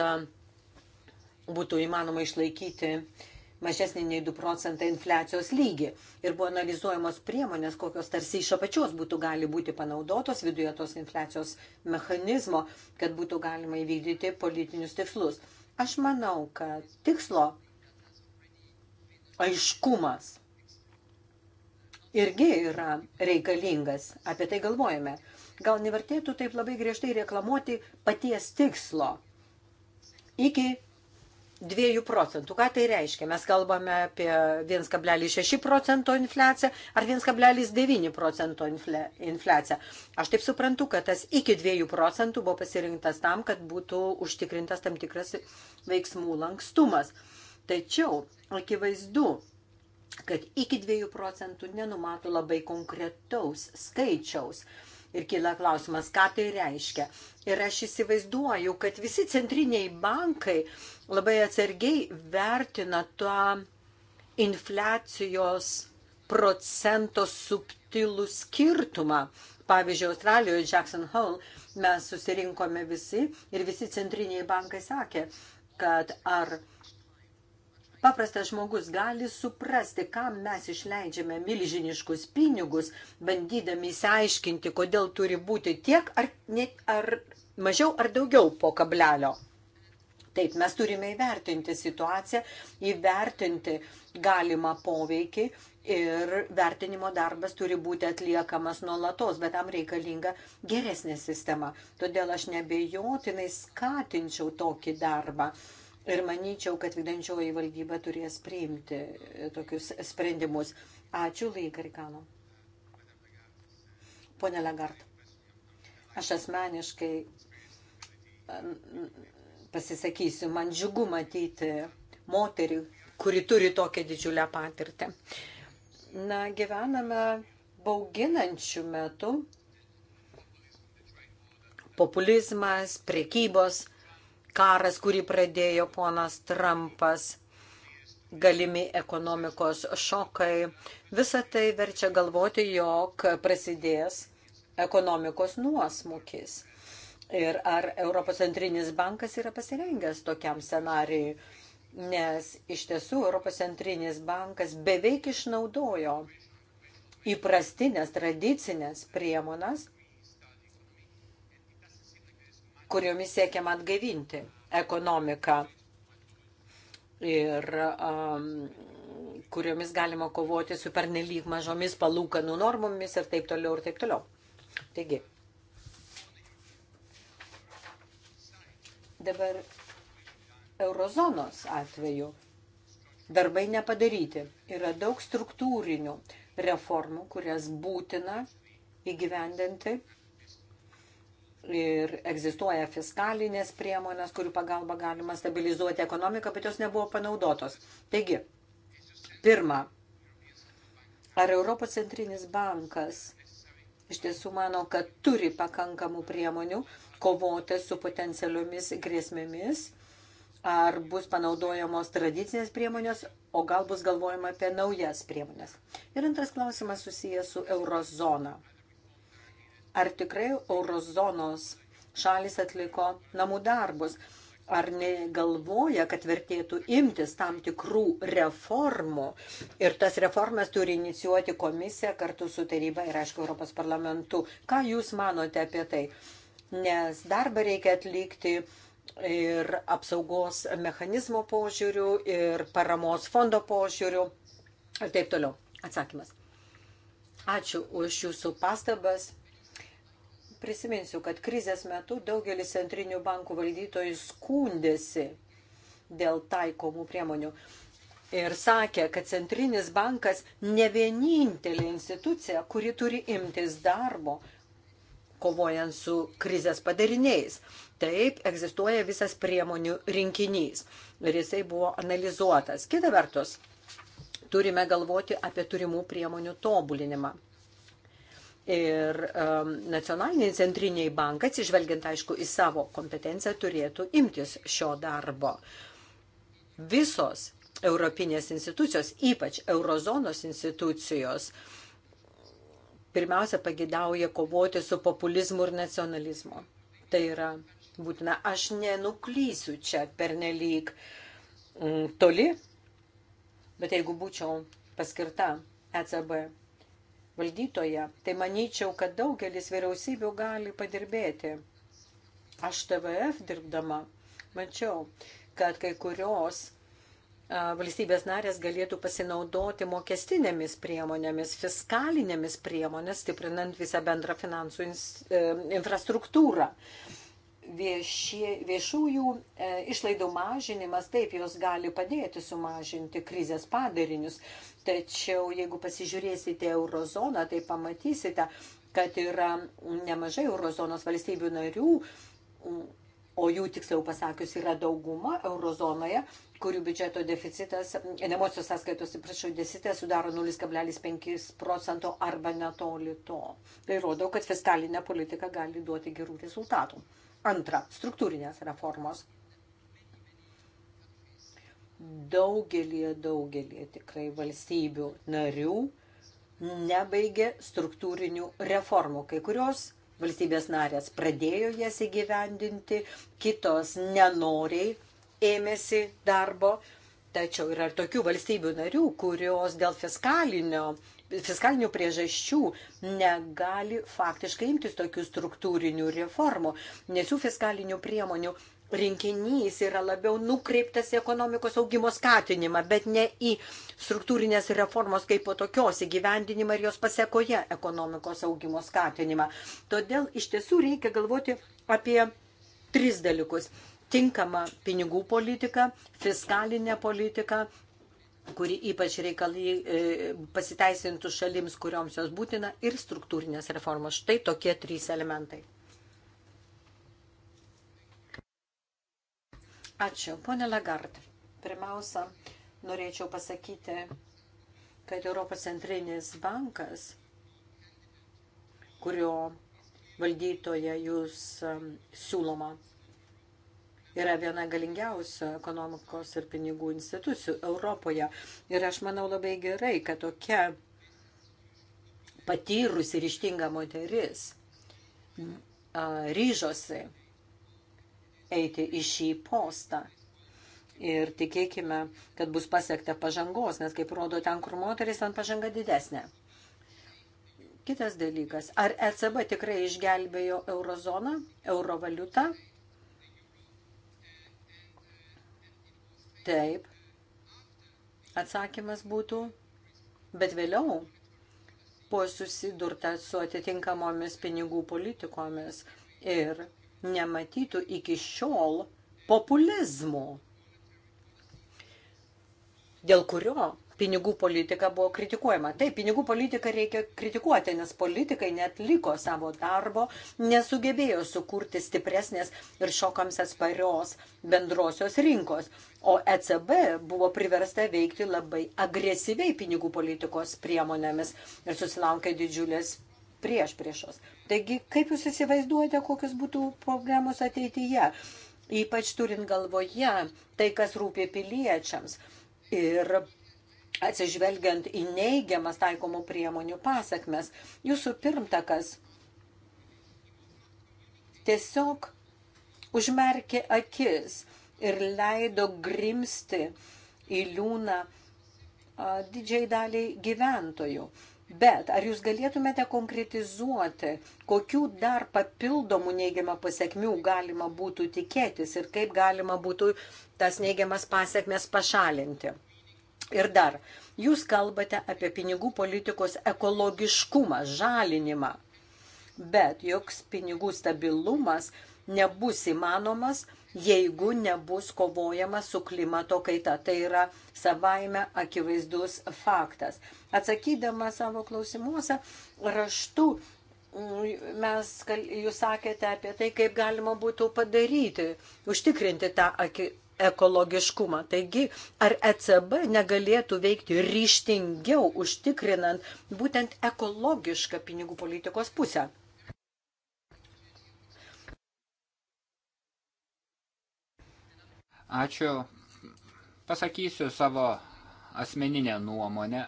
būtų įmanoma išlaikyti uh, mažesnį nei 2 procentai infliacijos lygį. Ir buvo analizuojamos priemonės, kokios tarsi iš apačios būtų gali būti panaudotos viduje tos infliacijos mechanizmo, kad būtų galima įvykdyti politinius tikslus. Aš manau, kad tikslo aiškumas irgi yra reikalingas. Apie tai galvojame. Gal nevertėtų taip labai griežtai reklamuoti paties tikslo iki 2 procentų. Ką tai reiškia? Mes kalbame apie 1,6 procento infliaciją ar 1,9 procento infliaciją. Aš taip suprantu, kad tas iki 2 procentų buvo pasirinktas tam, kad būtų užtikrintas tam tikras veiksmų lankstumas. Tačiau akivaizdu, kad iki 2 procentų nenumato labai konkretaus skaičiaus. Ir kyla klausimas, ką tai reiškia. Ir aš įsivaizduoju, kad visi centriniai bankai uh, labai atsargiai vertina tą infliacijos procento subtilų skirtumą. Pavyzdžiui, Australijoje Jackson Hole mes susirinkome visi ir visi centriniai bankai sakė, kad ar paprastas žmogus gali suprasti, kam mes išleidžiame milžiniškus pinigus, bandydami įsiaiškinti, kodėl turi būti tiek ar, ne, ar mažiau ar daugiau po kablelio. Taip, mes turime įvertinti situaciją, įvertinti galimą poveikį ir vertinimo darbas turi būti atliekamas nuolatos, bet tam reikalinga geresnė sistema. Todėl aš nebejotinai skatinčiau tokį darbą. Ir manyčiau, kad vykdančioji valdyba turės priimti tokius sprendimus. Ačiū, Laikarikano. Pone Legart, aš asmeniškai pasisakysiu. Man džiugu matyti moterį, kuri turi tokią didžiulę patirtį. Na, gyvename bauginančių metų. Populizmas, prekybos, karas, kurį pradėjo ponas Trumpas, galimi ekonomikos šokai. Visą tai verčia galvoti, jog prasidės ekonomikos nuosmukis ir ar Europos centrinis bankas yra pasirengęs tokiam scenarijui, nes iš tiesų Europos centrinis bankas beveik išnaudojo įprastinės, tradicinės priemonas, kuriomis siekiam atgaivinti ekonomiką ir um, kuriomis galima kovoti su pernelyg mažomis palūkanų normomis ir taip toliau ir taip toliau. Taigi, Dabar eurozonos atveju darbai nepadaryti. Yra daug struktūrinių reformų, kurias būtina įgyvendinti. Ir egzistuoja fiskalinės priemonės, kurių pagalba galima stabilizuoti ekonomiką, bet jos nebuvo panaudotos. Taigi, pirma, ar Europos centrinis bankas iš tiesų mano, kad turi pakankamų priemonių kovoti su potencialiomis grėsmėmis, ar bus panaudojamos tradicinės priemonės, o gal bus galvojama apie naujas priemonės. Ir antras klausimas susijęs su eurozona. Ar tikrai eurozonos šalis atliko namų darbus? ar negalvoja, kad vertėtų imtis tam tikrų reformų. Ir tas reformas turi inicijuoti komisija kartu su taryba ir, aišku, Europos parlamentu. Ką Jūs manote apie tai? Nes darbą reikia atlikti ir apsaugos mechanizmo požiūrių, ir paramos fondo požiūrių, ir taip toliau. Atsakymas. Ačiū už Jūsų pastabas prisiminsiu, kad krizės metu daugelis centrinių bankų valdytojų skundėsi dėl taikomų priemonių ir sakė, kad centrinis bankas ne vienintelė institucija, kuri turi imtis darbo, kovojant su krizės padariniais. Taip egzistuoja visas priemonių rinkinys ir jisai buvo analizuotas. Kita vertus, turime galvoti apie turimų priemonių tobulinimą ir um, nacionaliniai centriniai bankai, atsižvelgiant aišku į savo kompetenciją, turėtų imtis šio darbo. Visos europinės institucijos, ypač eurozonos institucijos, pirmiausia pagidauja kovoti su populizmu ir nacionalizmu. Tai yra būtina. Aš nenuklysiu čia pernelyg mm, toli, bet jeigu būčiau paskirta ECB valdytoje, tai manyčiau, kad daugelis vyriausybių gali padirbėti. Aš TVF dirbdama mačiau, kad kai kurios valstybės narės galėtų pasinaudoti mokestinėmis priemonėmis, fiskalinėmis priemonėmis, stiprinant visą bendrą finansų e, infrastruktūrą viešie, viešųjų e, išlaidų mažinimas, taip jos gali padėti sumažinti krizės padarinius. Tačiau jeigu pasižiūrėsite eurozoną, tai pamatysite, kad yra nemažai eurozonos valstybių narių, o jų tiksliau pasakius yra dauguma eurozonoje, kurių biudžeto deficitas, emocijos sąskaitos, prašau, desitė sudaro 0,5 procento arba netoli to. Tai rodo, kad fiskalinė politika gali duoti gerų rezultatų. Antra, struktūrinės reformos. Daugelį, daugelį tikrai valstybių narių nebaigė struktūrinių reformų. Kai kurios valstybės narės pradėjo jas įgyvendinti, kitos nenoriai ėmėsi darbo, tačiau yra ir tokių valstybių narių, kurios dėl fiskalinio uh, fiskalinių priežasčių negali faktiškai imtis tokių struktūrinių reformų, nes jų fiskalinių priemonių rinkinys yra labiau nukreiptas į ekonomikos augimo skatinimą, bet ne į struktūrinės reformos kaip po tokios įgyvendinimą ir jos pasiekoje ekonomikos augimo skatinimą. Todėl iš tiesų reikia galvoti apie tris dalykus tinkamą pinigų politiką, fiskalinę politiką kuri ypač reikalai e, pasiteisintų šalims, kurioms jos būtina, ir struktūrinės reformos. Štai tokie trys elementai. Ačiū, ponė Lagard. Pirmiausia, norėčiau pasakyti, kad Europos centrinis bankas, kurio valdytoje jūs e, siūloma yra viena galingiausių ekonomikos ir pinigų institucijų Europoje. Ir aš manau labai gerai, kad tokia patyrusi ir ištinga moteris ryžosi eiti į šį postą. Ir tikėkime, kad bus pasiekta pažangos, nes kaip rodo ten, kur moteris, ten pažanga didesnė. Kitas dalykas, ar ECB tikrai išgelbėjo eurozoną, eurovaliutą? Taip. Atsakymas būtų, bet vėliau buvo susidurta su atitinkamomis pinigų politikomis ir nematytų iki šiol populizmų, dėl kurio pinigų politika buvo kritikuojama. Taip, pinigų politiką reikia kritikuoti, nes politikai net liko savo darbo, nesugebėjo sukurti stipresnės ir šokams atsparios bendrosios rinkos. O ECB buvo priversta veikti labai agresyviai pinigų politikos priemonėmis ir susilaukė didžiulės prieš priešos. Taigi, kaip Jūs įsivaizduojate, kokios būtų problemos ateityje? Ypač turint galvoje tai, kas rūpė piliečiams. Ir atsižvelgiant į neigiamas taikomų priemonių pasakmes. Jūsų pirmtakas tiesiog užmerkė akis ir leido grimsti į liūną didžiai daliai gyventojų. Bet ar jūs galėtumėte konkretizuoti, kokių dar papildomų neigiamą pasiekmių galima būtų tikėtis ir kaip galima būtų tas neigiamas pasiekmes pašalinti? Ir dar, jūs kalbate apie pinigų politikos ekologiškumą, žalinimą, bet joks pinigų stabilumas nebus įmanomas, jeigu nebus kovojama su klimato kaita. Tai yra savaime akivaizdus faktas. Atsakydama savo klausimuose raštu, mm, mes, jūs sakėte apie tai, kaip galima būtų padaryti, užtikrinti tą akį ekologiškumą. Taigi, ar ECB negalėtų veikti ryštingiau užtikrinant būtent ekologišką pinigų politikos pusę? Ačiū. Pasakysiu savo asmeninę nuomonę.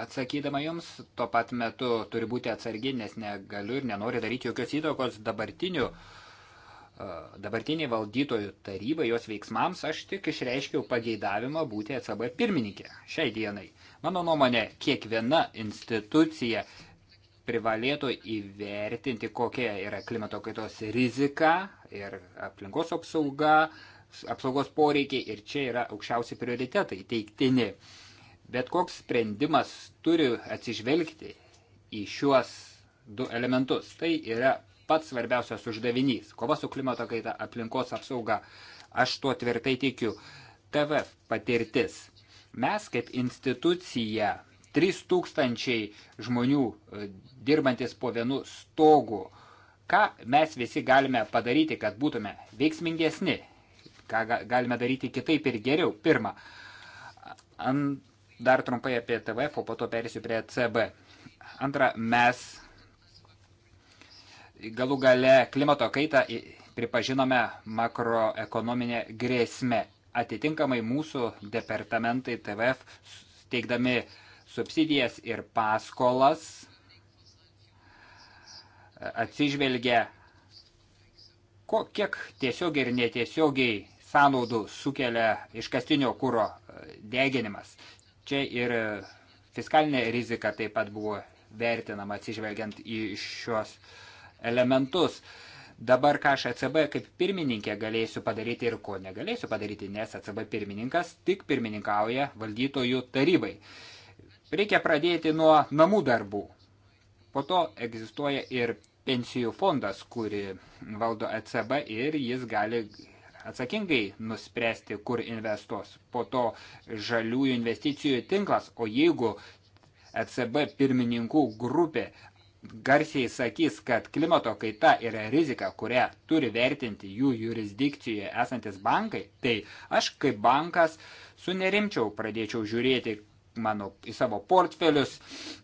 Atsakydama jums, tuo pat metu turi būti atsargi, nes negaliu ir nenoriu daryti jokios įtakos dabartinių uh, E, dabartiniai valdytojų taryba jos veiksmams aš tik išreiškiau pageidavimą būti ECB pirmininkė šiai dienai. Mano nuomonė, kiekviena institucija privalėtų įvertinti, kokia yra klimato kaitos rizika ir aplinkos apsauga, apsaugos poreikiai ir čia yra aukščiausi prioritetai teiktini. Bet koks sprendimas turi atsižvelgti į šiuos du elementus. Tai yra pats svarbiausias uždavinys - kova su klimato kaita, aplinkos apsauga. Aš tuo tvirtai tikiu. TVF patirtis. Mes kaip institucija, 3000 žmonių e, dirbantis po vienu stogu, ką mes visi galime padaryti, kad būtume veiksmingesni, ką galime daryti kitaip ir geriau. Pirma, an, dar trumpai apie TVF, o po to perėsiu prie CB. Antra, mes galų gale klimato kaitą pripažinome makroekonominę grėsmę. Atitinkamai mūsų departamentai TVF teikdami subsidijas ir paskolas e, atsižvelgia, kiek tiesiogiai ir netiesiogiai sąnaudų sukelia iškastinio kūro e, deginimas. Čia ir fiskalinė rizika taip pat buvo vertinama atsižvelgiant į šios uh, elementus. Dabar ką aš ECB kaip pirmininkė galėsiu padaryti ir ko negalėsiu padaryti, nes ECB pirmininkas tik pirmininkauja valdytojų tarybai. Reikia pradėti nuo namų darbų. Po to egzistuoja ir pensijų fondas, kuri valdo ECB ir jis gali atsakingai nuspręsti, kur investuos. Po to žaliųjų investicijų tinklas, o jeigu ECB pirmininkų grupė garsiai sakys, kad klimato kaita yra rizika, kurią turi vertinti jų jurisdikcijoje esantis bankai, tai aš kaip bankas sunerimčiau, pradėčiau žiūrėti mano, į savo portfelius,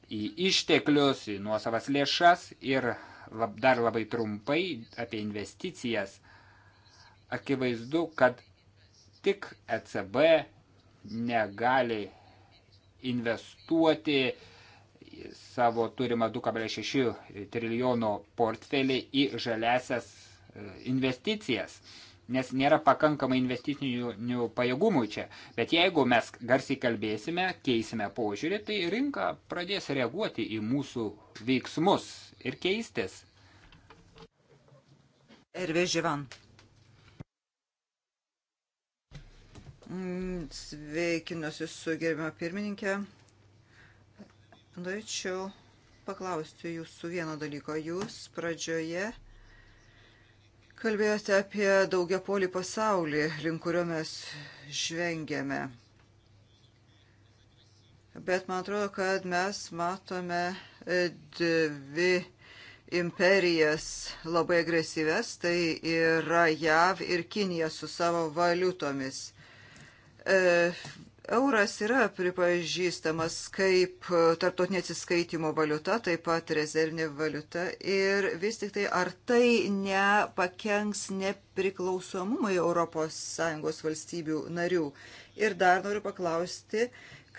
į išteklius, į nuosavas lėšas ir lab, dar labai trumpai apie investicijas. Akivaizdu, kad tik ECB negali investuoti uh, savo turimą 2,6 trilijono portfelį į žaliasias e, investicijas, nes nėra pakankamai investicinių pajėgumų čia. Bet jeigu mes garsiai kalbėsime, keisime požiūrį, tai rinka pradės reaguoti į mūsų veiksmus ir keistis. Ervė Živan. Mm, Sveikinuosi su gerbimo pirmininkė. Norėčiau paklausti jūsų vieno dalyko. Jūs pradžioje kalbėjote apie daugia polį pasaulį, link kurio mes žvengiame. Bet man atrodo, kad mes matome e, dvi imperijas labai agresyves, tai yra JAV ir Kinija su savo valiutomis e, Euras yra pripažįstamas kaip e, tarptautinė atsiskaitimo valiuta, taip pat rezervinė valiuta. Ir vis tik tai, ar tai nepakenks nepriklausomumui ES valstybių narių? Ir dar noriu paklausti,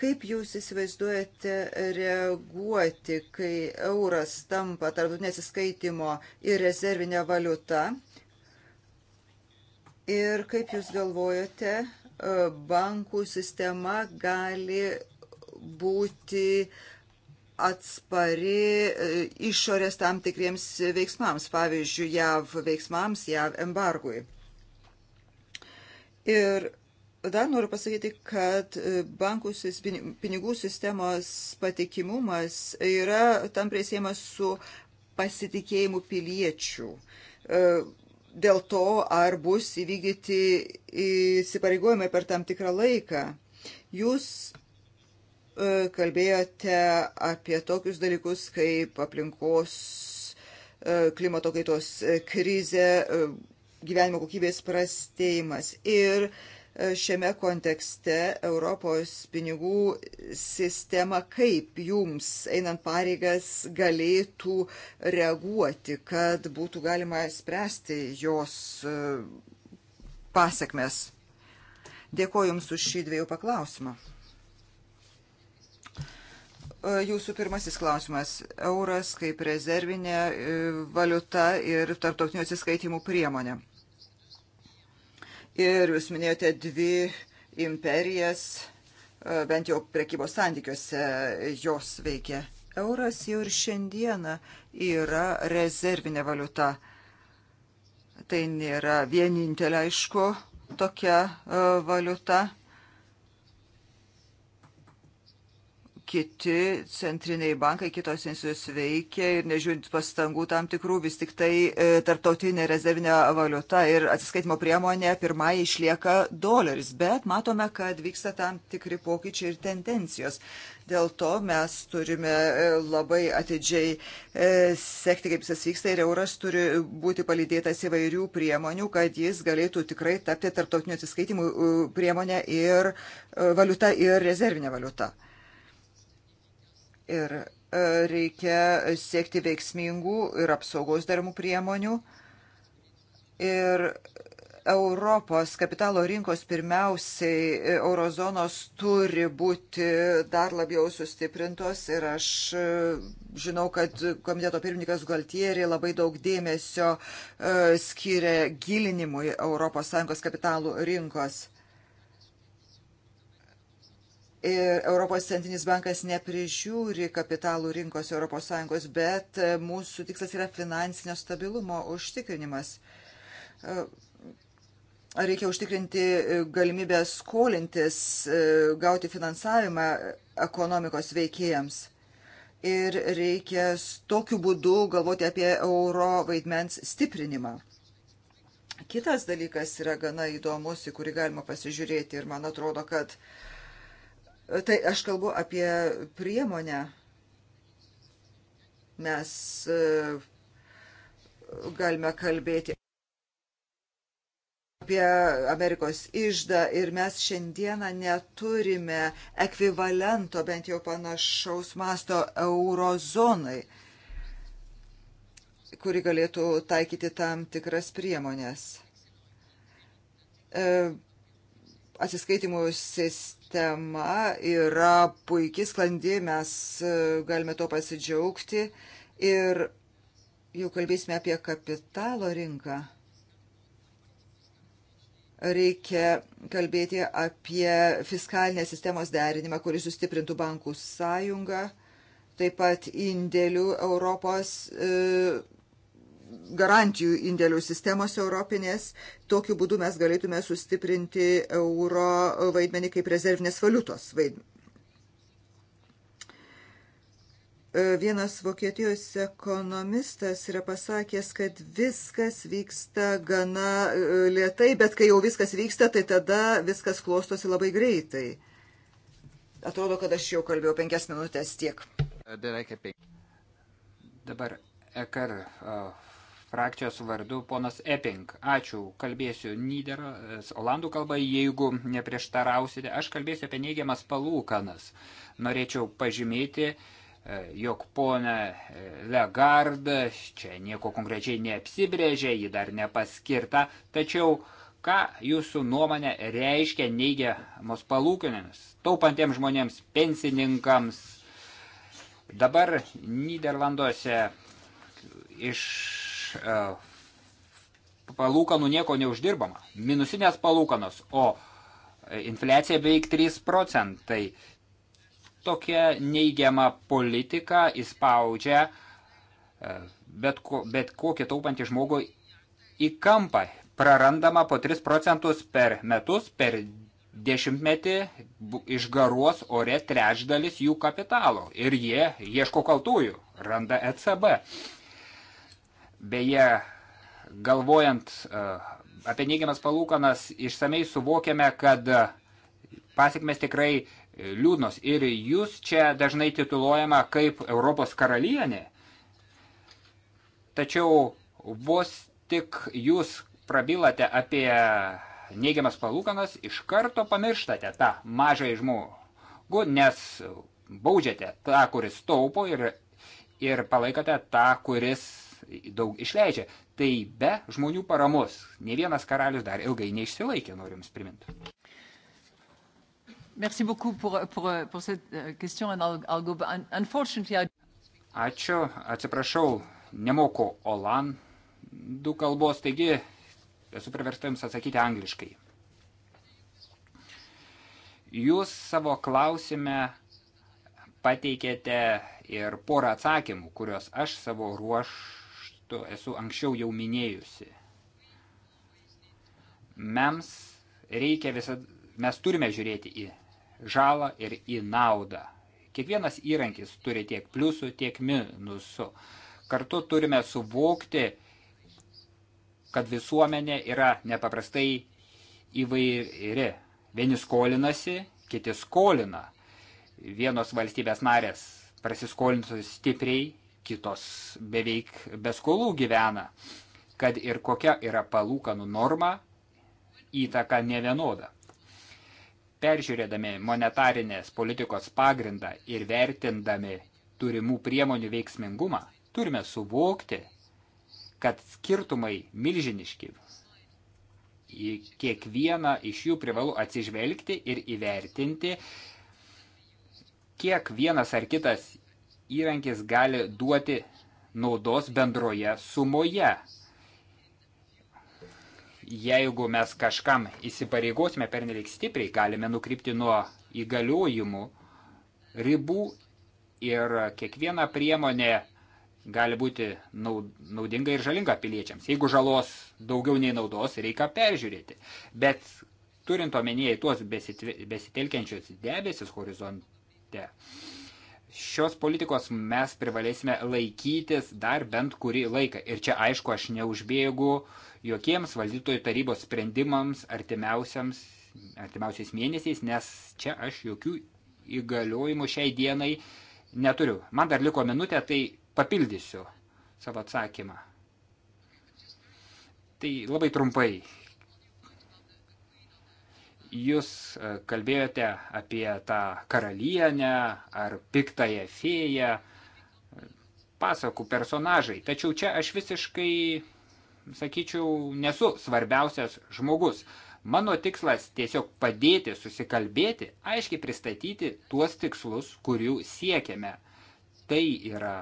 kaip jūs įsivaizduojate reaguoti, kai euras tampa tarptautinė atsiskaitimo ir rezervinė valiuta? Ir kaip jūs galvojate, E, bankų sistema gali būti atspari e, išorės tam tikriems veiksmams, pavyzdžiui, JAV veiksmams, JAV embargui. Ir dar noriu pasakyti, kad e, bankų pinigų sistemos patikimumas yra tam prisėjimas su pasitikėjimu piliečių dėl to, ar bus įvykdyti įsipareigojimai per tam tikrą laiką. Jūs e, kalbėjote apie tokius dalykus kaip aplinkos e, klimato kaitos e, krizė, gyvenimo kokybės prastėjimas. Ir uh, šiame kontekste Europos pinigų sistema, kaip jums, einant pareigas, galėtų reaguoti, kad būtų galima spręsti jos e, pasiekmes. Dėkoju Jums už šį dviejų paklausimą. E, Jūsų pirmasis klausimas. Euras kaip rezervinė e, valiuta ir tarptautinių atsiskaitimų priemonė. Ir jūs minėjote dvi imperijas, e, bent jau prekybos santykiuose jos veikia. Euras jau ir šiandieną yra rezervinė valiuta. Tai nėra vienintelė, aišku, tokia e, valiuta. kiti centriniai bankai, kitos institucijos veikia ir nežiūrint pastangų tam tikrų, vis tik tai e, tarptautinė rezervinė valiuta ir atsiskaitimo priemonė pirmąjį išlieka doleris, bet matome, kad vyksta tam tikri pokyčiai ir tendencijos. Dėl to mes turime e, labai atidžiai e, sekti, kaip jis vyksta ir euras turi būti palydėtas įvairių priemonių, kad jis galėtų tikrai tapti tarptautinio atsiskaitimų priemonę ir e, valiuta ir rezervinė valiuta. Ir e, reikia siekti veiksmingų ir apsaugos darmų priemonių. Ir Europos kapitalo rinkos pirmiausiai e, eurozonos turi būti dar labiau sustiprintos ir aš e, žinau, kad komiteto pirmininkas Galtieri labai daug dėmesio skiria gilinimui ES kapitalų rinkos. Ir Europos centrinis bankas neprižiūri kapitalų rinkos ES, bet e, mūsų tikslas yra finansinio stabilumo užtikrinimas. E, reikia užtikrinti e, galimybę skolintis, gauti finansavimą ekonomikos veikėjams. Ir reikia tokiu būdu galvoti apie euro vaidmens stiprinimą. Kitas dalykas yra gana įdomus, į kurį galima pasižiūrėti ir man atrodo, kad uh, Tai aš kalbu apie priemonę. Mes e, galime kalbėti apie Amerikos išdą ir mes šiandieną neturime ekvivalento, bent jau panašaus masto eurozonai, kuri galėtų taikyti tam tikras priemonės. E, atsiskaitimų sistema yra puikiai sklandi, mes e, galime to pasidžiaugti ir jau kalbėsime apie kapitalo rinką. Reikia kalbėti apie fiskalinę sistemos derinimą, kuris sustiprintų bankų sąjungą, taip pat indėlių Europos e, garantijų indėlių sistemos europinės. Tokiu būdu mes galėtume sustiprinti euro vaidmenį kaip rezervinės valiutos vaidmenį. E, vienas Vokietijos ekonomistas yra pasakęs, kad viskas vyksta gana e, lietai, bet kai jau viskas vyksta, tai tada viskas klostosi labai greitai. Atrodo, kad aš jau kalbėjau penkias minutės tiek. Dabar Ekar frakcijos vardu ponas Epping. Ačiū, kalbėsiu Nideras, Olandų kalba, jeigu neprieštarausite. Aš kalbėsiu apie neigiamas palūkanas. Norėčiau pažymėti, e, jog ponia e, Legard čia nieko konkrečiai neapsibrėžė, ji dar nepaskirta, tačiau ką jūsų nuomonė reiškia neigiamos palūkinėms, taupantiems žmonėms, pensininkams. Dabar Niderlanduose iš Uh, palūkanų nieko neuždirbama. Minusinės palūkanos, o e, infliacija beveik 3 procentai. Tokia neigiama politika įspaudžia e, bet, ko, bet kokį taupantį žmogų į kampą. Prarandama po 3 procentus per metus, per dešimtmetį išgaruos ore trečdalis jų kapitalo ir jie ieško kaltųjų, randa ECB. Beje, galvojant e, apie neigiamas palūkanas, išsamei suvokiame, kad pasiekmes tikrai liūdnos. Ir jūs čia dažnai tituluojama kaip Europos karalienė. Tačiau vos tik jūs prabilate apie neigiamas palūkanas, iš karto pamirštate tą mažą žmogų, nes baudžiate tą, kuris taupo ir, ir palaikote tą, kuris daug išleidžia. Tai be žmonių paramos. Ne vienas karalius dar ilgai neišsilaikė, noriu Jums priminti. Merci beaucoup pour, pour, pour cette euh, question. And I'll, I'll go, unfortunately, I... Ačiū, atsiprašau, nemoku olandų kalbos, taigi esu priversta Jums atsakyti angliškai. Jūs savo klausime pateikėte ir porą atsakymų, kuriuos aš savo ruoš to esu anksčiau jau minėjusi. Mems reikia visada, mes turime žiūrėti į žalą ir į naudą. Kiekvienas įrankis turi tiek pliusų, tiek minusų. Kartu turime suvokti, kad visuomenė yra nepaprastai įvairi. Vieni skolinasi, kiti skolina. Vienos valstybės narės prasiskolinusios stipriai, kitos beveik be skolų gyvena, kad ir kokia yra palūkanų norma, įtaka nevienoda. Peržiūrėdami monetarinės politikos pagrindą ir vertindami turimų priemonių veiksmingumą, turime suvokti, kad skirtumai milžiniški. Į kiekvieną iš jų privalu atsižvelgti ir įvertinti, kiek vienas ar kitas įrankis gali duoti naudos bendroje sumoje. Jeigu mes kažkam įsipareigosime pernelik stipriai, galime nukrypti nuo įgaliojimų ribų ir kiekviena priemonė gali būti naudinga ir žalinga piliečiams. Jeigu žalos daugiau nei naudos, reikia peržiūrėti. Bet turint omenyje tuos besitelkiančius debesis horizonte, šios politikos mes privalėsime laikytis dar bent kurį laiką. Ir čia aišku, aš neužbėgu jokiems valdytojų tarybos sprendimams artimiausiais mėnesiais, nes čia aš jokių įgaliojimų šiai dienai neturiu. Man dar liko minutė, tai papildysiu savo atsakymą. Tai labai trumpai Jūs e, kalbėjote apie tą karalienę ar piktąją fėją, pasakų personažai. Tačiau čia aš visiškai, sakyčiau, nesu svarbiausias žmogus. Mano tikslas tiesiog padėti susikalbėti, aiškiai pristatyti tuos tikslus, kurių siekiame. Tai yra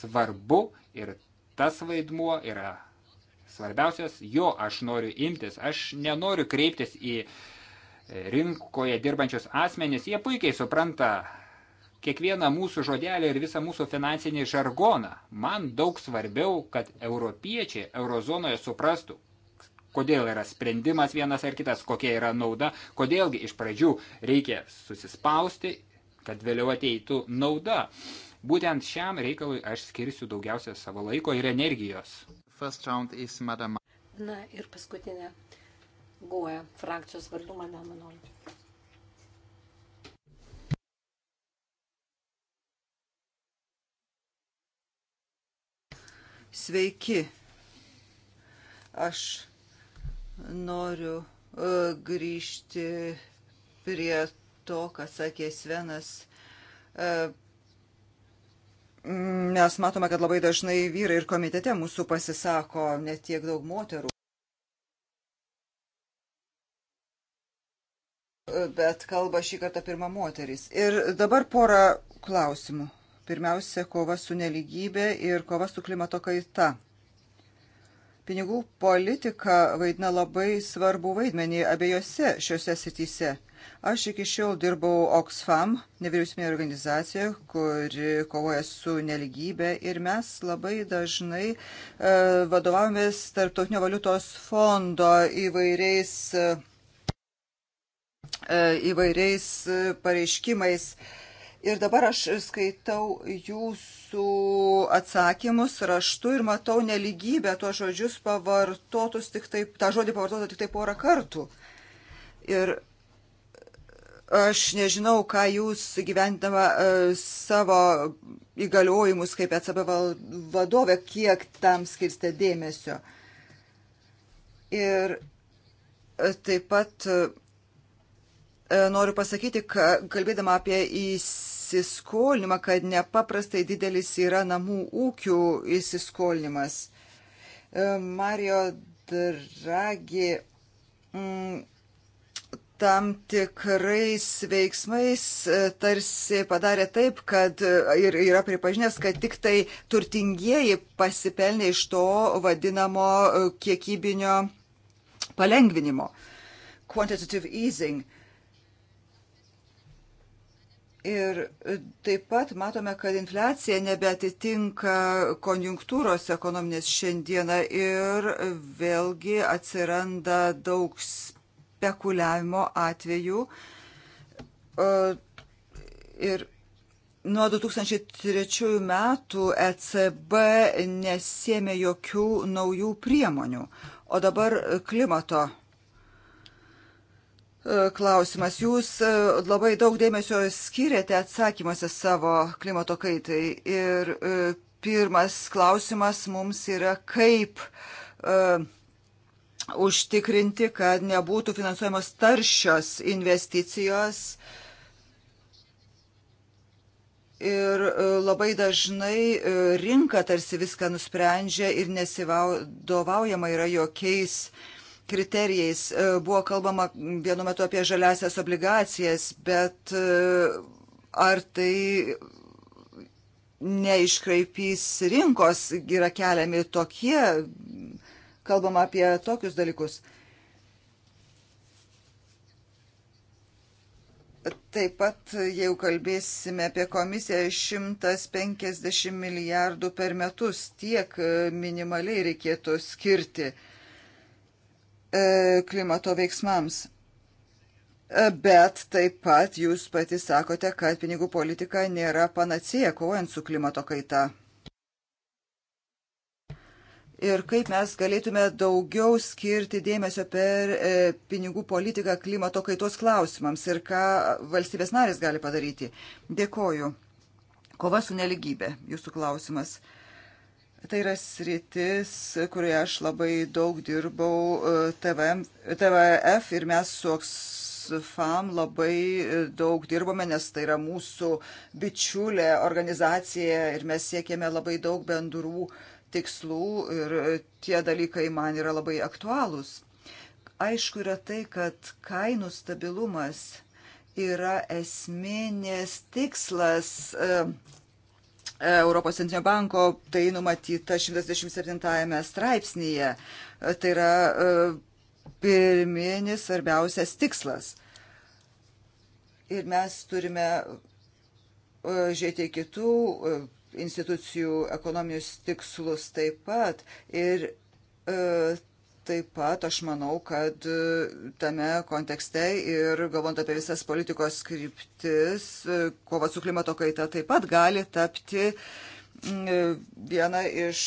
svarbu ir tas vaidmuo yra svarbiausias, jo aš noriu imtis. Aš nenoriu kreiptis į uh, rinkoje dirbančius asmenys, jie puikiai supranta kiekvieną mūsų žodelį ir visą mūsų finansinį žargoną. Man daug svarbiau, kad europiečiai eurozonoje suprastų, kodėl yra sprendimas vienas ar kitas, kokia yra nauda, kodėlgi iš pradžių reikia susispausti, kad vėliau ateitų nauda. Būtent šiam reikalui aš skirsiu daugiausia savo laiko ir energijos. Na ir paskutinė GUE frakcijos vardu madama Novi. Sveiki. Aš noriu uh, grįžti prie to, ką sakė Svenas. Uh, e, mes matome, kad labai dažnai vyrai ir komitete mūsų pasisako net tiek daug moterų. bet kalba šį kartą pirmą moteris. Ir dabar pora klausimų. Pirmiausia, kova su neligybė ir kova su klimato kaita. Pinigų politika vaidina labai svarbu vaidmenį abiejose šiuose sityse. Aš iki šiol dirbau Oxfam, nevyriausybinė organizacija, kuri kovoja su neligybė ir mes labai dažnai e, vadovavomės Tarptautinio valiutos fondo įvairiais e, E, įvairiais e, pareiškimais. Ir dabar aš skaitau jūsų atsakymus raštu ir matau neligybę tuos žodžius pavartotus tik taip, tą žodį pavartotą tik tai porą kartų. Ir aš nežinau, ką jūs gyventama e, savo įgaliojimus kaip ECB vadovė, kiek tam skirstė dėmesio. Ir taip pat E, noriu pasakyti, kalbėdama apie įsiskolinimą, kad nepaprastai didelis yra namų ūkių įsiskolinimas. E, Mario Dragi mm, tam tikrais veiksmais e, tarsi padarė taip, kad ir yra pripažinęs, kad tik tai turtingieji pasipelnė iš to vadinamo kiekybinio palengvinimo. Quantitative easing. Ir taip pat matome, kad infliacija nebeatitinka konjunktūros ekonominės šiandieną ir vėlgi atsiranda daug spekuliavimo atvejų. E, ir nuo 2003 metų ECB nesėmė jokių naujų priemonių. O dabar klimato E, klausimas. Jūs e, labai daug dėmesio skiriate atsakymuose savo klimato kaitai. Ir e, pirmas klausimas mums yra, kaip užtikrinti, kad nebūtų finansuojamos taršios investicijos. Ir labai dažnai rinka tarsi viską nusprendžia ir nesivadovaujama yra jokiais uh, kriterijais. E, buvo kalbama vienu metu apie žaliasias obligacijas, bet e, ar tai neiškraipys rinkos, yra keliami tokie, kalbama apie tokius dalykus. Taip pat, jeigu kalbėsime apie komisiją, 150 milijardų per metus tiek e, minimaliai reikėtų skirti. Uh, E, klimato veiksmams. E, bet taip pat jūs pati sakote, kad pinigų politika nėra panacija kovojant su klimato kaita. Ir kaip mes galėtume daugiau skirti dėmesio per e, pinigų politiką klimato kaitos klausimams ir ką valstybės narės gali padaryti. Dėkoju. Kova su neligybė, jūsų klausimas. E, Tai yra sritis, kurioje aš labai daug dirbau e, TVM, TVF ir mes su FAM labai e, daug dirbome, nes tai yra mūsų bičiulė organizacija ir mes siekėme labai daug bendrų tikslų ir e, tie dalykai man yra labai aktualūs. Aišku yra tai, kad kainų stabilumas yra esminės tikslas Europos centrinio banko, tai numatyta 127 straipsnėje. Tai yra e, pirminis svarbiausias tikslas. Ir mes turime e, žiūrėti kitų e, institucijų ekonominius tikslus taip pat. Ir Taip pat aš manau, kad e, tame kontekste ir galvant apie visas politikos skriptis, e, kova su klimato kaita taip pat gali tapti e, viena iš,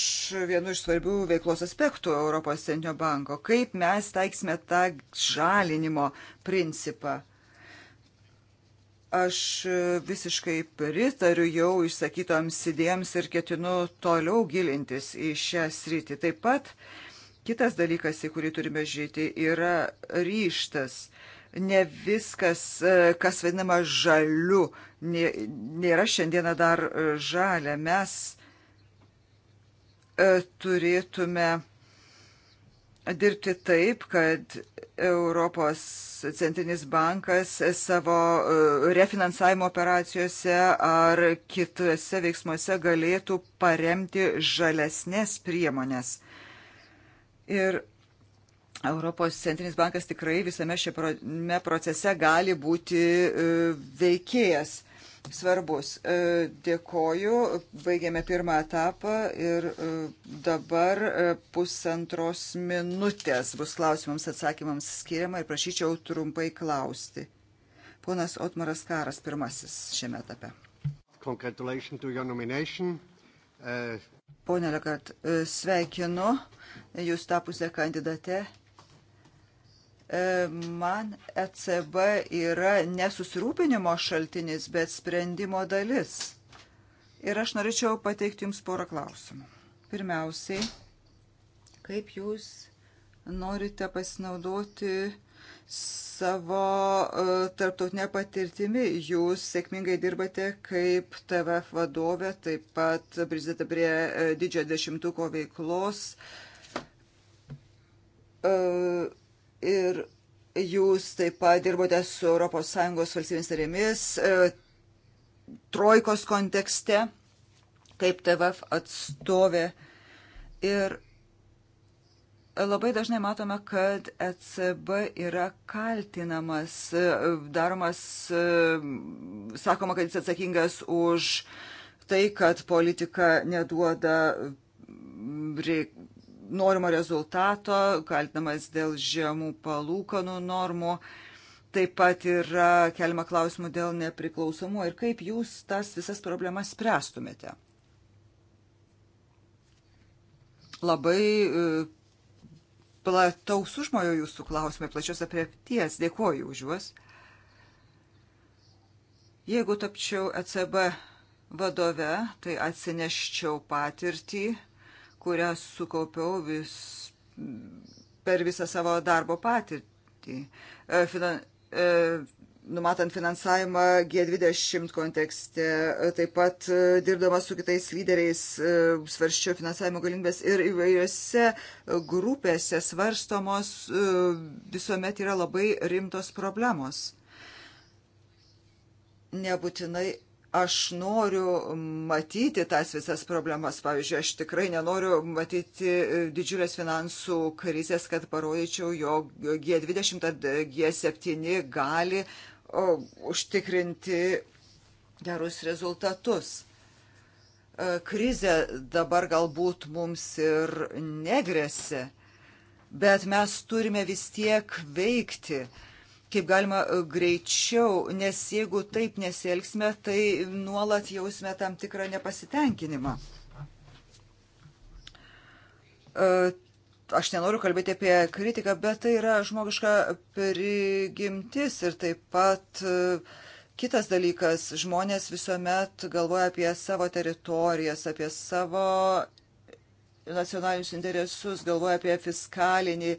vienu iš svarbių veiklos aspektų Europos Centrinio banko. Kaip mes taiksime tą žalinimo principą? aš visiškai pritariu jau išsakytoms idėjams ir ketinu toliau gilintis į šią sritį. Taip pat Kitas dalykas, į kurį turime žiūrėti, yra ryštas. Ne viskas, e, kas vadinama žaliu, nėra šiandieną dar e, žalia. Mes e, turėtume dirbti taip, kad Europos centrinis bankas savo refinansavimo operacijose ar kitose veiksmuose galėtų paremti žalesnės priemonės. Ir Europos centrinis bankas tikrai visame šiame procese gali būti e, veikėjas svarbus. E, dėkoju, baigėme pirmą etapą ir e, dabar pusantros minutės bus klausimams atsakymams skiriama ir prašyčiau trumpai klausti. Ponas Otmaras Karas pirmasis šiame etape. Congratulations to your nomination. Uh, Pone Legard, e, sveikinu jūs tapusią kandidate. Man ECB yra nesusirūpinimo šaltinis, bet sprendimo dalis. Ir aš norėčiau pateikti Jums porą klausimų. Pirmiausiai, kaip Jūs norite pasinaudoti savo e, tarptautinę patirtimį. Jūs sėkmingai dirbate kaip TVF vadovė, taip pat prisidėte prie e, didžiojo dešimtuko veiklos. E, ir jūs taip pat dirbote su ES valstybės narėmis trojkos kontekste kaip TVF atstovė. Ir Labai dažnai matome, kad ECB yra kaltinamas, e, daromas, e, sakoma, kad jis atsakingas už tai, kad politika neduoda norimo rezultato, kaltinamas dėl žemų palūkanų normų. Taip pat yra keliama klausimų dėl nepriklausomumo ir kaip jūs tas visas problemas spręstumėte. Labai e, plataus užmojo jūsų klausimai, plačios apriepties. Dėkuoju už juos. Jeigu tapčiau ECB vadove, tai atsineščiau patirtį, kurią sukaupiau vis, per visą savo darbo patirtį. E, finan, e, numatant finansavimą G20 kontekste, taip pat e, dirbdama su kitais lyderiais e, svarščiau finansavimo galimybės ir įvairiose grupėse svarstomos e, visuomet yra labai rimtos problemos. Nebūtinai aš noriu matyti tas visas problemas. Pavyzdžiui, aš tikrai nenoriu matyti didžiulės finansų krizės, kad parodyčiau, jog G20 ar G7 gali užtikrinti gerus rezultatus. E, Krize dabar galbūt mums ir negrėsi, bet mes turime vis tiek veikti kaip galima e, greičiau, nes jeigu taip nesielgsime, tai nuolat jausime tam tikrą nepasitenkinimą. E, aš nenoriu kalbėti apie kritiką, bet tai yra žmogiška prigimtis ir taip pat e, kitas dalykas, žmonės visuomet galvoja apie savo teritorijas, apie savo nacionalinius interesus, galvoja apie fiskalinį,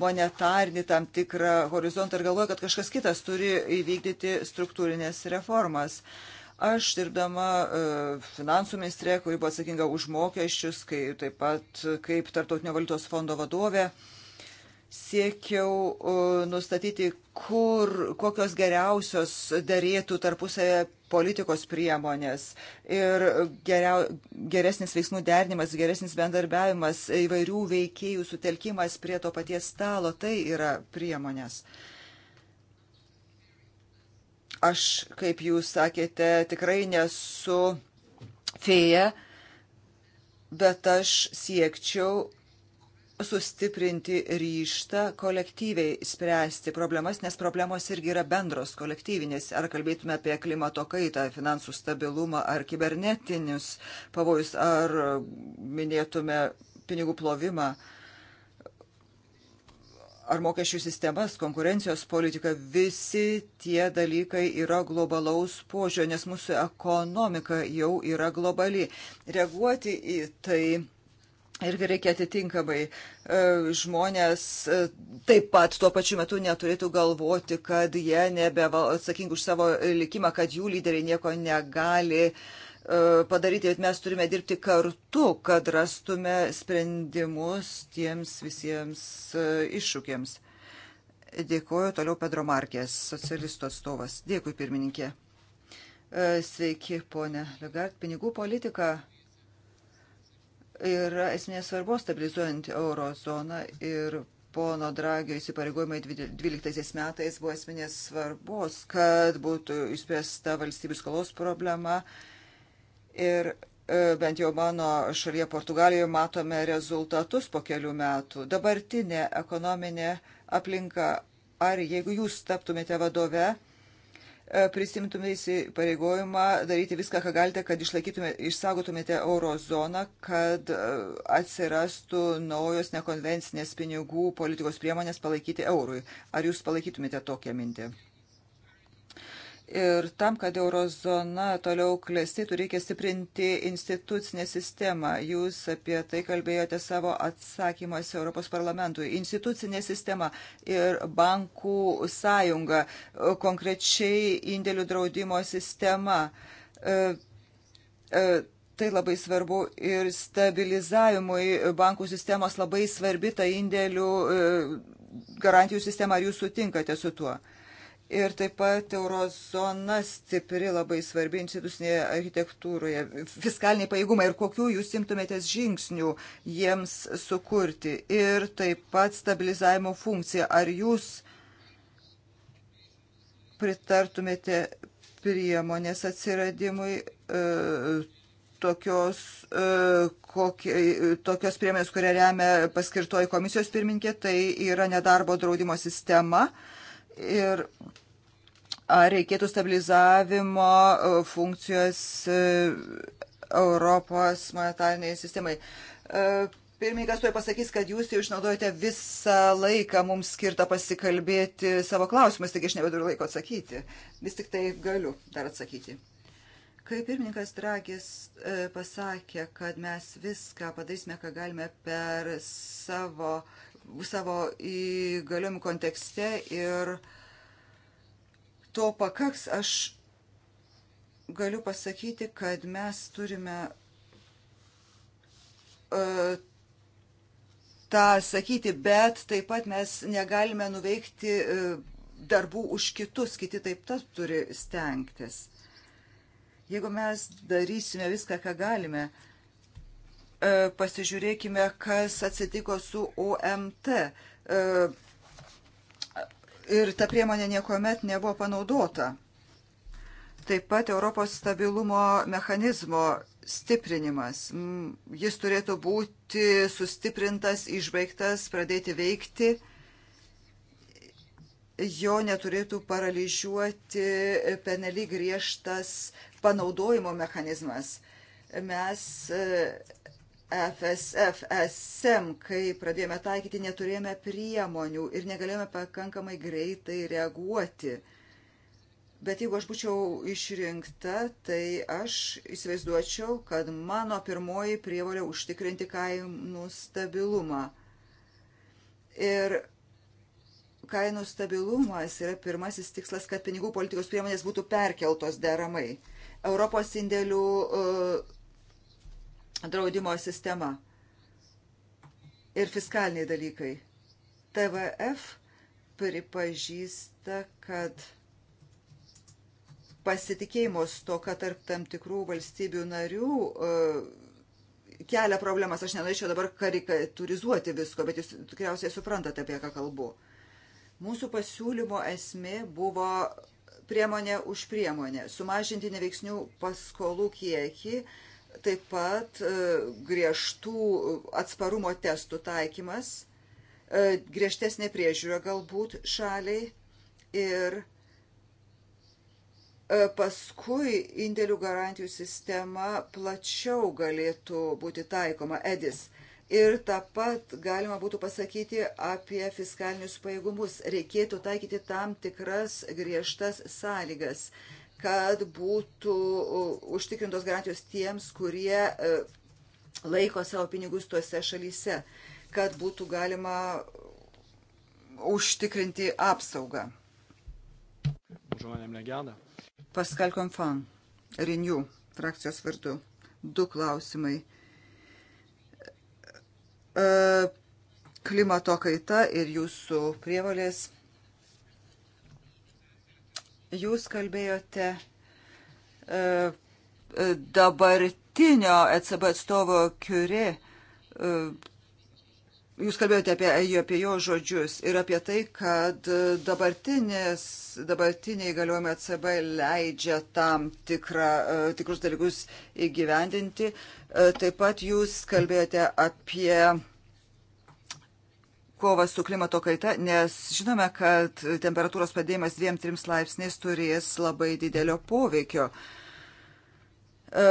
monetarinį tam tikrą horizontą ir galvoja, kad kažkas kitas turi įvykdyti struktūrinės reformas. Uh, Aš dirbdama e, finansų ministrė, kuri buvo atsakinga už mokesčius, kai, taip pat kaip Tartautinio valiutos fondo vadovė, siekiau e, nustatyti, kur, kokios geriausios dėrėtų tarpusavę politikos priemonės ir geriau, geresnis veiksmų derinimas, geresnis bendarbiavimas, įvairių veikėjų sutelkimas prie to paties stalo, tai yra priemonės. Uh, Aš, kaip jūs sakėte, tikrai nesu fėja, bet aš siekčiau sustiprinti ryštą kolektyviai spręsti problemas, nes problemos irgi yra bendros kolektyvinės. Ar kalbėtume apie klimato kaitą, finansų stabilumą, ar kibernetinius pavojus, ar minėtume pinigų plovimą. Uh, ar mokesčių sistemas, konkurencijos politika, visi tie dalykai yra globalaus požio, nes mūsų ekonomika jau yra globali. Reaguoti į tai. Irgi reikia atitinkamai. E, žmonės e, taip pat tuo pačiu metu neturėtų galvoti, kad jie nebe atsakingi už savo likimą, kad jų lyderiai nieko negali uh, E, padaryti, bet mes turime dirbti kartu, kad rastume sprendimus tiems visiems e, iššūkiams. Dėkuoju toliau Pedro Markės, socialisto atstovas. Dėkui, pirmininkė. E, sveiki, ponė Legard. Pinigų politika yra esminės svarbos stabilizuojant eurozoną ir pono Dragio įsipareigojimai 12 metais buvo esminės svarbos, kad būtų išspręsta valstybių skolos problema Ir e, bent jau mano šalyje Portugalijoje matome rezultatus po kelių metų. Dabartinė ekonominė aplinka, ar jeigu jūs taptumėte vadove, e, prisimtumėte įsipareigojimą daryti viską, ką galite, kad išsaugotumėte eurozoną, kad e, atsirastų naujos nekonvencinės pinigų politikos priemonės palaikyti eurui. Ar jūs palaikytumėte tokią mintį? Ir tam, kad eurozona toliau klėstytų, reikia stiprinti institucinę sistemą. Jūs apie tai kalbėjote savo atsakymuose Europos parlamentui. Institucinė sistema ir bankų sąjunga, konkrečiai indėlių draudimo sistema. E, e, tai labai svarbu ir stabilizavimui bankų sistemos labai svarbi ta indėlių e, garantijų sistema. Ar jūs sutinkate su tuo? Ir taip pat eurozona stipri, labai svarbi institucinėje architektūroje, fiskaliniai pajėgumai ir kokių jūs imtumėtės žingsnių jiems sukurti. Ir taip pat stabilizavimo funkcija. Ar jūs pritartumėte priemonės atsiradimui e, tokios, e, kokie, tokios priemonės, kurią remia paskirtoji komisijos pirminkė, tai yra nedarbo draudimo sistema. E, ir ar reikėtų stabilizavimo e, funkcijos e, Europos monetariniai sistemai. E, pirmininkas tuoj pasakys, kad jūs jau išnaudojate visą laiką mums skirtą pasikalbėti savo klausimus, taigi aš nebeduriu laiko atsakyti. Vis tik tai galiu dar atsakyti. Kai pirmininkas Dragis pasakė, kad mes viską padarysime, ką galime per savo uh, savo įgaliojimų kontekste ir to pakaks. Aš galiu pasakyti, kad mes turime uh, tą sakyti, bet taip pat mes negalime nuveikti uh, darbų už kitus, kiti taip pat turi stengtis. Jeigu mes darysime viską, ką galime, uh, E, pasižiūrėkime, kas atsitiko su OMT. E, ir ta priemonė niekuomet nebuvo panaudota. Taip pat Europos stabilumo mechanizmo stiprinimas. Jis turėtų būti sustiprintas, išbaigtas, pradėti veikti. Jo neturėtų paralyžiuoti penelyg griežtas panaudojimo mechanizmas. Mes e, FSF, SM, kai pradėjome taikyti, neturėjome priemonių ir negalėjome pakankamai greitai reaguoti. Bet jeigu aš būčiau išrinkta, tai aš įsivaizduočiau, kad mano pirmoji prievalė užtikrinti kainų stabilumą. Ir kainų stabilumas yra pirmasis tikslas, kad pinigų politikos priemonės būtų perkeltos deramai. Europos indėlių uh, draudimo sistema ir fiskaliniai dalykai. TVF pripažįsta, kad pasitikėjimo stoka tarp tam tikrų valstybių narių e, kelia problemas. Aš nenorėčiau dabar karikaturizuoti visko, bet jūs tikriausiai suprantate, apie ką kalbu. Mūsų pasiūlymo esmė buvo priemonė už priemonę - sumažinti neveiksnių paskolų kiekį, uh, Taip pat e, griežtų atsparumo testų taikymas, e, griežtesnė priežiūra galbūt šaliai ir e, paskui indėlių garantijų sistema plačiau galėtų būti taikoma EDIS. Ir tą pat galima būtų pasakyti apie fiskalinius pajėgumus. Reikėtų taikyti tam tikras griežtas sąlygas kad būtų užtikrintos garantijos tiems, kurie e, laiko savo pinigus tuose šalyse, kad būtų galima užtikrinti apsaugą. Pascal Confan, Renew frakcijos vardu. Du klausimai. E, klimato kaita ir jūsų prievalės Jūs kalbėjote e, e, dabartinio ECB atstovo Kiuri. E, jūs kalbėjote apie, apie jo žodžius ir apie tai, kad dabartiniai įgaliojimai ECB leidžia tam tikrą, tikrus dalykus įgyvendinti. Taip pat jūs kalbėjote apie kovą su klimato kaita, nes žinome, kad temperatūros padėjimas 2-3 laipsniais turės labai didelio poveikio e,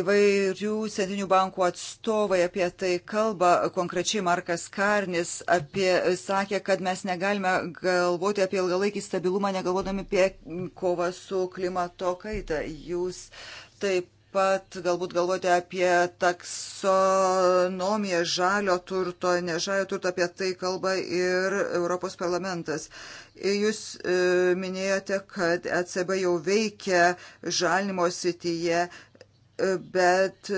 įvairių centrinių bankų atstovai apie tai kalba, konkrečiai Markas Karnis apie, sakė, kad mes negalime galvoti apie ilgalaikį stabilumą, negalvodami apie kovą su klimato kaita. Jūs taip pat galbūt galvoti apie taksonomiją žalio turto, nežalio turto, apie tai kalba ir Europos parlamentas. Jūs e, minėjote, kad ECB jau veikia žalinimo sityje, e, bet e,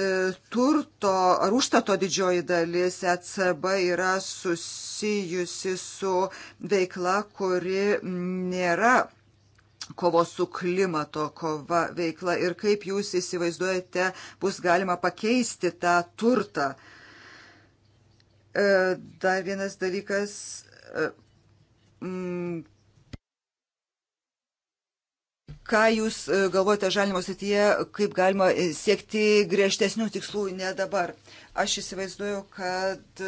turto ar užtato didžioji dalis ECB yra susijusi su veikla, kuri nėra kovos su klimato kova veikla ir kaip jūs įsivaizduojate, bus galima pakeisti tą turtą. E, dar vienas dalykas. E, ką jūs e, galvojate žalimo srityje, kaip galima siekti griežtesnių tikslų ne dabar? Aš įsivaizduoju, kad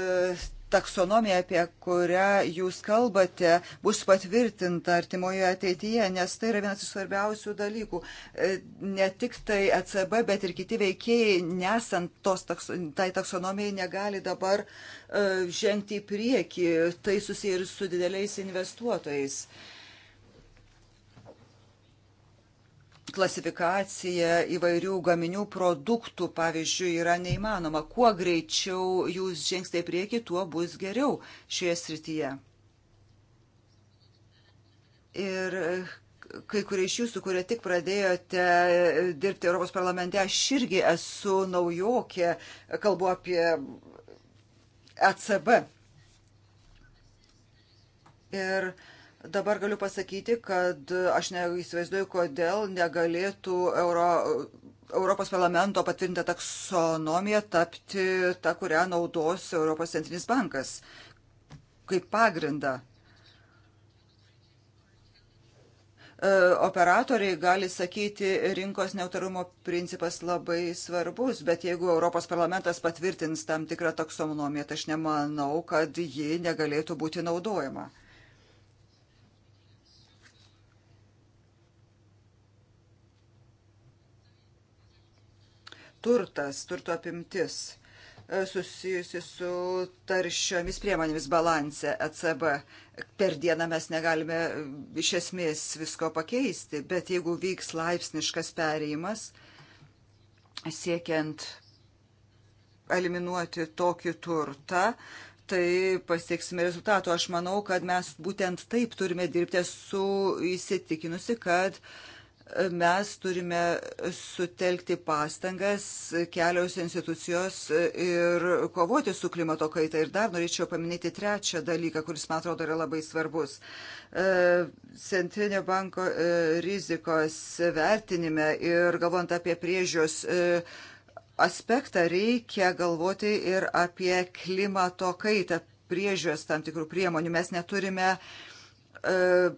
taksonomija, apie kurią jūs kalbate, bus patvirtinta artimoje ateityje, nes tai yra vienas iš svarbiausių dalykų. E, ne tik tai ECB, bet ir kiti veikėjai, nesant tos, tai taksonomijai, negali dabar e, žengti į priekį. Tai susiję ir su dideliais investuotojais. Uh, klasifikacija įvairių gaminių produktų, pavyzdžiui, yra neįmanoma. Kuo greičiau jūs žingsite į priekį, tuo bus geriau šioje srityje. Ir kai kurie iš jūsų, kurie tik pradėjote dirbti Europos parlamente, aš irgi esu naujokė, kalbu apie ECB. Ir uh, Dabar galiu pasakyti, kad aš neįsivaizduoju, kodėl negalėtų Euro, Europos parlamento patvirtinta taksonomija tapti tą, kurią naudos Europos centrinis bankas kaip pagrindą. E, operatoriai gali sakyti, rinkos neutralumo principas labai svarbus, bet jeigu Europos parlamentas patvirtins tam tikrą taksonomiją, tai aš nemanau, kad ji negalėtų būti naudojama. turtas, turto apimtis e, susijusi su taršiomis priemonėmis balanse ECB. Per dieną mes negalime e, iš esmės visko pakeisti, bet jeigu vyks laipsniškas perėjimas, siekiant eliminuoti tokį turtą, tai pasieksime rezultatų. Aš manau, kad mes būtent taip turime dirbti su įsitikinusi, kad uh, mes turime sutelkti pastangas kelios institucijos ir kovoti su klimato kaita. Ir dar norėčiau paminėti trečią dalyką, kuris, man atrodo, yra labai svarbus. E, Centrinio banko e, rizikos vertinime ir galvant apie priežios e, aspektą reikia galvoti ir apie klimato kaitą priežios tam tikrų priemonių. Mes neturime e,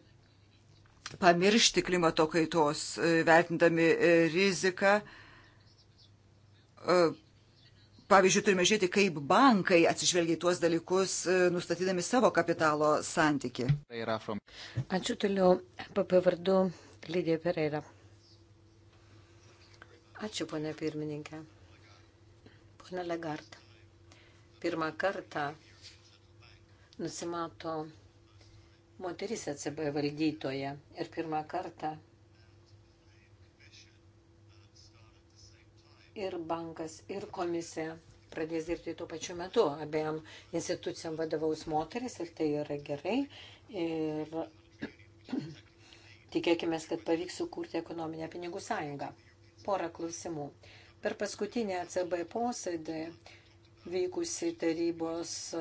pamiršti klimato kaitos, e, vertindami e, riziką. E, pavyzdžiui, turime žiūrėti, kaip bankai atsižvelgia į tuos dalykus, nustatydami savo kapitalo santyki. Ačiū toliau, papavardu Lydija Pereira. Ačiū, ponė pirmininkė. Pone Legard, pirmą kartą nusimato moteris ECB valdytoja ir pirmą kartą ir bankas, ir komisija pradės dirbti tuo pačiu metu. Abiem institucijom vadovaus moteris ir tai yra gerai. Ir tikėkime, kad pavyks sukurti ekonominę pinigų sąjungą. Porą klausimų. Per paskutinį ECB posėdį vykusi tarybos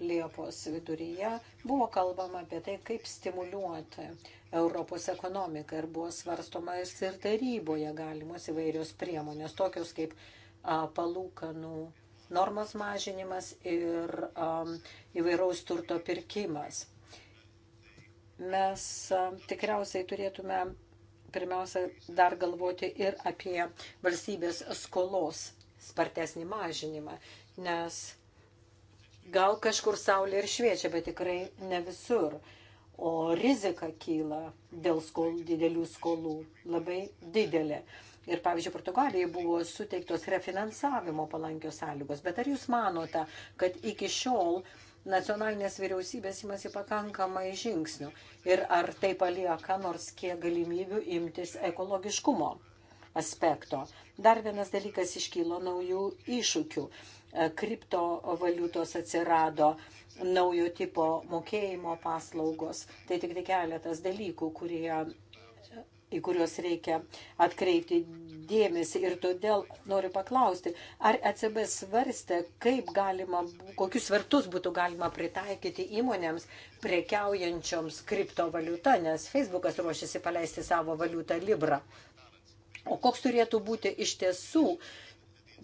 Liepos viduryje, buvo kalbama apie tai, kaip stimuliuoti Europos ekonomiką ir buvo svarstoma ir taryboje galimos įvairios priemonės, tokios kaip palūkanų normos mažinimas ir įvairaus turto pirkimas. Mes tikriausiai turėtume pirmiausia dar galvoti ir apie valstybės skolos spartesnį mažinimą nes gal kažkur saulė ir šviečia, bet tikrai ne visur. O rizika kyla dėl skol, didelių skolų labai didelė. Ir, pavyzdžiui, Portugalijai buvo suteiktos refinansavimo palankios sąlygos. Bet ar jūs manote, kad iki šiol nacionalinės vyriausybės imasi pakankamai žingsnių ir ar tai palieka nors kiek galimybių imtis ekologiškumo aspekto. Dar vienas dalykas iškylo naujų iššūkių kriptovaliutos atsirado naujo tipo mokėjimo paslaugos. Tai tik tai keletas dalykų, kurie, į kuriuos reikia atkreipti dėmesį. Ir todėl noriu paklausti, ar ECB svarstė, kaip galima, kokius svertus būtų galima pritaikyti įmonėms prekiaujančioms kriptovaliutą, nes Facebookas ruošiasi paleisti savo valiutą Libra. O koks turėtų būti iš tiesų uh,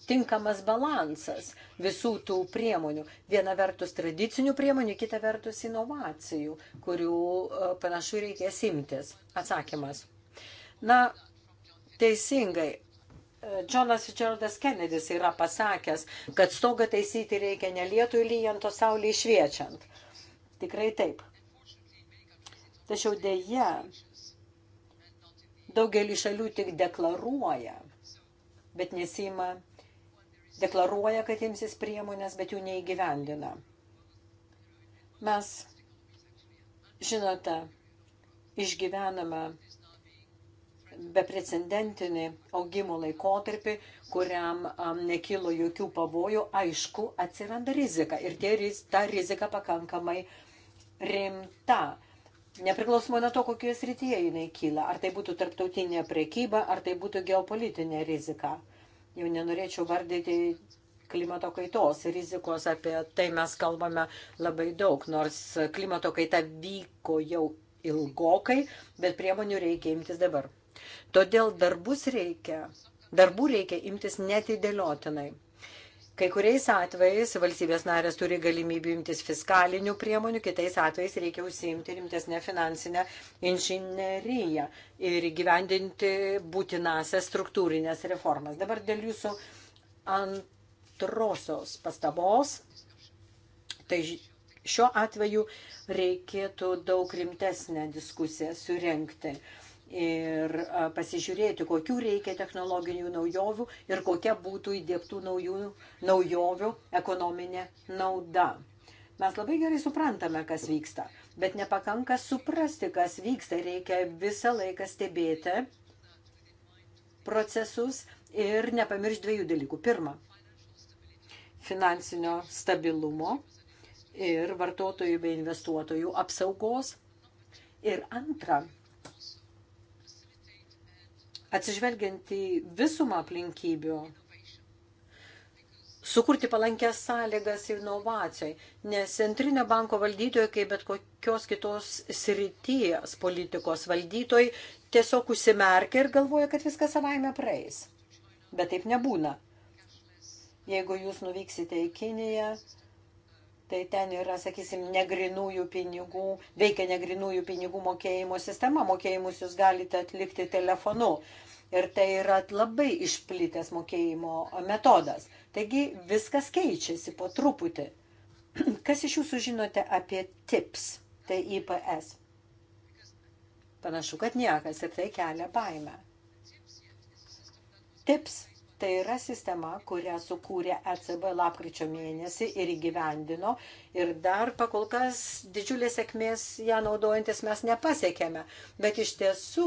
tinkamas balansas visų tų priemonių. Viena vertus tradicinių priemonių, kita vertus inovacijų, kurių e, panašu reikės imtis. Atsakymas. Na, teisingai. Džonas e, Fitzgeraldas Kennedys yra pasakęs, kad stogą taisyti reikia ne lietui lyjant, o saulį šviečiant. Tikrai taip. Tačiau dėja, daugelį šalių tik deklaruoja, bet nesima deklaruoja, kad imsis priemonės, bet jų neįgyvendina. Mes, žinote, išgyvename beprecedentinį augimo laikotarpį, kuriam um, nekilo jokių pavojų, aišku, atsiranda rizika. Ir tie, ta rizika pakankamai rimta. Nepriklausomai nuo to, kokioje srityje jinai kyla. Ar tai būtų tarptautinė priekyba, ar tai būtų geopolitinė rizika jau nenorėčiau vardyti klimato kaitos rizikos, apie tai mes kalbame labai daug, nors klimato kaita vyko jau ilgokai, bet priemonių reikia imtis dabar. Todėl darbus reikia, darbų reikia imtis netidėliotinai. Kai kuriais atvejais valstybės narės turi galimybę imtis fiskalinių priemonių, kitais atvejais reikia užsiimti rimtesnę finansinę inžineriją ir gyvendinti būtinasias struktūrinės reformas. Dabar dėl jūsų antrosios pastabos. Tai šiuo atveju reikėtų daug rimtesnę diskusiją surenkti ir pasižiūrėti, kokių reikia technologinių naujovių ir kokia būtų įdėktų naujų, naujovių ekonominė nauda. Mes labai gerai suprantame, kas vyksta, bet nepakanka suprasti, kas vyksta. Reikia visą laiką stebėti procesus ir nepamiršti dviejų dalykų. Pirma, finansinio stabilumo ir vartotojų bei investuotojų apsaugos. Ir antra, atsižvelgiant į visumą aplinkybių, sukurti palankęs sąlygas inovacijai, nes centrinio banko valdytojai, kaip bet kokios kitos srities politikos valdytojai, tiesiog užsimerkia ir galvoja, kad viskas savaime praeis. Bet taip nebūna. Jeigu jūs nuvyksite į Kiniją, tai ten yra, sakysim, negrinųjų pinigų, veikia negrinųjų pinigų mokėjimo sistema, mokėjimus jūs galite atlikti telefonu. Ir tai yra labai išplitęs mokėjimo metodas. Taigi viskas keičiasi po truputį. Kas iš jūsų žinote apie TIPS, tai IPS? Panašu, kad niekas ir tai kelia baimę. TIPS Tai yra sistema, kurią sukūrė ECB lapkričio mėnesį ir įgyvendino. Ir dar pakol kas didžiulės sėkmės ją naudojantis mes nepasiekėme. Bet iš tiesų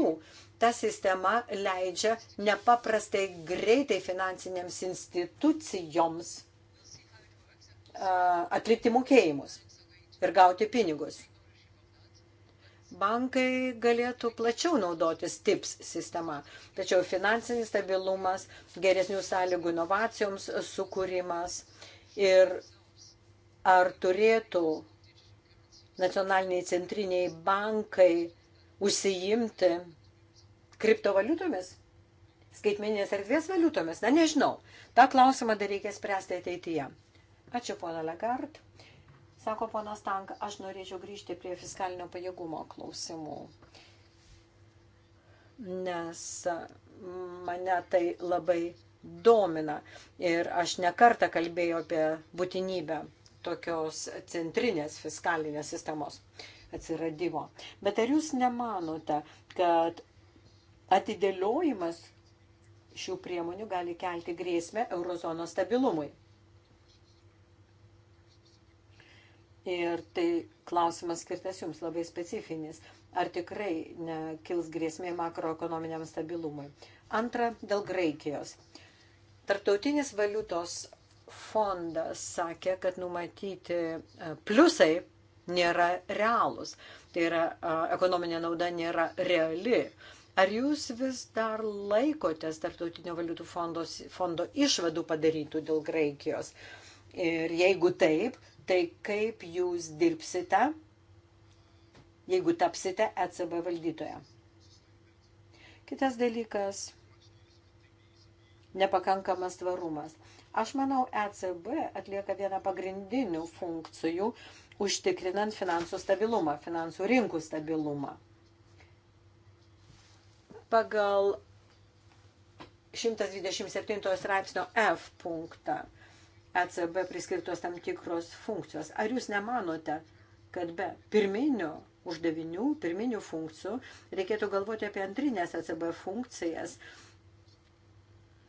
ta sistema leidžia nepaprastai greitai finansinėms institucijoms atlikti mokėjimus ir gauti pinigus bankai galėtų plačiau naudotis TIPS sistema. Tačiau finansinis stabilumas, geresnių sąlygų inovacijoms sukūrimas ir ar turėtų nacionaliniai centriniai bankai užsiimti kriptovaliutomis, skaitmeninės erdvės valiutomis, na nežinau. Ta klausimą dar reikia spręsti ateityje. Ačiū, pona Legard. Sako ponas Tank, aš norėčiau grįžti prie fiskalinio pajėgumo klausimų, nes mane tai labai domina ir aš nekartą kalbėjau apie būtinybę tokios centrinės fiskalinės sistemos atsiradimo. Bet ar jūs nemanote, kad atidėliojimas šių priemonių gali kelti grėsmę eurozono stabilumui? Ir tai klausimas skirtas jums labai specifinis. Ar tikrai kils grėsmė makroekonominiam stabilumui? Antra, dėl Graikijos. Tartautinis valiutos fondas sakė, kad numatyti e, pliusai nėra realūs. Tai yra e, ekonominė nauda nėra reali. Ar jūs vis dar laikotės Tartautinio valiutų fondos, fondo išvadų padarytų dėl Graikijos? Ir jeigu taip, tai kaip jūs dirbsite, jeigu tapsite ECB valdytoje. Kitas dalykas - nepakankamas tvarumas. Aš manau, ECB atlieka vieną pagrindinių funkcijų užtikrinant finansų stabilumą, finansų rinkų stabilumą. Pagal 127 straipsnio F punktą ECB priskirtos tam tikros funkcijos. Ar jūs nemanote, kad be pirminio uždavinių, pirminių funkcijų reikėtų galvoti apie antrinės ECB funkcijas?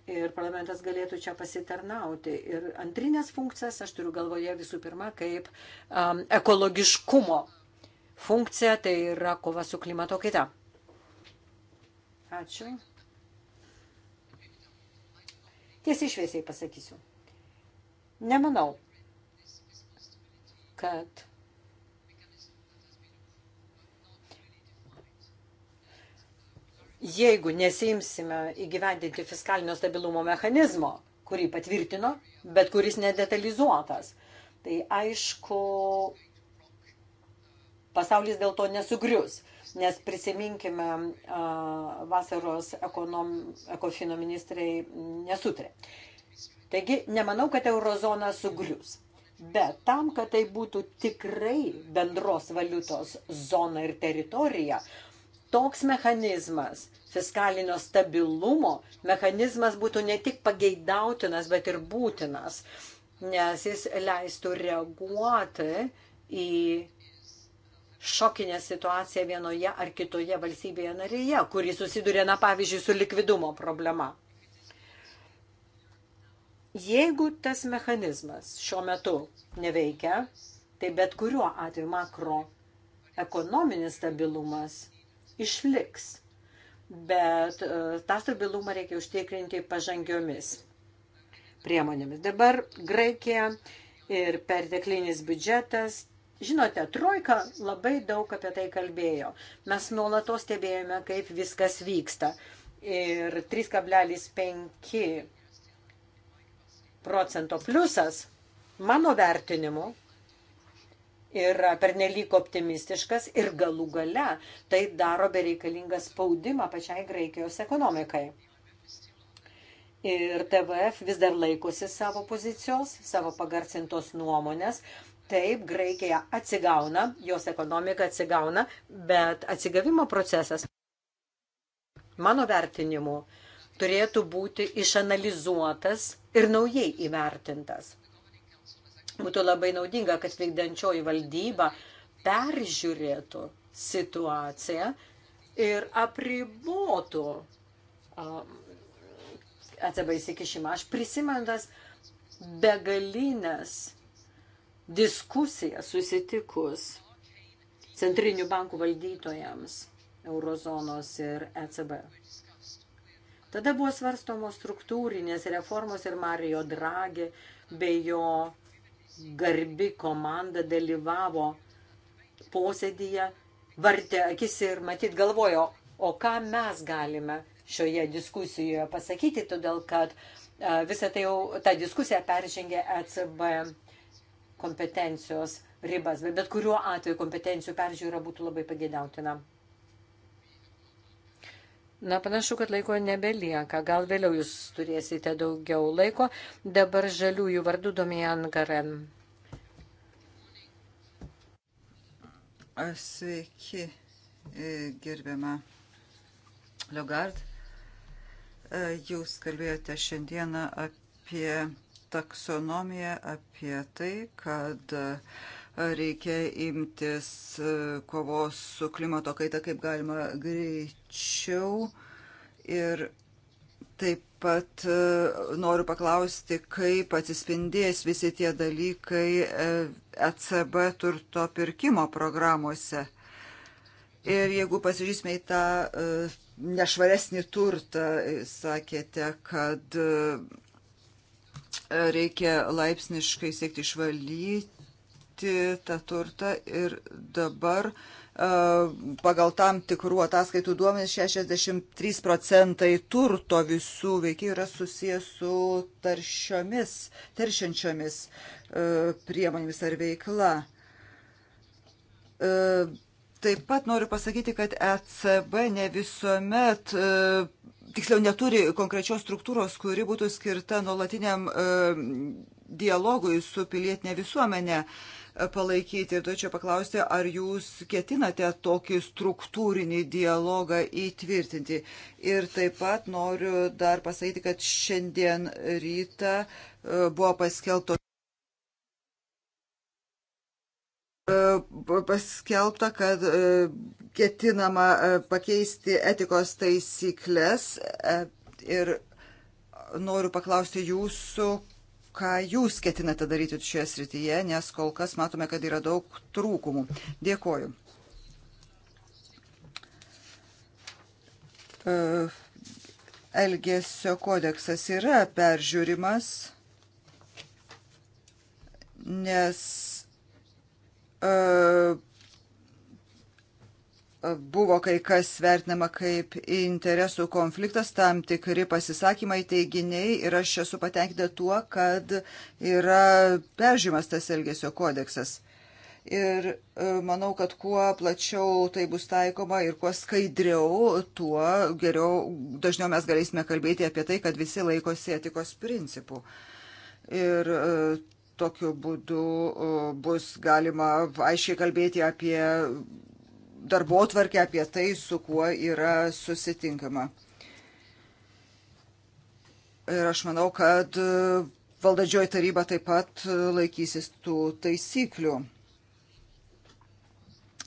Ir parlamentas galėtų čia pasitarnauti. Ir antrinės funkcijas aš turiu galvoje visų pirma kaip um, ekologiškumo funkcija, tai yra kova su klimato kaita. Ačiū. Tiesiai šviesiai pasakysiu. Nemanau, kad jeigu nesimsime įgyvendinti fiskalinio stabilumo mechanizmo, kurį patvirtino, bet kuris nedetalizuotas, tai aišku, pasaulis dėl to nesugrius. Nes prisiminkime, vasaros ekonom, ekofino ministrai nesutrė. Taigi, nemanau, kad eurozona sugrius. Bet tam, kad tai būtų tikrai bendros valiutos zona ir teritorija, toks mechanizmas, fiskalinio stabilumo mechanizmas būtų ne tik pageidautinas, bet ir būtinas, nes jis leistų reaguoti į šokinę situaciją vienoje ar kitoje valstybėje narėje, kuri susiduria, na, pavyzdžiui, su likvidumo problema. Jeigu tas mechanizmas šiuo metu neveikia, tai bet kuriuo atveju makro ekonominis stabilumas išliks. Bet e, tą stabilumą reikia užtikrinti pažangiomis priemonėmis. Dabar Graikija ir perteklinis biudžetas. Žinote, Trojka labai daug apie tai kalbėjo. Mes nuolatos stebėjome, kaip viskas vyksta. Ir 3,5 procento pliusas, mano vertinimu, yra pernelyg optimistiškas ir galų gale tai daro bereikalingą spaudimą pačiai Graikijos ekonomikai. Ir TVF vis dar laikosi savo pozicijos, savo pagarsintos nuomonės. Taip, Graikija atsigauna, jos ekonomika atsigauna, bet atsigavimo procesas, mano vertinimu, turėtų būti išanalizuotas ir naujai įvertintas. Būtų labai naudinga, kad vykdančioji valdyba peržiūrėtų situaciją ir apribotų um, atseba įsikišimą. Aš prisimenu tas begalinės diskusijas susitikus centrinių bankų valdytojams eurozonos ir ECB. Tada buvo svarstomos struktūrinės reformos ir Mario Draghi bei jo garbi komanda dalyvavo posėdyje, vartė akis ir matyt galvojo, o ką mes galime šioje diskusijoje pasakyti, todėl kad e, visą tai jau, tą diskusiją peržengė ECB kompetencijos ribas, bet, bet kuriuo atveju kompetencijų peržiūra būtų labai pagėdautina. Na, panašu, kad laiko nebelieka. Gal vėliau jūs turėsite daugiau laiko. Dabar žaliųjų vardų Domijan Garen. Sveiki, e, gerbiama Liogard. E, jūs kalbėjote šiandieną apie taksonomiją, apie tai, kad uh, reikia imtis e, kovos su klimato kaita kaip galima greičiau. Ir taip pat e, noriu paklausti, kaip atsispindės visi tie dalykai ECB e turto pirkimo programuose. Ir jeigu pasižiūrėsime į tą nešvaresnį turtą, sakėte, kad reikia laipsniškai siekti išvalyti pirkti tą turtą ir dabar e, pagal tam tikrų ataskaitų duomenys 63 procentai turto visų veikiai yra susijęs su taršiomis, teršiančiomis e, priemonėmis ar veikla. E, taip pat noriu pasakyti, kad ECB ne visuomet tiksliau neturi konkrečios struktūros, kuri būtų skirta nuolatiniam dialogui su pilietinė visuomenė. E, palaikyti. Ir tačiau paklausti, ar jūs ketinate tokį struktūrinį dialogą įtvirtinti. Ir taip pat noriu dar pasakyti, kad šiandien rytą e, buvo paskelbto. E, paskelbta, kad e, ketinama pakeisti etikos taisyklės ir noriu paklausti jūsų, ką jūs ketinate daryti šioje srityje, nes kol kas matome, kad yra daug trūkumų. Dėkoju. E, Elgesio kodeksas yra peržiūrimas, nes e, buvo kai kas vertinama kaip interesų konfliktas, tam tikri pasisakymai, teiginiai ir aš esu patenkinta tuo, kad yra peržimas tas Elgesio kodeksas. Ir e, manau, kad kuo plačiau tai bus taikoma ir kuo skaidriau, tuo geriau, dažniau mes galėsime kalbėti apie tai, kad visi laikosi etikos principų. Ir e, tokiu būdu e, bus galima aiškiai kalbėti apie darbo tvarkę apie tai, su kuo yra susitinkama. Ir aš manau, kad valdadžioji taryba taip pat laikysis tų taisyklių.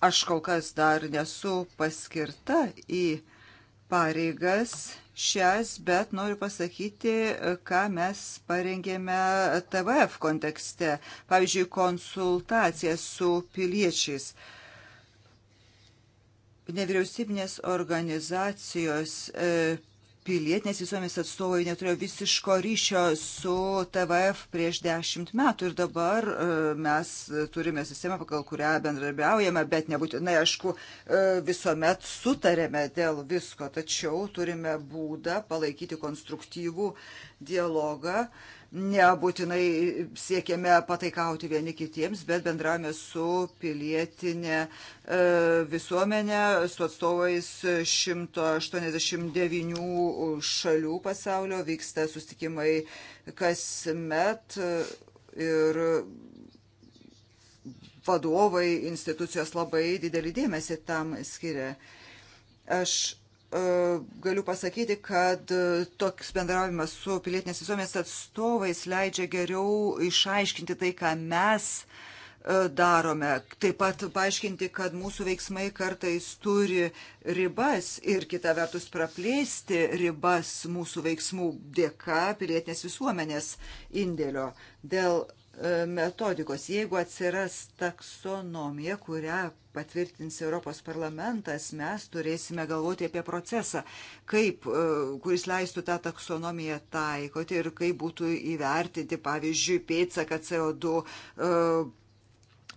Aš kol kas dar nesu paskirta į pareigas šias, bet noriu pasakyti, ką mes parengėme TVF kontekste. Pavyzdžiui, konsultacija su piliečiais. Uh, nevyriausybinės organizacijos e, pilietinės visuomenės atstovai neturėjo visiško ryšio su TVF prieš dešimt metų ir dabar e, mes turime sistemą, pagal kurią bendradarbiaujame, bet nebūtinai, aišku, e, visuomet sutarėme dėl visko, tačiau turime būdą palaikyti konstruktyvų dialogą nebūtinai siekėme pataikauti vieni kitiems, bet bendravome su pilietinė e, visuomenė, su atstovais 189 šalių pasaulio, vyksta sustikimai kasmet e, ir vadovai institucijos labai didelį dėmesį tam skiria. Aš E, galiu pasakyti, kad e, toks bendravimas su pilietinės visuomenės atstovais leidžia geriau išaiškinti tai, ką mes e, darome. Taip pat paaiškinti, kad mūsų veiksmai kartais turi ribas ir kita vertus praplėsti ribas mūsų veiksmų dėka pilietinės visuomenės indėlio. Dėl Um, metodikos. Jeigu atsiras taksonomija, kurią patvirtins Europos parlamentas, mes turėsime galvoti apie procesą, kaip, uh, kuris leistų tą taksonomiją taikoti ir kaip būtų įvertinti, pavyzdžiui, pėdsaką CO2 uh,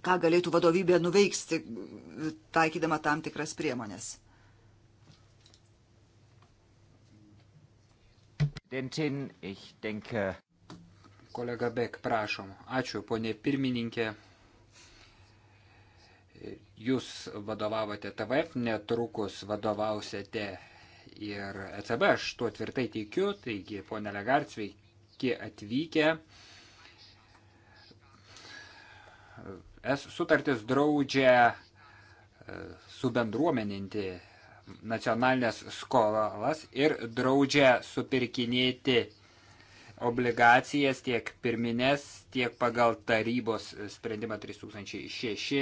ką galėtų vadovybė nuveikti, taikydama tam tikras priemonės. Dentin, ich denke. Kolega Bek, prašom. Ačiū, ponė pirmininkė. Jūs vadovavote TVF, netrukus vadovausite ir ECB, aš tuo tvirtai teikiu, taigi, ponė Legart, sveiki atvykę. Es sutartis draudžia e, subendruomeninti nacionalinės skolas ir draudžia supirkinėti obligacijas tiek pirminės, tiek pagal tarybos sprendimą 3006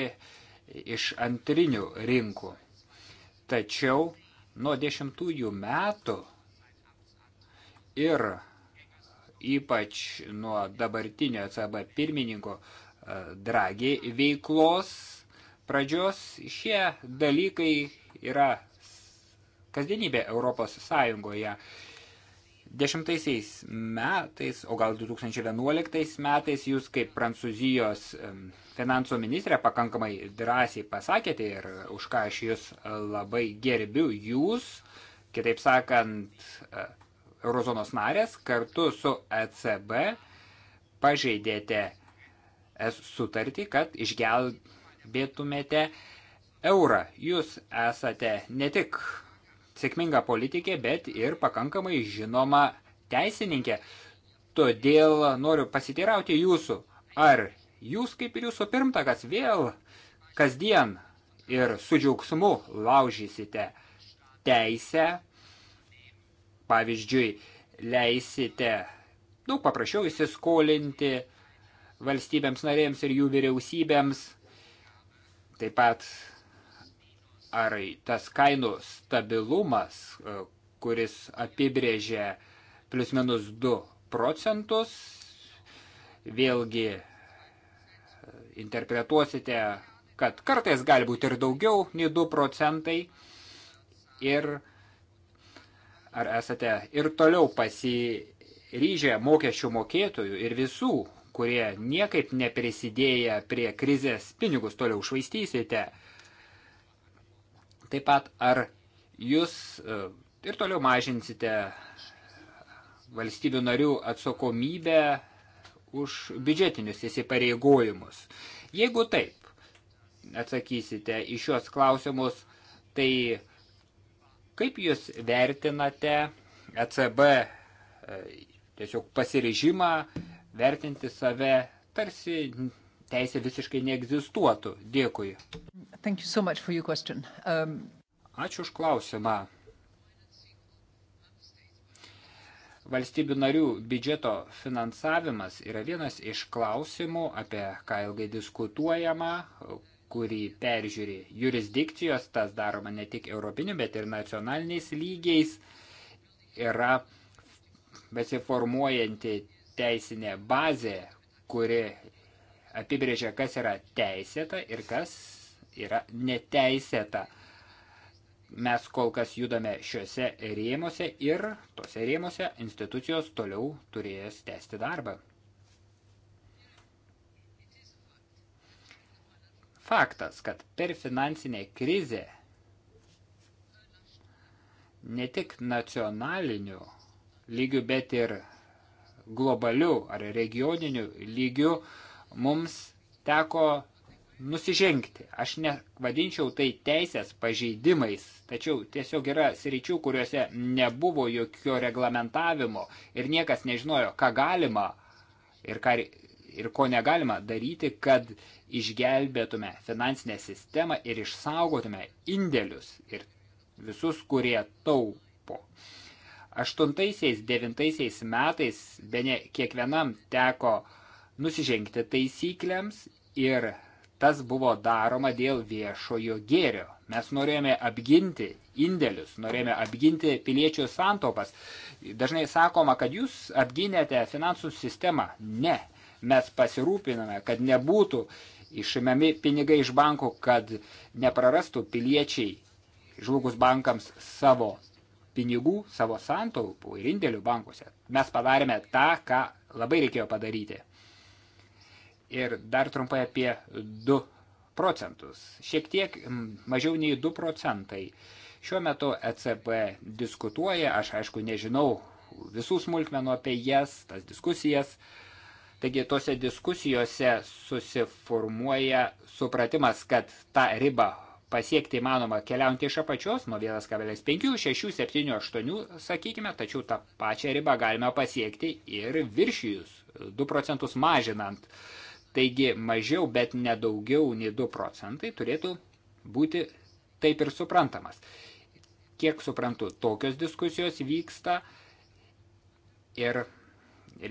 iš antrinių rinkų. Tačiau nuo dešimtųjų metų ir ypač nuo dabartinio ECB pirmininko e, Dragi veiklos pradžios šie dalykai yra kasdienybė Europos Sąjungoje. 2010 metais, o gal 2011 metais jūs kaip Prancūzijos finansų ministrė pakankamai drąsiai pasakėte ir už ką aš jūs e, labai gerbiu, jūs, kitaip sakant, e, Eurozonos narės kartu su ECB pažeidėte e, sutartį, kad išgelbėtumėte eurą. Jūs esate ne tik sėkminga politikė, bet ir pakankamai žinoma teisininkė. Todėl noriu pasiteirauti jūsų, ar jūs kaip ir jūsų pirmtakas vėl kasdien ir su džiaugsmu laužysite teisę, pavyzdžiui, leisite daug nu, paprasčiau įsiskolinti valstybėms narėms ir jų vyriausybėms, taip pat ar tas kainų stabilumas, e, kuris apibrėžia plus minus 2 procentus, vėlgi e, interpretuosite, kad kartais gali būti ir daugiau nei 2 procentai ir ar esate ir toliau pasiryžę mokesčių mokėtojų ir visų, kurie niekaip neprisidėję prie krizės pinigus toliau švaistysite – Taip pat, ar jūs e, ir toliau mažinsite valstybių narių atsakomybę už biudžetinius įsipareigojimus. Jeigu taip atsakysite į šios klausimus, tai kaip jūs vertinate ECB e, tiesiog pasirežimą vertinti save tarsi teisė visiškai neegzistuotų. Dėkui. So um... Ačiū už klausimą. Valstybių narių biudžeto finansavimas yra vienas iš klausimų, apie ką ilgai diskutuojama, kurį peržiūri jurisdikcijos, tas daroma ne tik europiniu, bet ir nacionaliniais lygiais, yra besiformuojanti teisinė bazė, kuri apibrėžia, kas yra teisėta ir kas yra neteisėta. Mes kol kas judame šiuose rėmuose ir tose rėmuose institucijos toliau turės tęsti darbą. Faktas, kad per finansinę krizę ne tik nacionaliniu lygiu, bet ir globaliu ar regioniniu lygiu uh, mums teko nusižengti. Aš nevadinčiau tai teisės pažeidimais, tačiau tiesiog yra sričių, kuriuose nebuvo jokio reglamentavimo ir niekas nežinojo, ką galima ir, ką, ir ko negalima daryti, kad išgelbėtume finansinę sistemą ir išsaugotume indėlius ir visus, kurie taupo. Aštuntaisiais, devintaisiais metais, be ne kiekvienam teko uh, nusižengti taisyklėms ir tas buvo daroma dėl viešojo gėrio. Mes norėjome apginti indėlius, norėjome apginti piliečių santopas. Dažnai sakoma, kad jūs apginėte finansų sistemą. Ne, mes pasirūpiname, kad nebūtų išimami pinigai iš bankų, kad neprarastų piliečiai žlugus bankams savo pinigų, savo santaupų ir indėlių bankuose. Mes padarėme tą, ką labai reikėjo padaryti ir dar trumpai apie 2 procentus. Šiek tiek mažiau nei 2 procentai. Šiuo metu ECB diskutuoja, aš aišku nežinau visų smulkmenų apie jas, tas diskusijas. Taigi tose diskusijose susiformuoja supratimas, kad tą ribą pasiekti įmanoma keliaujant iš apačios nuo 1,5, 6, 7, 8, sakykime, tačiau tą pačią ribą galime pasiekti ir viršijus 2 procentus mažinant uh, Taigi mažiau, bet nedaugiau nei 2 procentai turėtų būti taip ir suprantamas. Kiek suprantu, tokios diskusijos vyksta ir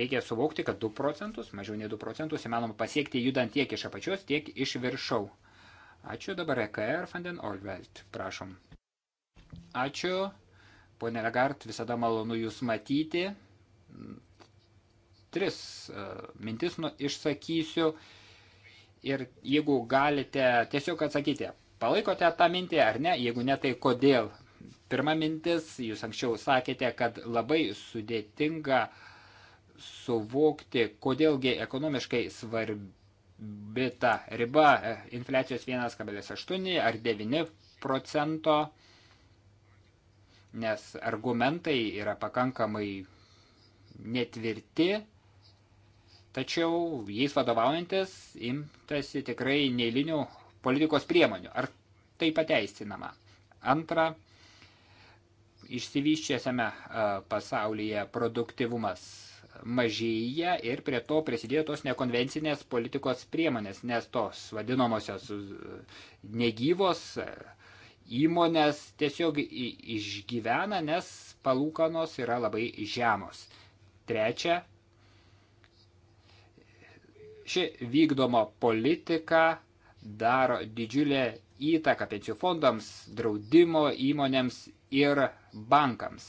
reikia suvokti, kad 2 procentus, mažiau nei 2 procentus įmanoma pasiekti judant tiek iš apačios, tiek iš viršau. Ačiū dabar EKR Fanden Olvelt, prašom. Ačiū, ponė Legart, visada malonu Jūs matyti tris e, mintis nu, išsakysiu ir jeigu galite tiesiog atsakyti, palaikote tą mintį ar ne, jeigu ne, tai kodėl. Pirma mintis, jūs anksčiau sakėte, kad labai sudėtinga suvokti, kodėlgi ekonomiškai svarbi ta riba e, infliacijos 1,8 ar 9 procento, nes argumentai yra pakankamai netvirti tačiau jais vadovaujantis imtasi tikrai neįlinių politikos priemonių. Ar tai pateisinama? Antra, išsivyščiasiame pasaulyje produktivumas mažėja ir prie to prisidėjo tos nekonvencinės politikos priemonės, nes tos vadinamosios negyvos įmonės tiesiog išgyvena, nes palūkanos yra labai žemos. Trečia, Ši vykdoma politika daro didžiulę įtaką pensijų fondams, draudimo įmonėms ir bankams.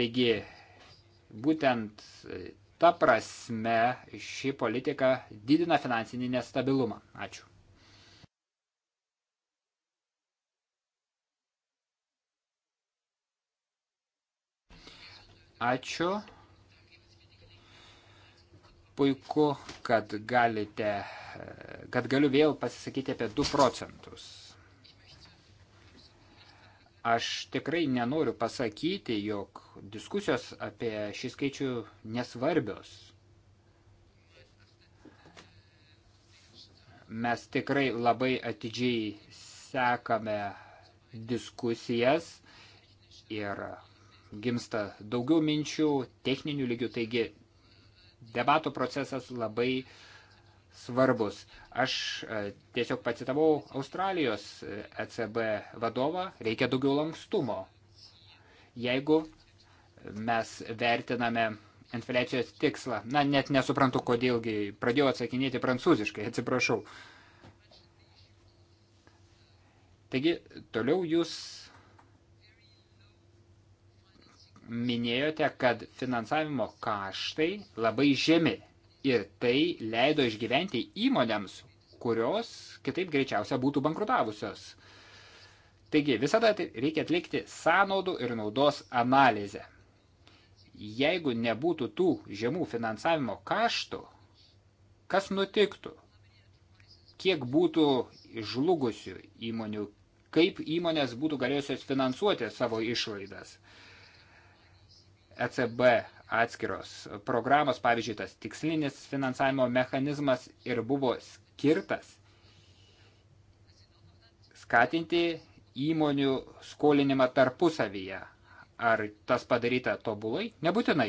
Taigi, būtent ta prasme ši politika didina finansinį nestabilumą. Ačiū. Ačiū puiku, kad, galite, kad galiu vėl pasisakyti apie 2 procentus. Aš tikrai nenoriu pasakyti, jog diskusijos apie šį skaičių nesvarbios. Mes tikrai labai atidžiai sekame diskusijas ir gimsta daugiau minčių techninių lygių, taigi debatų procesas labai svarbus. Aš e, tiesiog pacitavau Australijos ECB e vadovą, reikia daugiau lankstumo. Jeigu mes vertiname infliacijos tikslą, na net nesuprantu, kodėlgi pradėjau atsakinėti prancūziškai, atsiprašau. Taigi, toliau jūs minėjote, kad finansavimo kaštai labai žemi ir tai leido išgyventi įmonėms, kurios kitaip greičiausia būtų bankrutavusios. Taigi visada reikia atlikti sąnaudų ir naudos analizę. Jeigu nebūtų tų žemų finansavimo kaštų, kas nutiktų? Kiek būtų žlugusių įmonių, kaip įmonės būtų galėjusios finansuoti savo išlaidas? ECB atskiros programos, pavyzdžiui, tas tikslinis finansavimo mechanizmas ir buvo skirtas skatinti įmonių skolinimą tarpusavyje. Ar tas padaryta tobulai? Nebūtinai.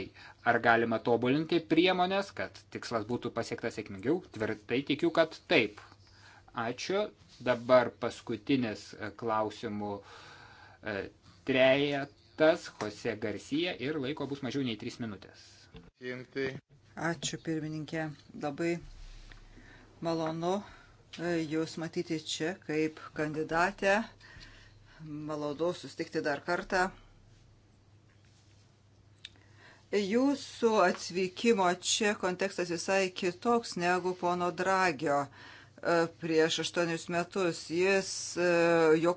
Ar galima tobulinti priemonės, kad tikslas būtų pasiektas sėkmingiau? Tvirtai tikiu, kad taip. Ačiū. Dabar paskutinis e, klausimų e, trejet tas Jose Garcia ir laiko bus mažiau nei 3 minutės. Ačiū pirmininkė, labai malonu e, Jūs matyti čia kaip kandidatę. Malonu sustikti dar kartą. Jūsų atvykimo čia kontekstas visai kitoks negu pono Dragio. Uh, prieš aštuonius metus. Jis, e, jo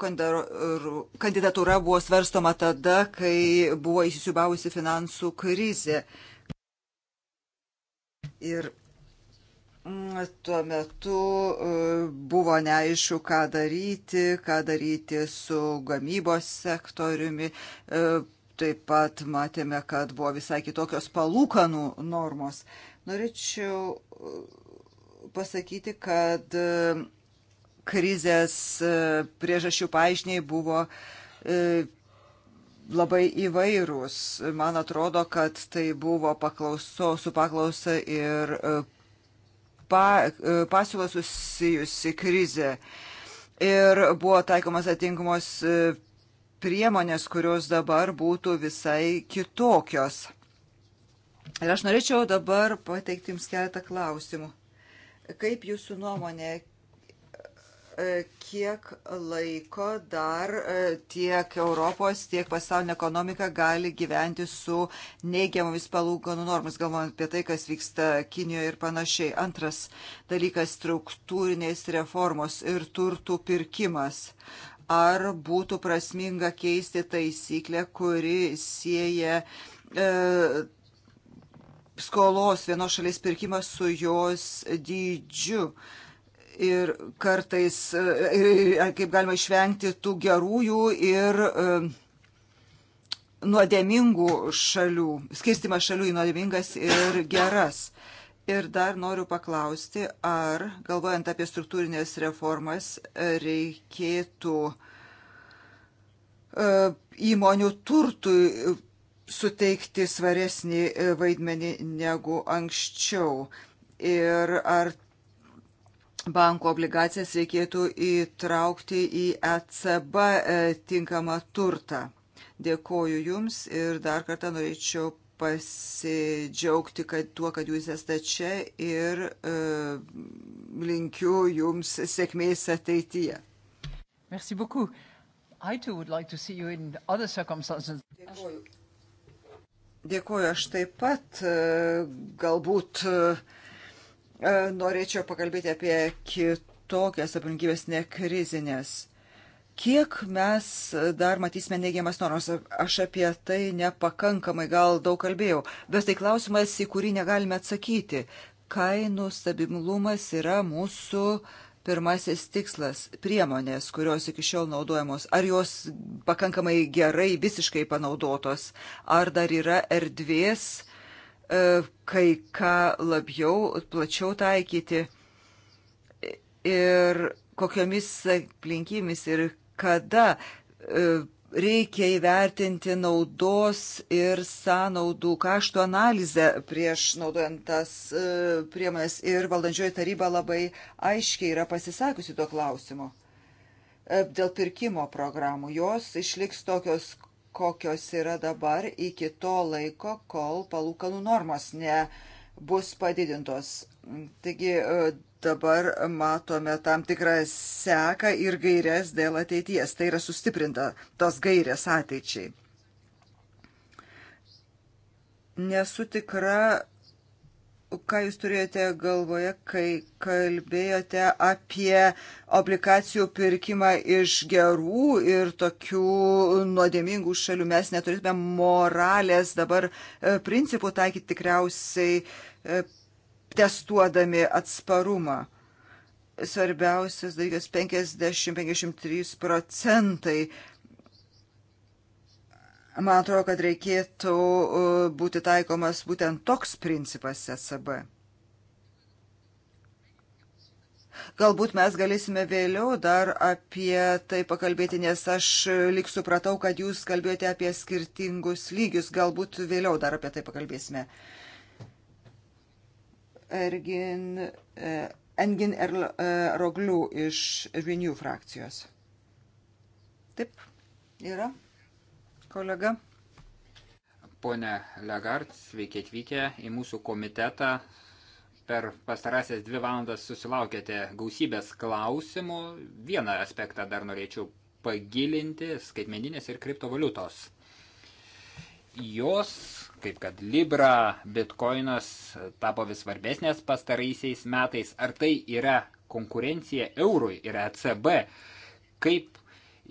kandidatūra buvo svarstoma tada, kai buvo įsisiubavusi finansų krizė. Ir mm, tuo metu e, buvo neaišku, ką daryti, ką daryti su gamybos sektoriumi. E, taip pat matėme, kad buvo visai kitokios palūkanų normos. Norėčiau pasakyti, kad e, krizės e, priežasčių paaišniai buvo e, labai įvairūs. Man atrodo, kad tai buvo paklauso, su paklausa ir pa, pasiūla susijusi krizė. Ir buvo taikomas atinkamos priemonės, kurios dabar būtų visai kitokios. Ir aš norėčiau dabar pateikti jums keletą klausimų. Kaip jūsų nuomonė, e, kiek laiko dar e, tiek Europos, tiek pasaulio ekonomika gali gyventi su neigiamomis palūkanų normas, galvojant apie tai, kas vyksta Kinijoje ir panašiai. Antras dalykas - struktūrinės reformos ir turtų pirkimas. Ar būtų prasminga keisti taisyklę, kuri sieja e, skolos vienos šalies pirkimas su jos dydžiu. Ir kartais, e, ir, e, kaip galima išvengti tų gerųjų ir e, nuodėmingų šalių, skirstimą šalių į nuodėmingas ir geras. Ir dar noriu paklausti, ar, galvojant apie struktūrinės reformas, reikėtų įmonių turtui suteikti svaresnį e, vaidmenį negu anksčiau. Ir ar banko obligacijas reikėtų įtraukti į ECB e, tinkamą turtą. Dėkoju Jums ir dar kartą norėčiau pasidžiaugti kad tuo, kad Jūs esate čia ir e, linkiu Jums sėkmės ateityje. Merci beaucoup. I too would like to see you in other circumstances. Dėkoju. Dėkuoju, aš taip pat e, galbūt e, e, norėčiau pakalbėti apie kitokias aplinkybės nekrizinės. Kiek mes dar matysime neigiamas normas, aš apie tai nepakankamai gal daug kalbėjau, bet tai klausimas, į kurį negalime atsakyti. Kainų stabilumas yra mūsų uh, Pirmasis tikslas - priemonės, kurios iki šiol naudojamos, ar jos pakankamai gerai visiškai panaudotos, ar dar yra erdvės e, kai ką labiau, plačiau taikyti e, ir kokiomis aplinkybėmis ir kada e, reikia įvertinti naudos ir sąnaudų kaštų analizę prieš naudojant tas e, priemonės ir valdančioji taryba labai aiškiai yra pasisakusi tuo klausimu. E, dėl pirkimo programų jos išliks tokios, kokios yra dabar iki to laiko, kol palūkanų normos nebus padidintos. Taigi e, dabar matome tam tikrą seką ir gairias dėl ateities. Tai yra sustiprinta tos gairias ateičiai. Nesu tikra, ką jūs turėjote galvoje, kai kalbėjote apie obligacijų pirkimą iš gerų ir tokių nuodėmingų šalių. Mes neturėtume moralės dabar e, principų taikyti tikriausiai e, testuodami atsparumą. Svarbiausias dalykas 50-53 procentai. Man atrodo, kad reikėtų uh, būti taikomas būtent toks principas ECB. Galbūt mes galėsime vėliau dar apie tai pakalbėti, nes aš uh, lik supratau, kad jūs kalbėjote apie skirtingus lygius. Galbūt vėliau dar apie tai pakalbėsime. Uh, Ergin, eh, Engin Roglių iš Renew frakcijos. Taip, yra kolega. Pone Legard, sveiki atvykę į mūsų komitetą. Per pastarąsias dvi valandas susilaukėte gausybės klausimų. Vieną aspektą dar norėčiau pagilinti - skaitmeninės ir kriptovaliutos. Jos kaip kad Libra, bitkoinas tapo vis svarbesnės pastaraisiais metais. Ar tai yra konkurencija eurui ir ECB? Kaip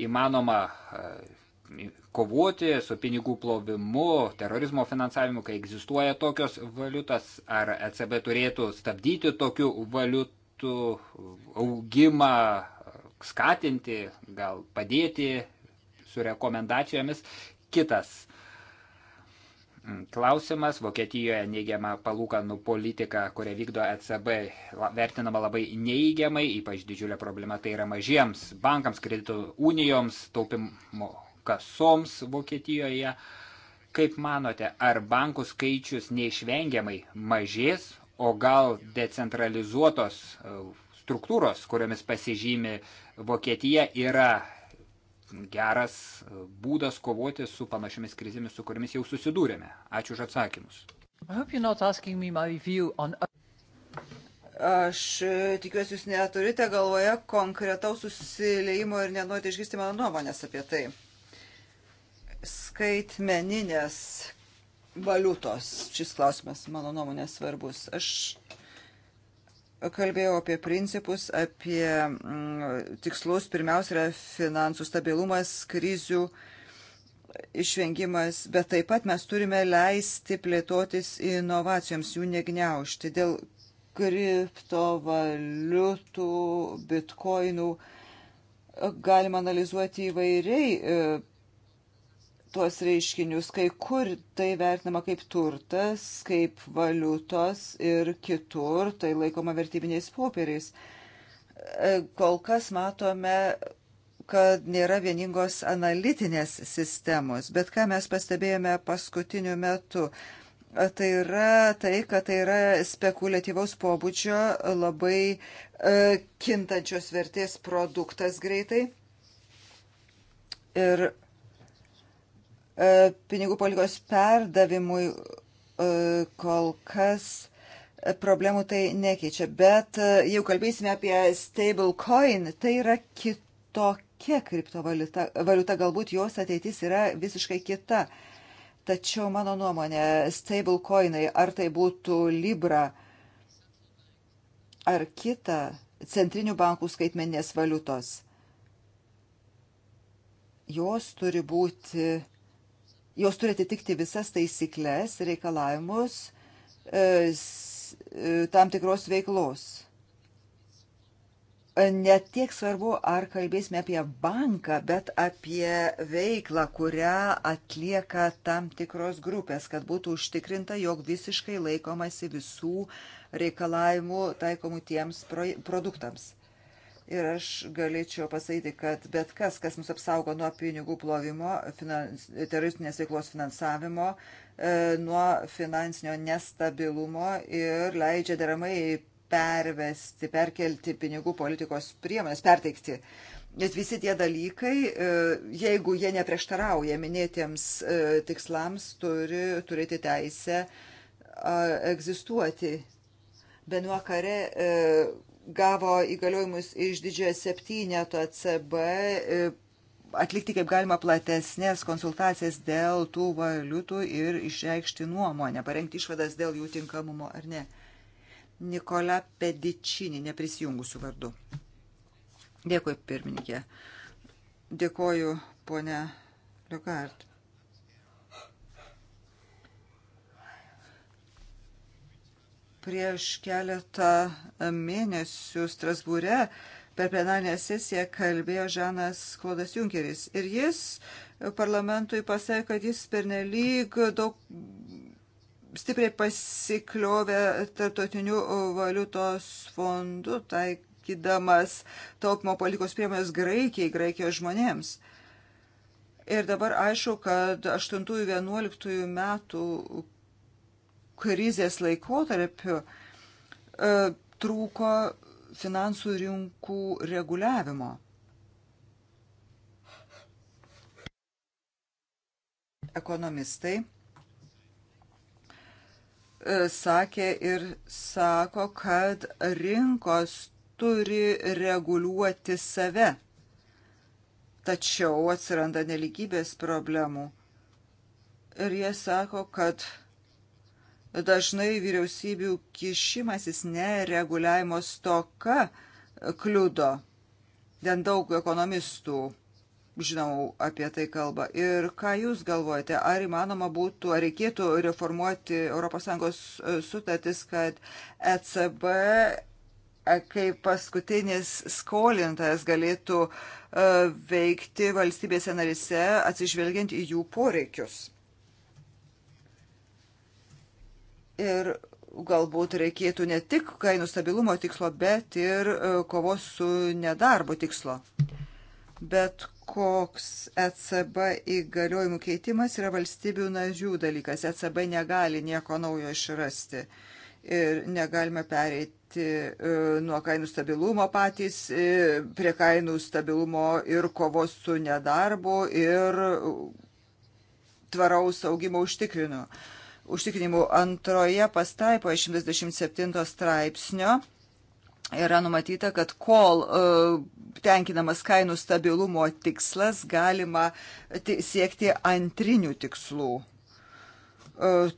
įmanoma e, kovoti su pinigų plovimu, terorizmo finansavimu, kai egzistuoja tokios valiutas? Ar ECB turėtų stabdyti tokių valiutų augimą, skatinti, gal padėti su rekomendacijomis? Kitas Mm, klausimas. Vokietijoje neigiama palūkanų politika, kurią vykdo ECB, vertinama labai neigiamai, ypač didžiulė problema tai yra mažiems bankams, kredito unijoms, taupimo kasoms Vokietijoje. Kaip manote, ar bankų skaičius neišvengiamai mažės, o gal decentralizuotos e, struktūros, kuriomis pasižymi Vokietija, yra geras būdas kovoti su panašiamis krizėmis, su kuriamis jau susidūrėme. Ačiū už atsakymus. On... Aš e, tikiuosi, jūs neturite galvoje konkretaus susileimo ir nenorite išgirsti mano nuomonės apie tai. Skaitmeninės valiutos. Šis klausimas, mano nuomonė, svarbus. Aš kalbėjau apie principus, apie mm, tikslus. Pirmiausia yra finansų stabilumas, krizių išvengimas, bet taip pat mes turime leisti plėtotis inovacijoms, jų negniaušti dėl kriptovaliutų, bitkoinų. Galima analizuoti įvairiai e, tuos reiškinius, kai kur tai vertinama kaip turtas, kaip valiutos ir kitur tai laikoma vertybiniais popieriais. E, kol kas matome, kad nėra vieningos analitinės sistemos, bet ką mes pastebėjome paskutiniu metu, tai yra tai, kad tai yra spekuliatyvaus pobūdžio labai e, kintančios vertės produktas greitai. Ir E, pinigų politikos perdavimui e, kol kas e, problemų tai nekeičia. Bet jau kalbėsime apie stablecoin, tai yra kitokia kriptovaliuta. Valiuta galbūt jos ateitis yra visiškai kita. Tačiau mano nuomonė, stablecoinai, ar tai būtų Libra ar kita centrinių bankų skaitmenės valiutos, jos turi būti jos turi atitikti visas taisyklės, reikalavimus e, e, tam tikros veiklos. Net tiek svarbu, ar kalbėsime apie banką, bet apie veiklą, kurią atlieka tam tikros grupės, kad būtų užtikrinta, jog visiškai laikomasi visų reikalavimų taikomų tiems produktams. Ir aš galėčiau pasakyti, kad bet kas, kas mus apsaugo nuo pinigų plovimo, finans, teroristinės veiklos finansavimo, e, nuo finansinio nestabilumo ir leidžia deramai pervesti, perkelti pinigų politikos priemonės, perteikti. Nes visi tie dalykai, e, jeigu jie neprieštarauja minėtiems e, tikslams, turi turėti teisę egzistuoti. Benuo Kare e, gavo įgaliojimus iš didžiojo septyneto ECB e, atlikti kaip galima platesnės konsultacijas dėl tų valiutų ir išreikšti nuomonę, parengti išvadas dėl jų tinkamumo ar ne. Nikola Pedičinį, neprisijungusiu vardu. Dėkui, pirmininkė. Dėkoju, ponė Liukart. Prieš keletą mėnesių Strasbūre per plenarinę sesiją kalbėjo Žanas Klodas Junkeris. Ir jis parlamentui pasakė, kad jis pernelyg daug stipriai pasikliovė tarptautiniu valiutos fondu, taikydamas taupimo palikos priemonės Graikijai, Graikijos žmonėms. Ir dabar aišku, kad 8-11 metų krizės laikotarpiu e, trūko finansų rinkų reguliavimo. Ekonomistai e, sakė ir sako, kad rinkos turi reguliuoti save. Tačiau atsiranda neligybės problemų. Ir jie sako, kad Dažnai vyriausybių kišimasis nereguliavimo stoka kliudo. Den daug ekonomistų žinau, apie tai kalba. Ir ką Jūs galvojate, ar įmanoma būtų, ar reikėtų reformuoti ES sutartis, kad ECB e, kaip paskutinis skolintas galėtų e, veikti valstybėse narise atsižvelgiant į jų poreikius? Ir galbūt reikėtų ne tik kainų stabilumo tikslo, bet ir e, kovos su nedarbo tikslo. Bet koks ECB įgaliojimų keitimas yra valstybių nažių dalykas. ECB negali nieko naujo išrasti ir negalime pereiti e, nuo kainų stabilumo patys e, prie kainų stabilumo ir kovos su nedarbu ir tvaraus augimo užtikrinu užtikrinimu antroje pastaipoje 127 straipsnio yra numatyta, kad kol e, tenkinamas kainų stabilumo tikslas galima siekti antrinių tikslų e,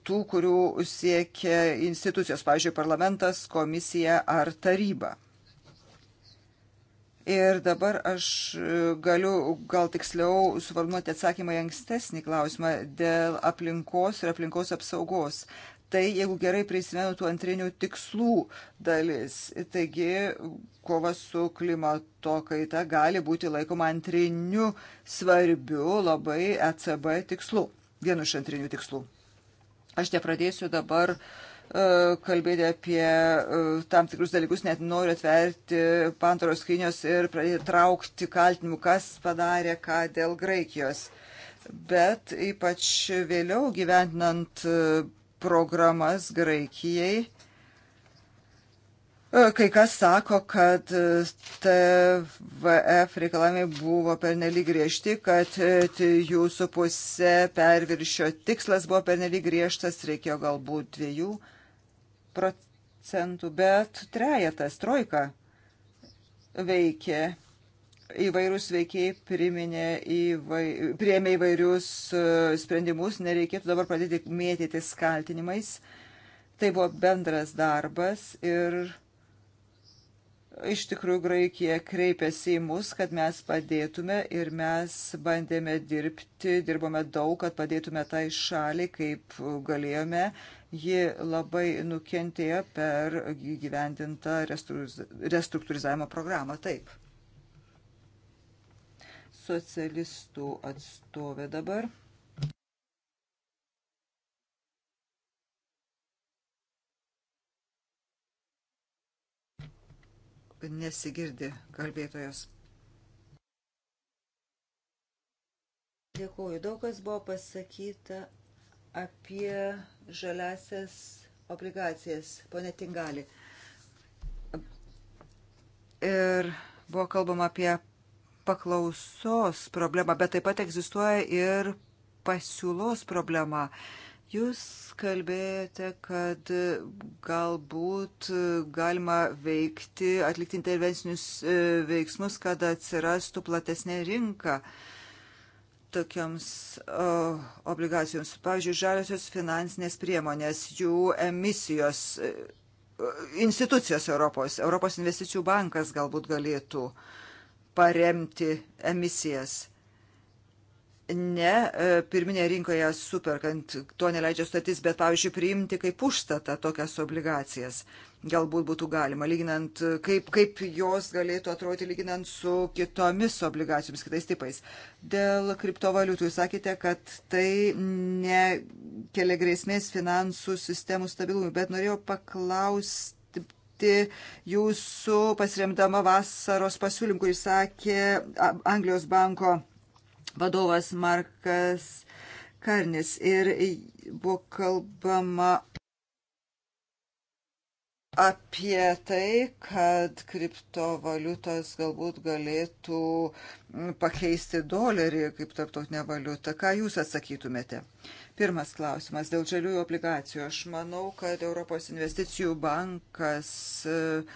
tų, kurių siekia institucijos, pavyzdžiui, parlamentas, komisija ar taryba. Ir dabar aš e, galiu gal tiksliau suformuoti atsakymą į ankstesnį klausimą dėl aplinkos ir aplinkos apsaugos. Tai, jeigu gerai prisimenu, tų antrinių tikslų dalis. Taigi, kova su klimato kaita gali būti laikoma antriniu svarbiu labai ECB tikslu. Vienu iš antrinių tikslų. Aš nepradėsiu dabar uh, E, kalbėti apie e, tam tikrus dalykus, net noriu atverti Pantoros skrynios ir traukti kaltinimų, kas padarė ką dėl Graikijos. Bet ypač vėliau gyventinant e, programas Graikijai, kai kas sako, kad TVF reikalavimai buvo pernelyg griežti, kad jūsų pusė perviršio tikslas buvo pernelyg griežtas, reikėjo galbūt dviejų procentų, bet trejetas, trojka veikė įvairūs veikiai priminė įvai, priėmė įvairius e, sprendimus, nereikėtų dabar pradėti mėtytis kaltinimais. Tai buvo bendras darbas ir iš tikrųjų Graikija kreipėsi į mus, kad mes padėtume ir mes bandėme dirbti, dirbome daug, kad padėtume tai šaliai, kaip galėjome Ji labai nukentėjo per gyvendintą restruktūrizavimo programą. Taip. Socialistų atstovė dabar. nesigirdi kalbėtojas. Dėkuoju, daug kas buvo pasakyta apie žaliasias obligacijas, ponė Tingali. Ir buvo kalbama apie paklausos problemą, bet taip pat egzistuoja ir pasiūlos problema. Jūs kalbėjote, kad galbūt galima veikti, atlikti intervencinius e, veiksmus, kad atsirastų platesnė rinka. Uh, tokiams o, obligacijoms. Pavyzdžiui, žaliosios finansinės priemonės, jų emisijos institucijos Europos, Europos investicijų bankas galbūt galėtų paremti emisijas. Ne e, pirminėje rinkoje superkant, to neleidžia statis, bet, pavyzdžiui, priimti kaip užstatą tokias obligacijas galbūt būtų galima, lyginant, kaip, kaip jos galėtų atrodyti lyginant su kitomis obligacijomis, kitais tipais. Dėl kriptovaliutų jūs sakėte, kad tai nekelia grėsmės finansų sistemų stabilumui, bet norėjau paklausti jūsų pasiremdama vasaros pasiūlym, kurį sakė Anglijos banko vadovas Markas Karnis ir buvo kalbama apie tai, kad kriptovaliutos galbūt galėtų pakeisti dolerį kaip tarptautinę valiutą. Ką Jūs atsakytumėte? Pirmas klausimas dėl žaliųjų obligacijų. Aš manau, kad Europos investicijų bankas e,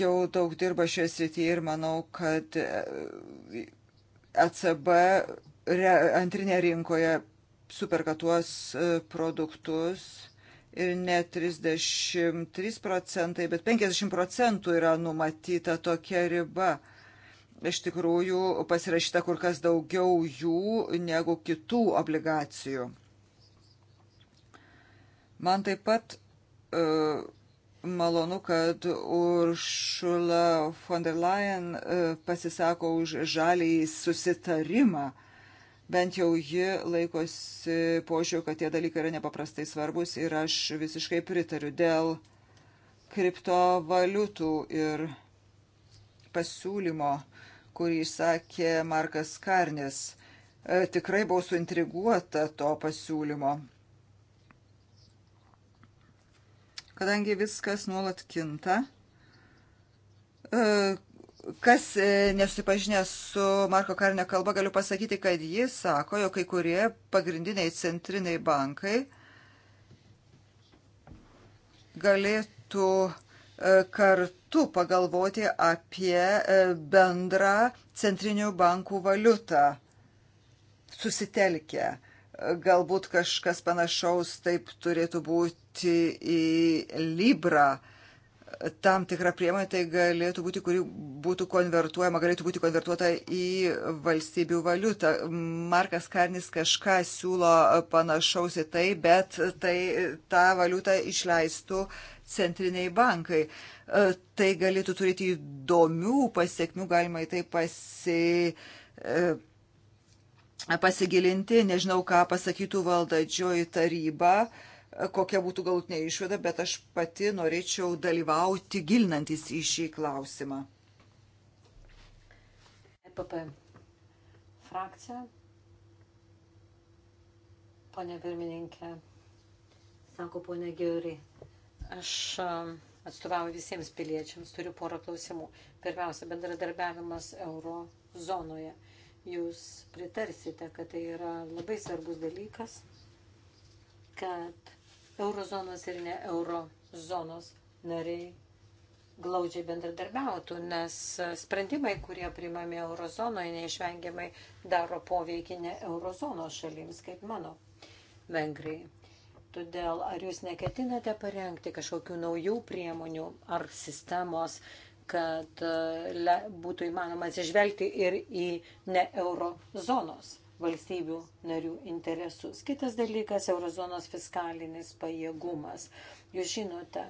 jau daug dirba šioje srityje ir manau, kad ECB e antrinė rinkoje superka tuos e, produktus ne 33 procentai, bet 50 procentų yra numatyta tokia riba. Iš tikrųjų pasirašyta kur kas daugiau jų negu kitų obligacijų. Man taip pat uh, malonu, kad Uršula von der Leyen uh, pasisako už žalį susitarimą uh, bent jau ji laikosi požiūrio, kad tie dalykai yra nepaprastai svarbus ir aš visiškai pritariu dėl kriptovaliutų ir pasiūlymo, kurį išsakė Markas Karnis. E, tikrai buvau suintriguota to pasiūlymo, kadangi viskas nuolat kinta e, Kas e, nesusipažinęs su Marko Karnio kalba, galiu pasakyti, kad jis sako, jog kai kurie pagrindiniai centriniai bankai galėtų e, kartu pagalvoti apie e, bendrą centrinių bankų valiutą susitelkę. Galbūt kažkas panašaus taip turėtų būti į Libra valiutą tam tikra priemonė tai galėtų būti, kuri būtų konvertuojama, galėtų būti konvertuota į valstybių valiutą. Markas Karnis kažką siūlo panašaus į tai, bet tai tą valiutą išleistų centriniai bankai. E, tai galėtų turėti įdomių pasiekmių, galima į tai pasi e, pasigilinti, nežinau, ką pasakytų valdančioji taryba, uh, kokia būtų galutinė išvada, bet aš pati norėčiau dalyvauti gilinantis į šį klausimą. EPP frakcija. Pone pirmininkė, sako ponė Giori, aš atstovauju visiems piliečiams, turiu porą klausimų. Pirmiausia, bendradarbiavimas euro zonoje. Jūs pritarsite, kad tai yra labai svarbus dalykas, kad eurozonos ir ne eurozonos nariai glaudžiai bendradarbiautų, nes sprendimai, kurie primami eurozonoje, neišvengiamai daro poveikį ne eurozonos šalims, kaip mano vengrai. Todėl ar jūs neketinate parengti kažkokių naujų priemonių ar sistemos, kad e, le, būtų įmanoma atsižvelgti ir į ne eurozonos valstybių narių interesus. Kitas dalykas - eurozonos fiskalinis pajėgumas. Jūs žinote,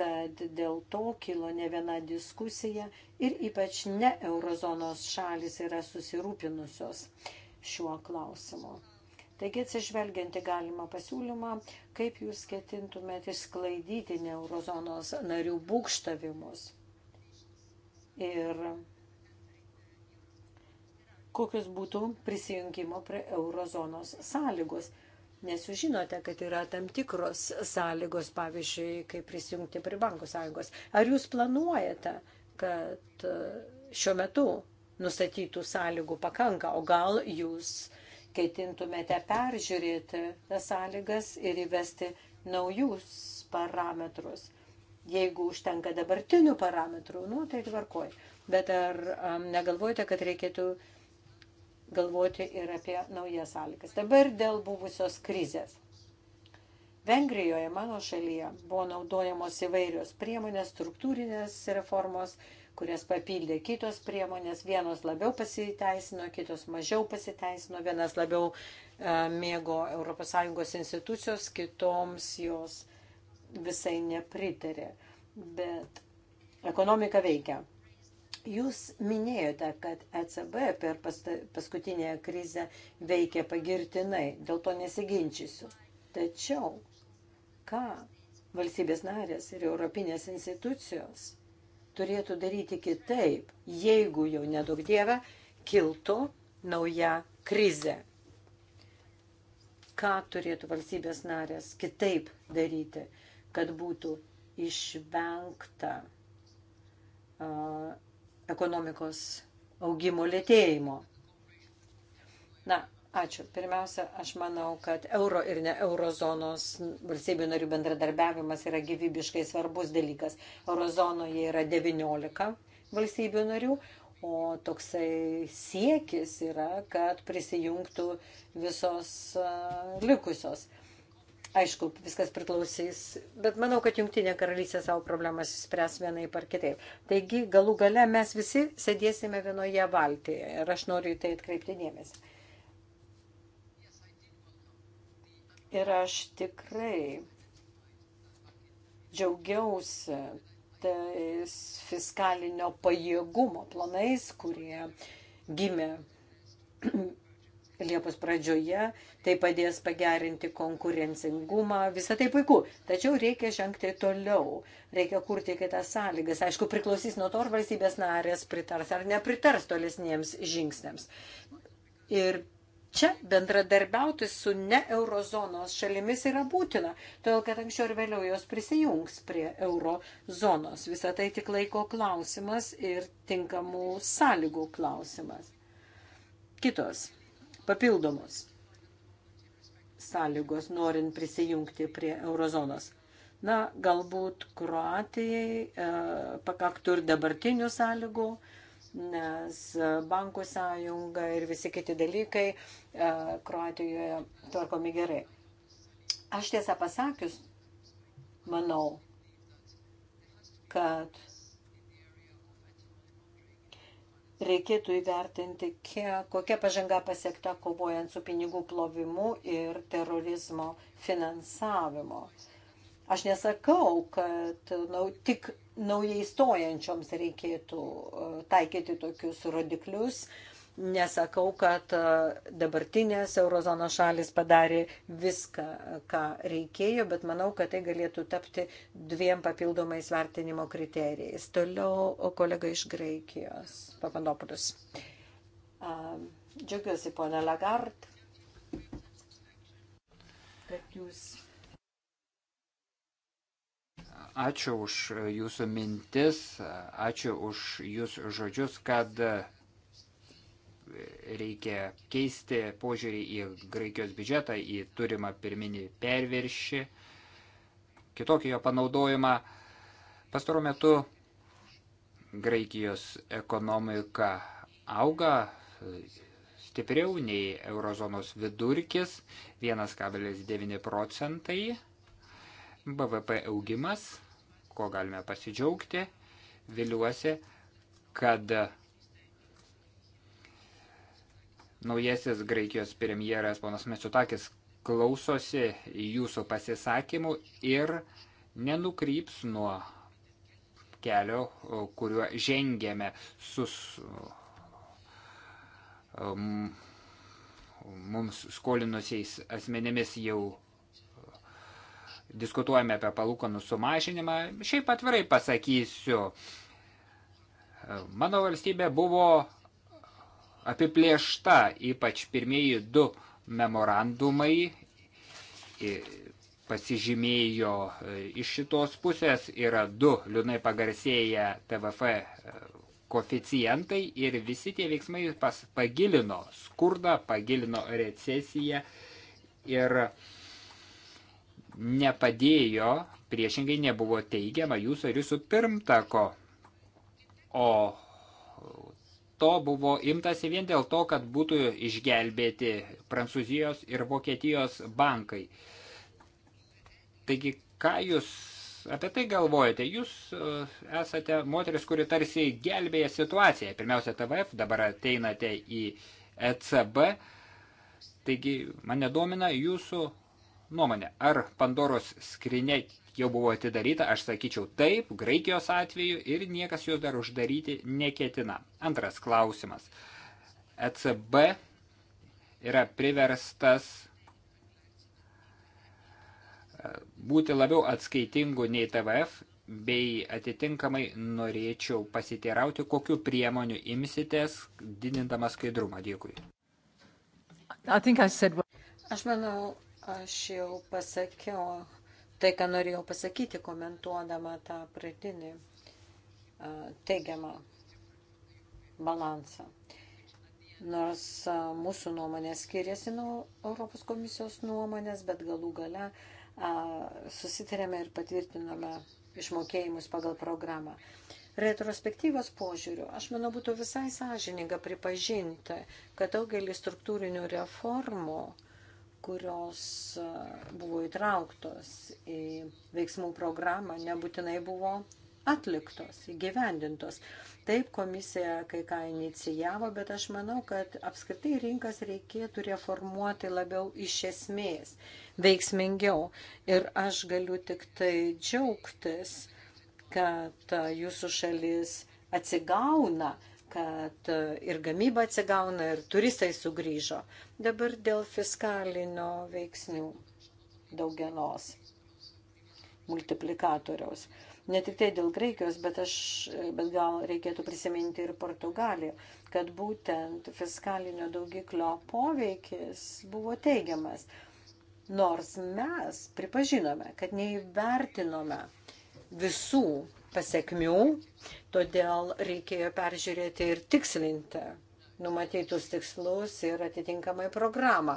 kad dėl to kilo ne viena diskusija ir ypač ne eurozonos šalis yra susirūpinusios šiuo klausimu. Taigi atsižvelgianti galima pasiūlymą, kaip jūs ketintumėt išsklaidyti neurozonos narių būkštavimus ir kokios būtų prisijungimo prie eurozonos sąlygos. Nes jūs žinote, kad yra tam tikros sąlygos, pavyzdžiui, kaip prisijungti prie bankų sąjungos. Ar jūs planuojate, kad e, šiuo metu nustatytų sąlygų pakanka, o gal jūs keitintumėte peržiūrėti tas sąlygas ir įvesti naujus parametrus? jeigu užtenka dabartinių parametrų, nu, tai tvarkoj. Bet ar um, negalvojate, kad reikėtų galvoti ir apie naujas sąlygas. Dabar dėl buvusios krizės. Vengrijoje, mano šalyje, buvo naudojamos įvairios priemonės, struktūrinės reformos, kurias papildė kitos priemonės, vienos labiau pasiteisino, kitos mažiau pasiteisino, vienas labiau e, mėgo ES institucijos, kitoms jos visai nepritarė. Bet ekonomika veikia. Jūs minėjote, kad ECB per paskutinę krizę veikia pagirtinai, dėl to nesiginčysiu. Tačiau, ką valstybės narės ir europinės institucijos turėtų daryti kitaip, jeigu jau nedaug dievę kiltų nauja krizė? Ką turėtų valstybės narės kitaip daryti, kad būtų išvengta uh, ekonomikos augimo lėtėjimo. Na, ačiū. Pirmiausia, aš manau, kad euro ir ne eurozonos valstybių narių bendradarbiavimas yra gyvybiškai svarbus dalykas. Eurozonoje yra 19 valstybių narių, o toksai siekis yra, kad prisijungtų visos likusios. Aišku, viskas priklausys, bet manau, kad Junktinė karalystė savo problemas spręs vienai par kitaip. Taigi, galų gale mes visi sėdėsime vienoje valtyje ir aš noriu į tai atkreipti dėmesį. Ir aš tikrai džiaugiausi tais fiskalinio pajėgumo planais, kurie gimė Liepos pradžioje, tai padės pagerinti konkurencingumą, visą tai puiku. Tačiau reikia žengti toliau, reikia kurti kitas sąlygas. Aišku, priklausys nuo to, ar valstybės narės pritars ar nepritars tolesniems žingsniams. Ir čia bendradarbiauti su ne eurozonos šalimis yra būtina, todėl kad anksčiau ir vėliau jos prisijungs prie eurozonos. Visą tai tik laiko klausimas ir tinkamų sąlygų klausimas. Kitos papildomos sąlygos, norint prisijungti prie eurozonos. Na, galbūt Kroatijai e, pakaktų ir dabartinių sąlygų, nes bankų sąjunga ir visi kiti dalykai e, Kroatijoje tvarkomi gerai. Aš tiesą pasakius, manau, kad reikėtų įvertinti, kiek, kokia pažanga pasiekta kovojant su pinigų plovimu ir terorizmo finansavimu. Aš nesakau, kad na, tik naujai stojančioms reikėtų uh, taikyti tokius rodiklius, uh, Nesakau, kad e, dabartinės eurozono šalis padarė viską, ką reikėjo, bet manau, kad tai galėtų tapti dviem papildomais vertinimo kriterijais. Toliau kolega iš Graikijos, Papandopulis. Džiugiuosi, ponė Lagard, kad jūs ačiū už e, jūsų mintis, ačiū už jūsų žodžius, kad reikia keisti požiūrį į Graikijos biudžetą, į turimą pirminį perviršį, kitokį jo panaudojimą. Pastaruo metu Graikijos ekonomika auga stipriau nei eurozonos vidurkis 1,9 procentai. BVP augimas, ko galime pasidžiaugti, viliuosi, kad Naujasis Graikijos premjeras ponas Mesutakis klausosi jūsų pasisakymų ir nenukryps nuo kelio, kuriuo žengėme sus um, mums skolinusiais asmenėmis jau diskutuojame apie palūkanų sumažinimą. Šiaip atvirai pasakysiu, mano valstybė buvo apiplėšta, ypač pirmieji du memorandumai pasižymėjo e, iš šitos pusės, yra du liūnai pagarsėję TVF e, koficijantai ir visi tie veiksmai pas, pagilino skurdą, pagilino recesiją ir nepadėjo, priešingai nebuvo teigiama jūsų ir jūsų pirmtako. O to buvo imtasi vien dėl to, kad būtų išgelbėti Prancūzijos ir Vokietijos bankai. Taigi, ką jūs apie tai galvojate? Jūs e, esate moteris, kuri tarsi gelbėja situaciją. Pirmiausia, TVF, dabar ateinate į ECB. Taigi, mane domina jūsų nuomonę, ar Pandoros skrinė jau buvo atidaryta, aš sakyčiau taip, Graikijos atveju ir niekas jos dar uždaryti neketina. Antras klausimas. ECB yra priverstas e, būti labiau atskaitingu nei TVF bei atitinkamai norėčiau pasiteirauti, kokiu priemoniu imsitės, didindamas skaidrumą. Dėkui. I I said... Aš manau, Aš jau pasakiau tai, ką norėjau pasakyti, komentuodama tą pradinį teigiamą balansą. Nors mūsų nuomonė skiriasi nuo Europos komisijos nuomonės, bet galų gale susitarėme ir patvirtinome išmokėjimus pagal programą retrospektyvos požiūrių, aš manau, būtų visai sąžininga pripažinti, kad daugelis struktūrinių reformų kurios e, buvo įtrauktos į veiksmų programą, nebūtinai buvo atliktos, įgyvendintos. Taip, komisija kai ką inicijavo, bet aš manau, kad apskritai rinkas reikėtų reformuoti labiau iš esmės, veiksmingiau. Ir aš galiu tik tai džiaugtis, kad e, jūsų šalis atsigauna kad e, ir gamyba atsigauna, ir turistai sugrįžo. Dabar dėl fiskalinio veiksnių daugenos multiplikatoriaus. Ne tik tai dėl Graikijos, bet, aš, e, bet gal reikėtų prisiminti ir Portugaliją, kad būtent fiskalinio daugiklio poveikis buvo teigiamas. Nors mes pripažinome, kad neįvertinome visų pasiekmių, todėl reikėjo peržiūrėti ir tikslinti numatytus tikslus ir atitinkamai programą.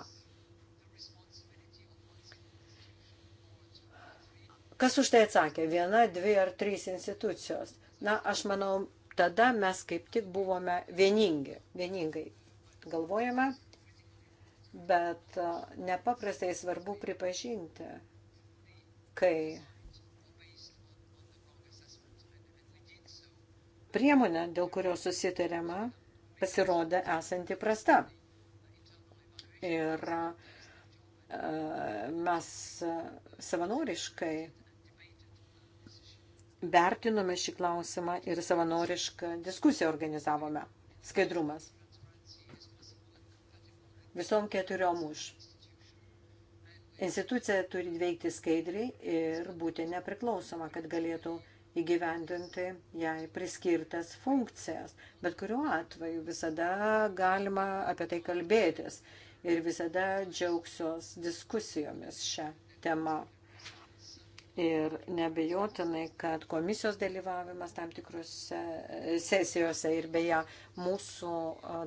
Kas už tai atsakė? Viena, dvi ar trys institucijos. Na, aš manau, tada mes kaip tik buvome vieningi, vieningai galvojame, bet nepaprastai svarbu pripažinti, kai priemonė, dėl kurios susitariama, pasirodė esanti prasta. Ir e, mes savanoriškai vertinome šį klausimą ir savanorišką diskusiją organizavome. Skaidrumas. Visom keturiom už. Institucija turi veikti skaidriai ir būti nepriklausoma, kad galėtų įgyvendinti jai priskirtas funkcijas. Bet kuriuo atveju visada galima apie tai kalbėtis ir visada džiaugsiuos diskusijomis šią temą. Ir nebejotinai, kad komisijos dalyvavimas tam tikrose sesijose ir beje mūsų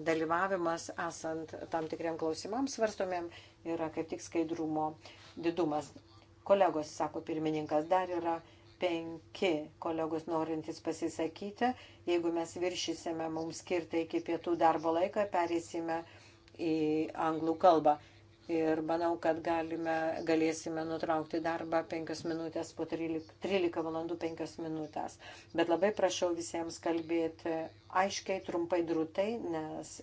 dalyvavimas esant tam tikriam klausimams svarstomėm yra kaip tik skaidrumo didumas. Kolegos, sako pirmininkas, dar yra penki kolegos norintys pasisakyti. Jeigu mes viršysime mums skirtą iki pietų darbo laiką, perėsime į anglų kalbą. Ir manau, kad galime, galėsime nutraukti darbą 5 minutės po 13, 13 valandų 5 minutės. Bet labai prašau visiems kalbėti aiškiai, trumpai, drūtai, nes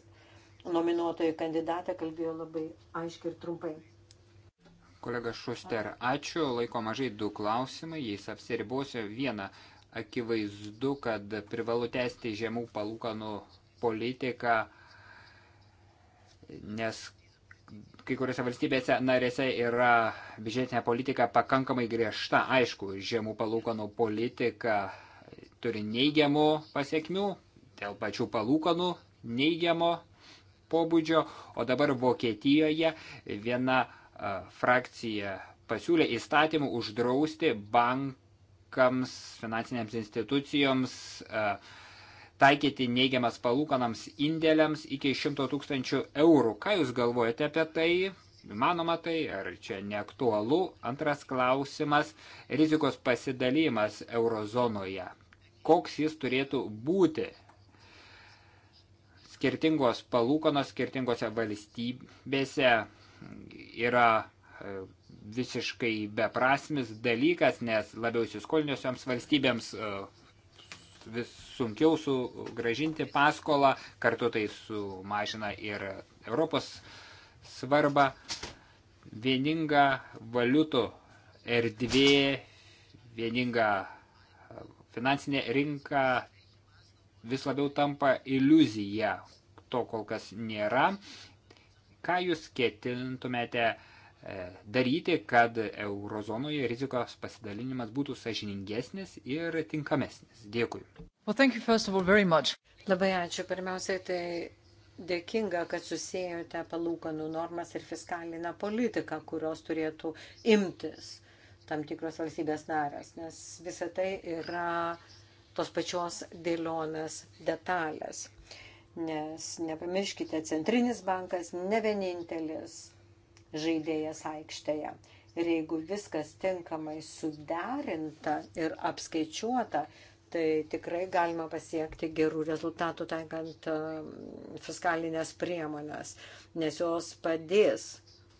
nominuotojų kandidatė kalbėjo labai aiškiai ir trumpai. Kolega Šuster, ačiū, laiko mažai du klausimai, jais apsiribosiu. Vieną, akivaizdu, kad privalu tęsti žemų palūkanų politiką, nes kai kuriuose valstybėse narėse yra biudžetinė politika pakankamai griežta. Aišku, žemų palūkanų politika turi neigiamų pasiekmių, dėl pačių palūkanų neigiamo pobūdžio, o dabar Vokietijoje viena frakcija pasiūlė įstatymų uždrausti bankams, finansinėms institucijoms taikyti neigiamas palūkanams indėliams iki 100 tūkstančių eurų. Ką Jūs galvojate apie tai? Manoma tai, ar čia neaktualu? Antras klausimas - rizikos pasidalymas eurozonoje. Koks jis turėtų būti? Skirtingos palūkanos skirtingose valstybėse yra e, visiškai beprasmis dalykas, nes labiau įsiskolinusioms valstybėms e, vis sunkiau sugražinti paskolą, kartu tai sumažina ir Europos svarbą. Vieninga valiutų erdvė, vieninga e, finansinė rinka vis labiau tampa iliuzija. To kol kas nėra Ką jūs ketintumėte e, daryti, kad eurozonoje rizikos pasidalinimas būtų sažiningesnis ir tinkamesnis? Dėkui. Well, Labai ačiū. Pirmiausiai, tai dėkinga, kad susijęjote palūkanų normas ir fiskalinę politiką, kurios turėtų imtis tam tikros valstybės narės, nes visa tai yra tos pačios dėlionės detalės. Uh, nes nepamirškite, centrinis bankas ne vienintelis žaidėjas aikštėje. Ir jeigu viskas tinkamai suderinta ir apskaičiuota, tai tikrai galima pasiekti gerų rezultatų taikant um, fiskalinės priemonės, nes jos padės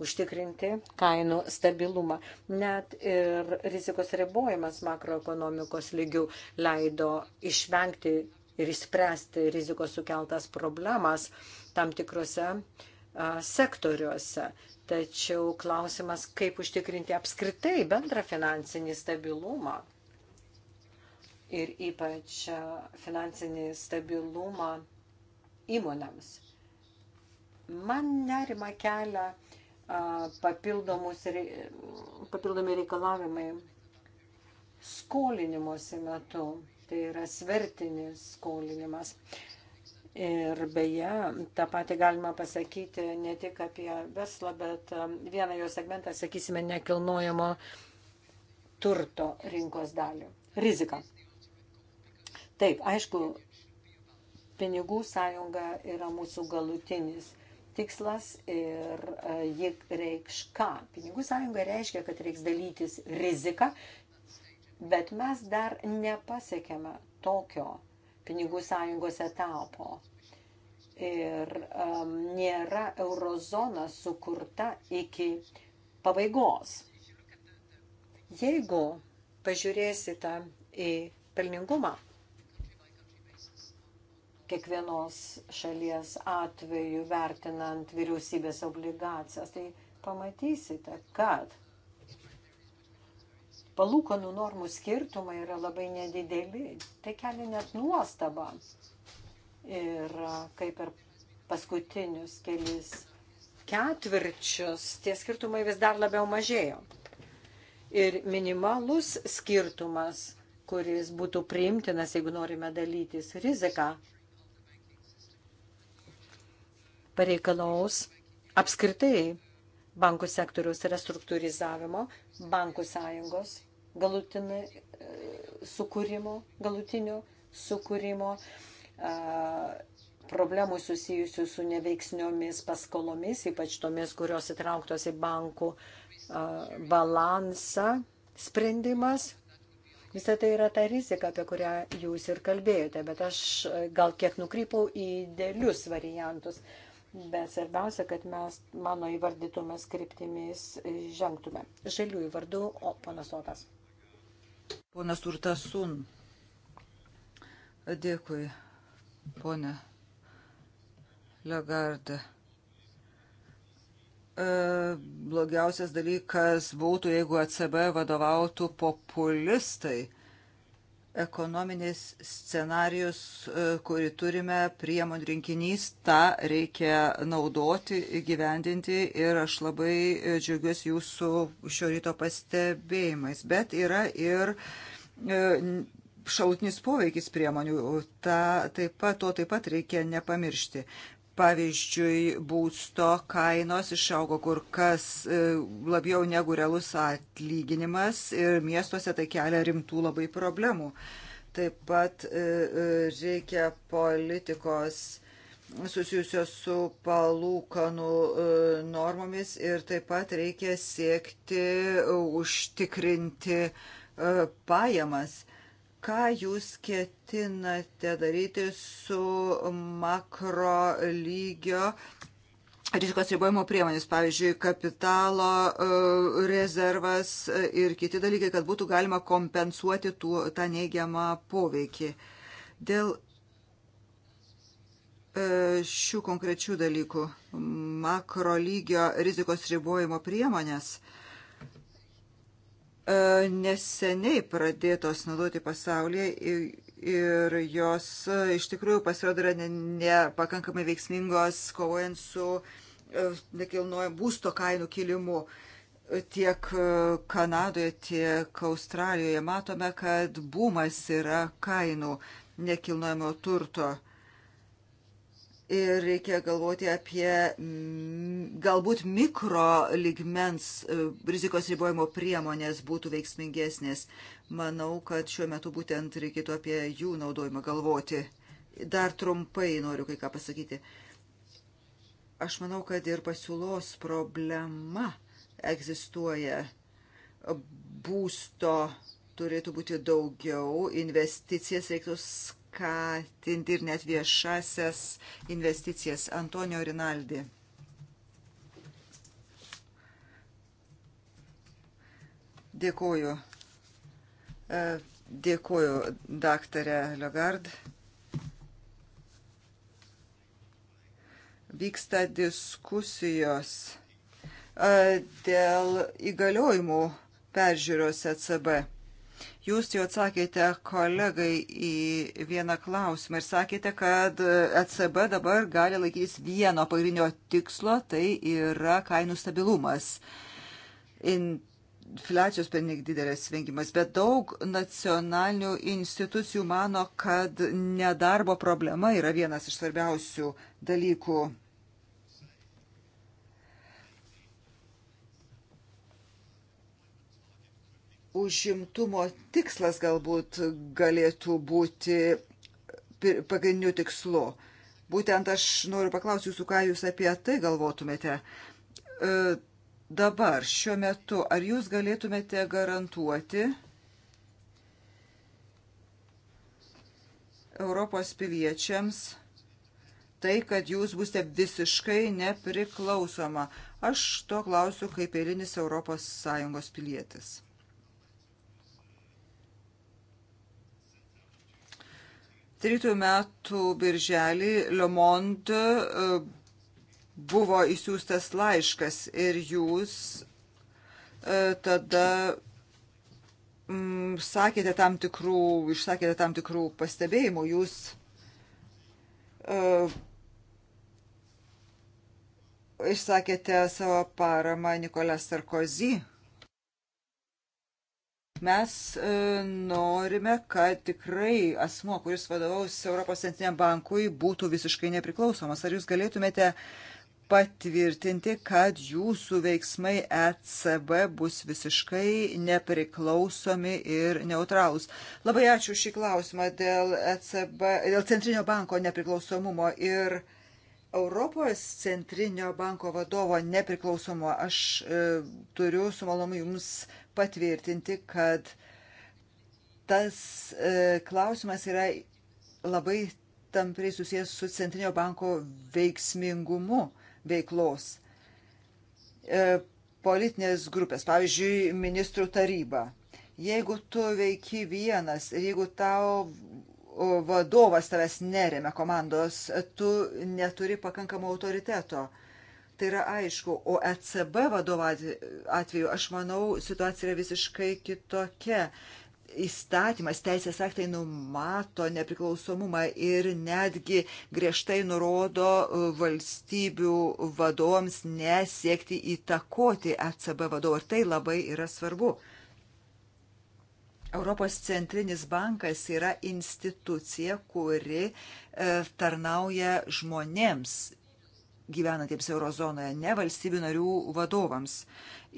užtikrinti kainų stabilumą. Net ir rizikos ribojimas makroekonomikos lygių leido išvengti ir išspręsti rizikos sukeltas problemas tam tikrose sektoriuose. Tačiau klausimas, kaip užtikrinti apskritai bendrą finansinį stabilumą ir ypač finansinį stabilumą įmonėms. Man nerima kelia papildomi reikalavimai skolinimuose metu tai yra svertinis skolinimas. Ir beje, tą patį galima pasakyti ne tik apie verslą, bet um, vieną jo segmentą, sakysime, nekilnojamo turto rinkos dalį. Rizika. Taip, aišku, pinigų sąjunga yra mūsų galutinis tikslas ir e, ji reikš ką? Pinigų sąjunga reiškia, kad reiks dalytis riziką Bet mes dar nepasiekėme tokio pinigų sąjungos etapo. Ir um, nėra eurozona sukurta iki pabaigos. Jeigu pažiūrėsite į pelningumą kiekvienos šalies atveju vertinant vyriausybės obligacijas, tai pamatysite, kad palūkanų normų skirtumai yra labai nedideli, tai kelia net nuostabą. Ir kaip ir paskutinius kelis ketvirčius, tie skirtumai vis dar labiau mažėjo. Ir minimalus skirtumas, kuris būtų priimtinas, jeigu norime dalytis riziką, pareikalaus apskritai bankų sektoriaus restruktūrizavimo, bankų sąjungos galutinai e, sukūrimo, galutinio sukūrimo problemų susijusių su neveiksniomis paskolomis, ypač tomis, kurios įtrauktos į bankų balansą sprendimas. Visą tai yra ta rizika, apie kurią jūs ir kalbėjote, bet aš e, gal kiek nukrypau į dėlius variantus. Bet svarbiausia, kad mes mano įvardytomis kryptimis žengtume. Žaliųjų vardu, o panas Otas. Ponas Urtasun. Dėkui, ponė Lagarda. E, blogiausias dalykas būtų, jeigu ACB e vadovautų populistai ekonominis scenarius, e, kurį turime, priemonių rinkinys, tą reikia naudoti, įgyvendinti ir aš labai e, džiaugiuosi jūsų šio ryto pastebėjimais. Bet yra ir e, šalutinis poveikis priemonių, ta, taip pat, to taip pat reikia nepamiršti. Pavyzdžiui, būsto kainos išaugo kur kas e, labiau negu realus atlyginimas ir miestuose tai kelia rimtų labai problemų. Taip pat e, e, reikia politikos susijusios su palūkanų normomis ir taip pat reikia siekti užtikrinti pajamas Ką jūs ketinate daryti su makro lygio rizikos ribojimo priemonės, pavyzdžiui, kapitalo e, rezervas e, ir kiti dalykai, kad būtų galima kompensuoti tų, tą neigiamą poveikį. Dėl e, šių konkrečių dalykų makro lygio rizikos ribojimo priemonės – E, neseniai pradėtos naudoti pasaulyje ir jos e, iš tikrųjų pasirodo yra nepakankamai veiksmingos kovojant su e, nekilnojamo būsto kainų kilimu. Tiek Kanadoje, tiek Australijoje matome, kad bumas yra kainų nekilnojamo turto ir reikia galvoti apie galbūt mikro ligmens e, rizikos ribojimo priemonės būtų veiksmingesnės. Manau, kad šiuo metu būtent reikėtų apie jų naudojimą galvoti. Dar trumpai noriu kai ką pasakyti. Aš manau, kad ir pasiūlos problema egzistuoja. Būsto turėtų būti daugiau, investicijas reiktų skatinti skatinti ir net viešasias investicijas. Antonio Rinaldi. Dėkuoju. E, Dėkuoju, daktarė Legard. Vyksta diskusijos e, dėl įgaliojimų peržiūros ECB. Jūs jau atsakėte kolegai į vieną klausimą ir sakėte, kad ECB dabar gali laikytis vieno pagrindinio tikslo, tai yra kainų stabilumas. Infliacijos pernik didelės vengimas, bet daug nacionalinių institucijų mano, kad nedarbo problema yra vienas iš svarbiausių dalykų užimtumo tikslas galbūt galėtų būti pagrindiniu tikslu. Būtent aš noriu paklausti jūsų, ką jūs apie tai galvotumėte. E, dabar, šiuo metu, ar jūs galėtumėte garantuoti Europos piliečiams tai, kad jūs būsite visiškai nepriklausoma? Aš to klausiu kaip eilinis Europos Sąjungos pilietis. 13 metų birželį Le Monde e, buvo įsiūstas laiškas ir jūs e, tada mm, sakėte tam tikrų, išsakėte tam tikrų pastebėjimų, jūs uh, išsakėte savo paramą Nikolę Sarkozy Mes e, norime, kad tikrai asmo, kuris vadovaus Europos centriniam bankui, būtų visiškai nepriklausomas. Ar jūs galėtumėte patvirtinti, kad jūsų veiksmai ECB bus visiškai nepriklausomi ir neutralūs. Labai ačiū šį klausimą dėl, ECB, dėl Centrinio banko nepriklausomumo ir Europos Centrinio banko vadovo nepriklausomo. Aš e, turiu su malomu jums patvirtinti, kad tas e, klausimas yra labai tampriai susijęs su Centrinio banko veiksmingumu veiklos. E, politinės grupės, pavyzdžiui, ministrų taryba. Jeigu tu veiki vienas ir jeigu tau vadovas tavęs neremia komandos, tu neturi pakankamo autoriteto tai yra aišku, o ECB vadovo atveju, aš manau, situacija yra visiškai kitokia. Įstatymas, teisės aktai numato nepriklausomumą ir netgi griežtai nurodo e, valstybių vadovams nesiekti įtakoti ECB vadovą. Ir tai labai yra svarbu. Europos centrinis bankas yra institucija, kuri e, tarnauja žmonėms gyvenantiems eurozonoje, ne valstybių narių vadovams.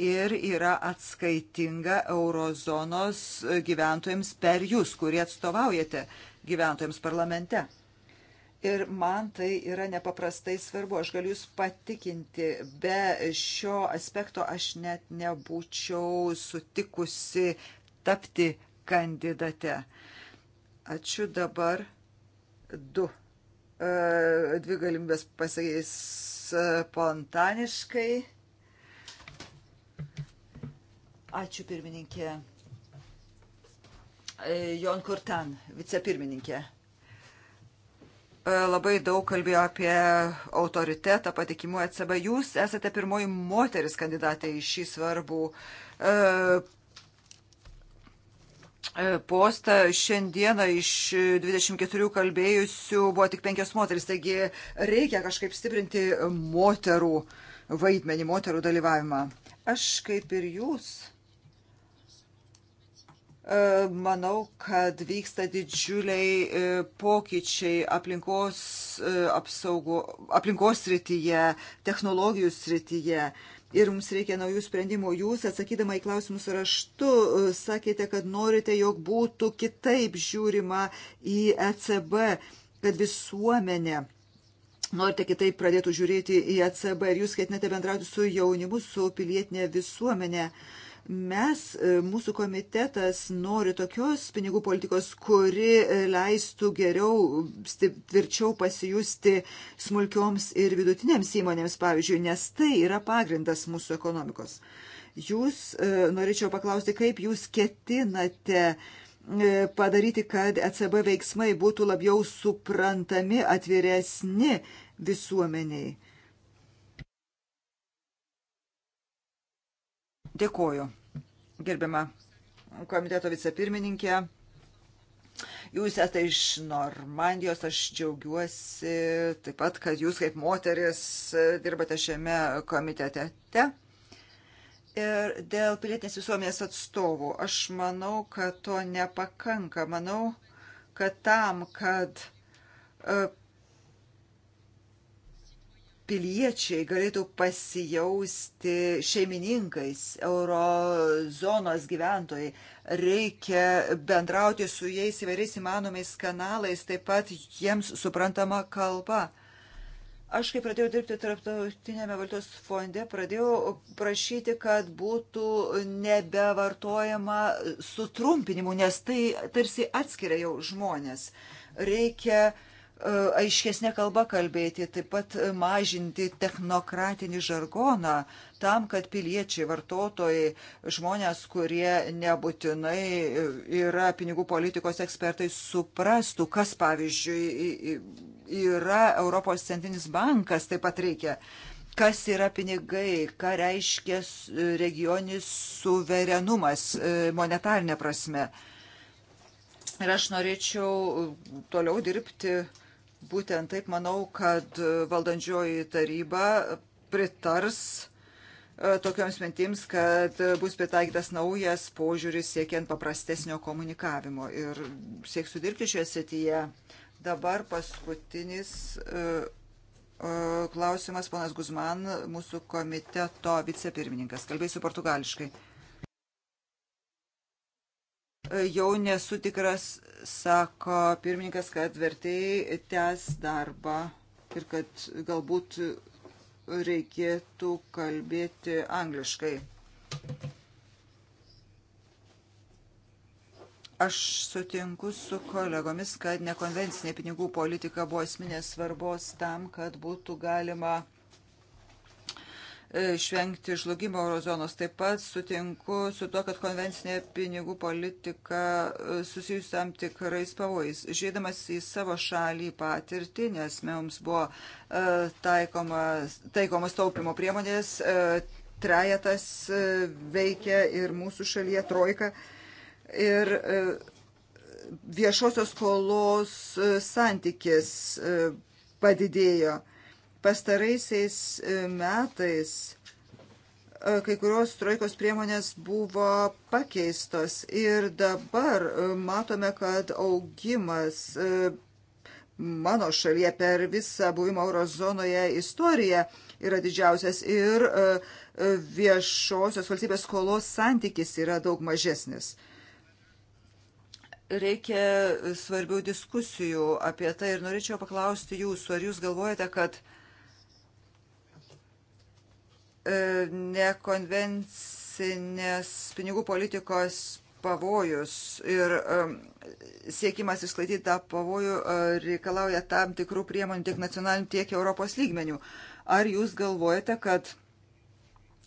Ir yra atskaitinga eurozonos gyventojams per jūs, kurie atstovaujate gyventojams parlamente. Ir man tai yra nepaprastai svarbu. Aš galiu Jūs patikinti, be šio aspekto aš net nebūčiau sutikusi tapti kandidate. Ačiū dabar du E, dvi galimybės pasakys e, spontaniškai. Ačiū pirmininkė. E, Jon Kurtan, vicepirmininkė. Labai daug kalbėjo apie autoritetą, patikimų ECB. Jūs esate pirmoji moteris kandidatė į šį svarbų E, postą šiandieną iš 24 kalbėjusių buvo tik penkios moteris, taigi reikia kažkaip stiprinti moterų vaidmenį, moterų dalyvavimą. Aš kaip ir jūs e, manau, kad vyksta didžiuliai e, pokyčiai aplinkos apsaugo, aplinkos srityje, technologijų srityje ir mums reikia naujų sprendimų. Jūs, atsakydama į klausimus raštu, sakėte, kad norite, jog būtų kitaip žiūrima į ECB, kad visuomenė. Norite kitaip pradėtų žiūrėti į ECB ir jūs ketinate bendrauti su jaunimu, su pilietinė visuomenė. Uh, Mes, e, mūsų komitetas nori tokios pinigų politikos, kuri e, leistų geriau, tvirčiau pasijusti smulkioms ir vidutinėms įmonėms, pavyzdžiui, nes tai yra pagrindas mūsų ekonomikos. Jūs, e, norėčiau paklausti, kaip jūs ketinate padaryti, kad ECB veiksmai būtų labiau suprantami, atviresni visuomeniai. Dėkuoju, gerbiama komiteto vicepirmininkė. Jūs esate iš Normandijos, aš džiaugiuosi taip pat, kad jūs kaip moteris dirbate šiame komitete. Ir dėl pilietinės visuomenės atstovų, aš manau, kad to nepakanka. Manau, kad tam, kad e, piliečiai galėtų pasijausti šeimininkais, eurozonos gyventojai. Reikia bendrauti su jais įvairiais įmanomais kanalais, taip pat jiems suprantama kalba. Aš, kai pradėjau dirbti Tarptautinėme valiutos fonde, pradėjau prašyti, kad būtų nebevartojama sutrumpinimų, nes tai tarsi atskiria jau žmonės. Reikia uh, E, aiškesnė kalba kalbėti, taip pat e, mažinti technokratinį žargoną tam, kad piliečiai, vartotojai, žmonės, kurie nebūtinai e, yra pinigų politikos ekspertai, suprastų, kas pavyzdžiui yra Europos centrinis bankas, taip pat reikia kas yra pinigai, ką reiškia regionis suverenumas monetarinė prasme. Ir aš norėčiau toliau dirbti uh, Būtent taip manau, kad e, valdančioji taryba pritars e, tokioms mintims, kad e, bus pritaikytas naujas požiūris siekiant paprastesnio komunikavimo. Ir sieksiu dirbti šioje srityje. Dabar paskutinis klausimas, ponas Guzman, mūsų komiteto vicepirmininkas. Kalbėsiu portugališkai. E, jau nesu tikras, sako pirmininkas, kad vertėjai tęs darbą ir kad galbūt reikėtų kalbėti angliškai. Aš sutinku su kolegomis, kad nekonvencinė pinigų politika buvo esminės svarbos tam, kad būtų galima išvengti žlugimo eurozonos. Taip pat sutinku su to, kad konvencinė pinigų politika e, susijusi tam tikrais pavojais. Žiūrėdamas į savo šalį patirtį, nes mums buvo taikomas, e, taikomas taupimo priemonės, e, trejetas veikia ir mūsų šalyje trojka. Ir viešosios skolos santykis padidėjo Pastaraisiais e, metais e, kai kurios trojkos priemonės buvo pakeistos ir dabar e, matome, kad augimas mano šalyje per visą buvimą eurozonoje istoriją yra didžiausias ir viešosios valstybės skolos santykis yra daug mažesnis. Reikia svarbių diskusijų apie tai ir norėčiau paklausti jūsų, ar jūs galvojate, kad uh, E, nekonvencinės pinigų politikos pavojus ir e, siekimas išsklaidyti tą pavojų e, reikalauja tam tikrų priemonių tiek nacionalinių, tiek Europos lygmenių. Ar jūs galvojate, kad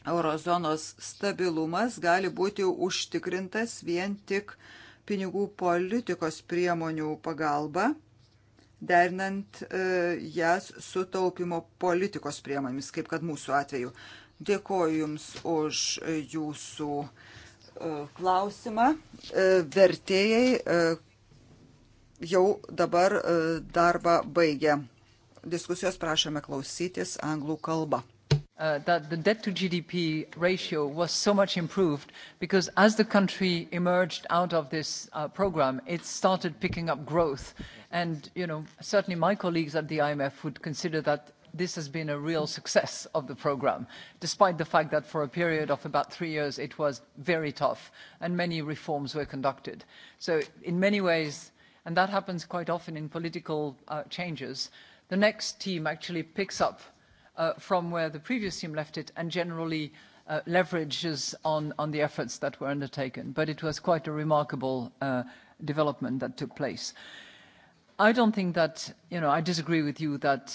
eurozonos stabilumas gali būti užtikrintas vien tik pinigų politikos priemonių pagalba, derinant jas su taupimo politikos priemonėmis, kaip kad mūsų atveju. Dėkoju Jums už Jūsų e, klausimą. E, vertėjai e, jau dabar darbą baigė. Diskusijos prašome klausytis anglų kalbą. Uh, that the debt to GDP ratio was so much improved because as the country emerged out of this uh, program, it started picking up growth. And, you know, certainly my colleagues at the IMF would consider that this has been a real success of the program, despite the fact that for a period of about three years it was very tough and many reforms were conducted. So in many ways, and that happens quite often in political uh, changes, the next team actually picks up uh, from where the previous team left it and generally uh, leverages on, on the efforts that were undertaken. But it was quite a remarkable uh, development that took place. I don't think that, you know, I disagree with you that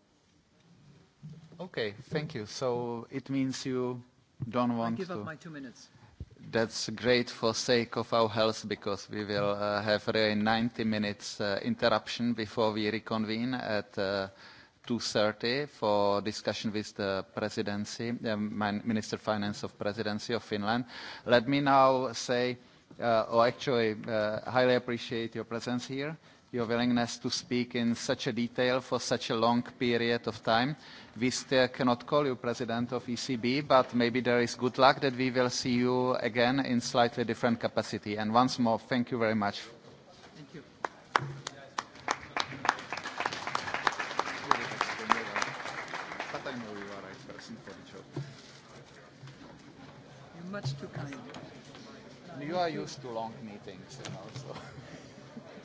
Okay, thank you. So it means you don't want to... I give to... up my two minutes. That's great for sake of our health because we will uh, have a 90 minutes uh, interruption before we reconvene at uh, 2.30 for discussion with the presidency, the uh, Minister of Finance of Presidency of Finland. Let me now say, uh, or oh, actually uh, highly appreciate your presence here. Uh, your willingness to speak in such a detail for such a long period of time. We still cannot call you president of ECB, but maybe there is good luck that we will see you again in slightly different capacity. And once more, thank you very much. Thank you. But I know you are right person for the job. You're much too kind. You are used to long meetings, you know, so.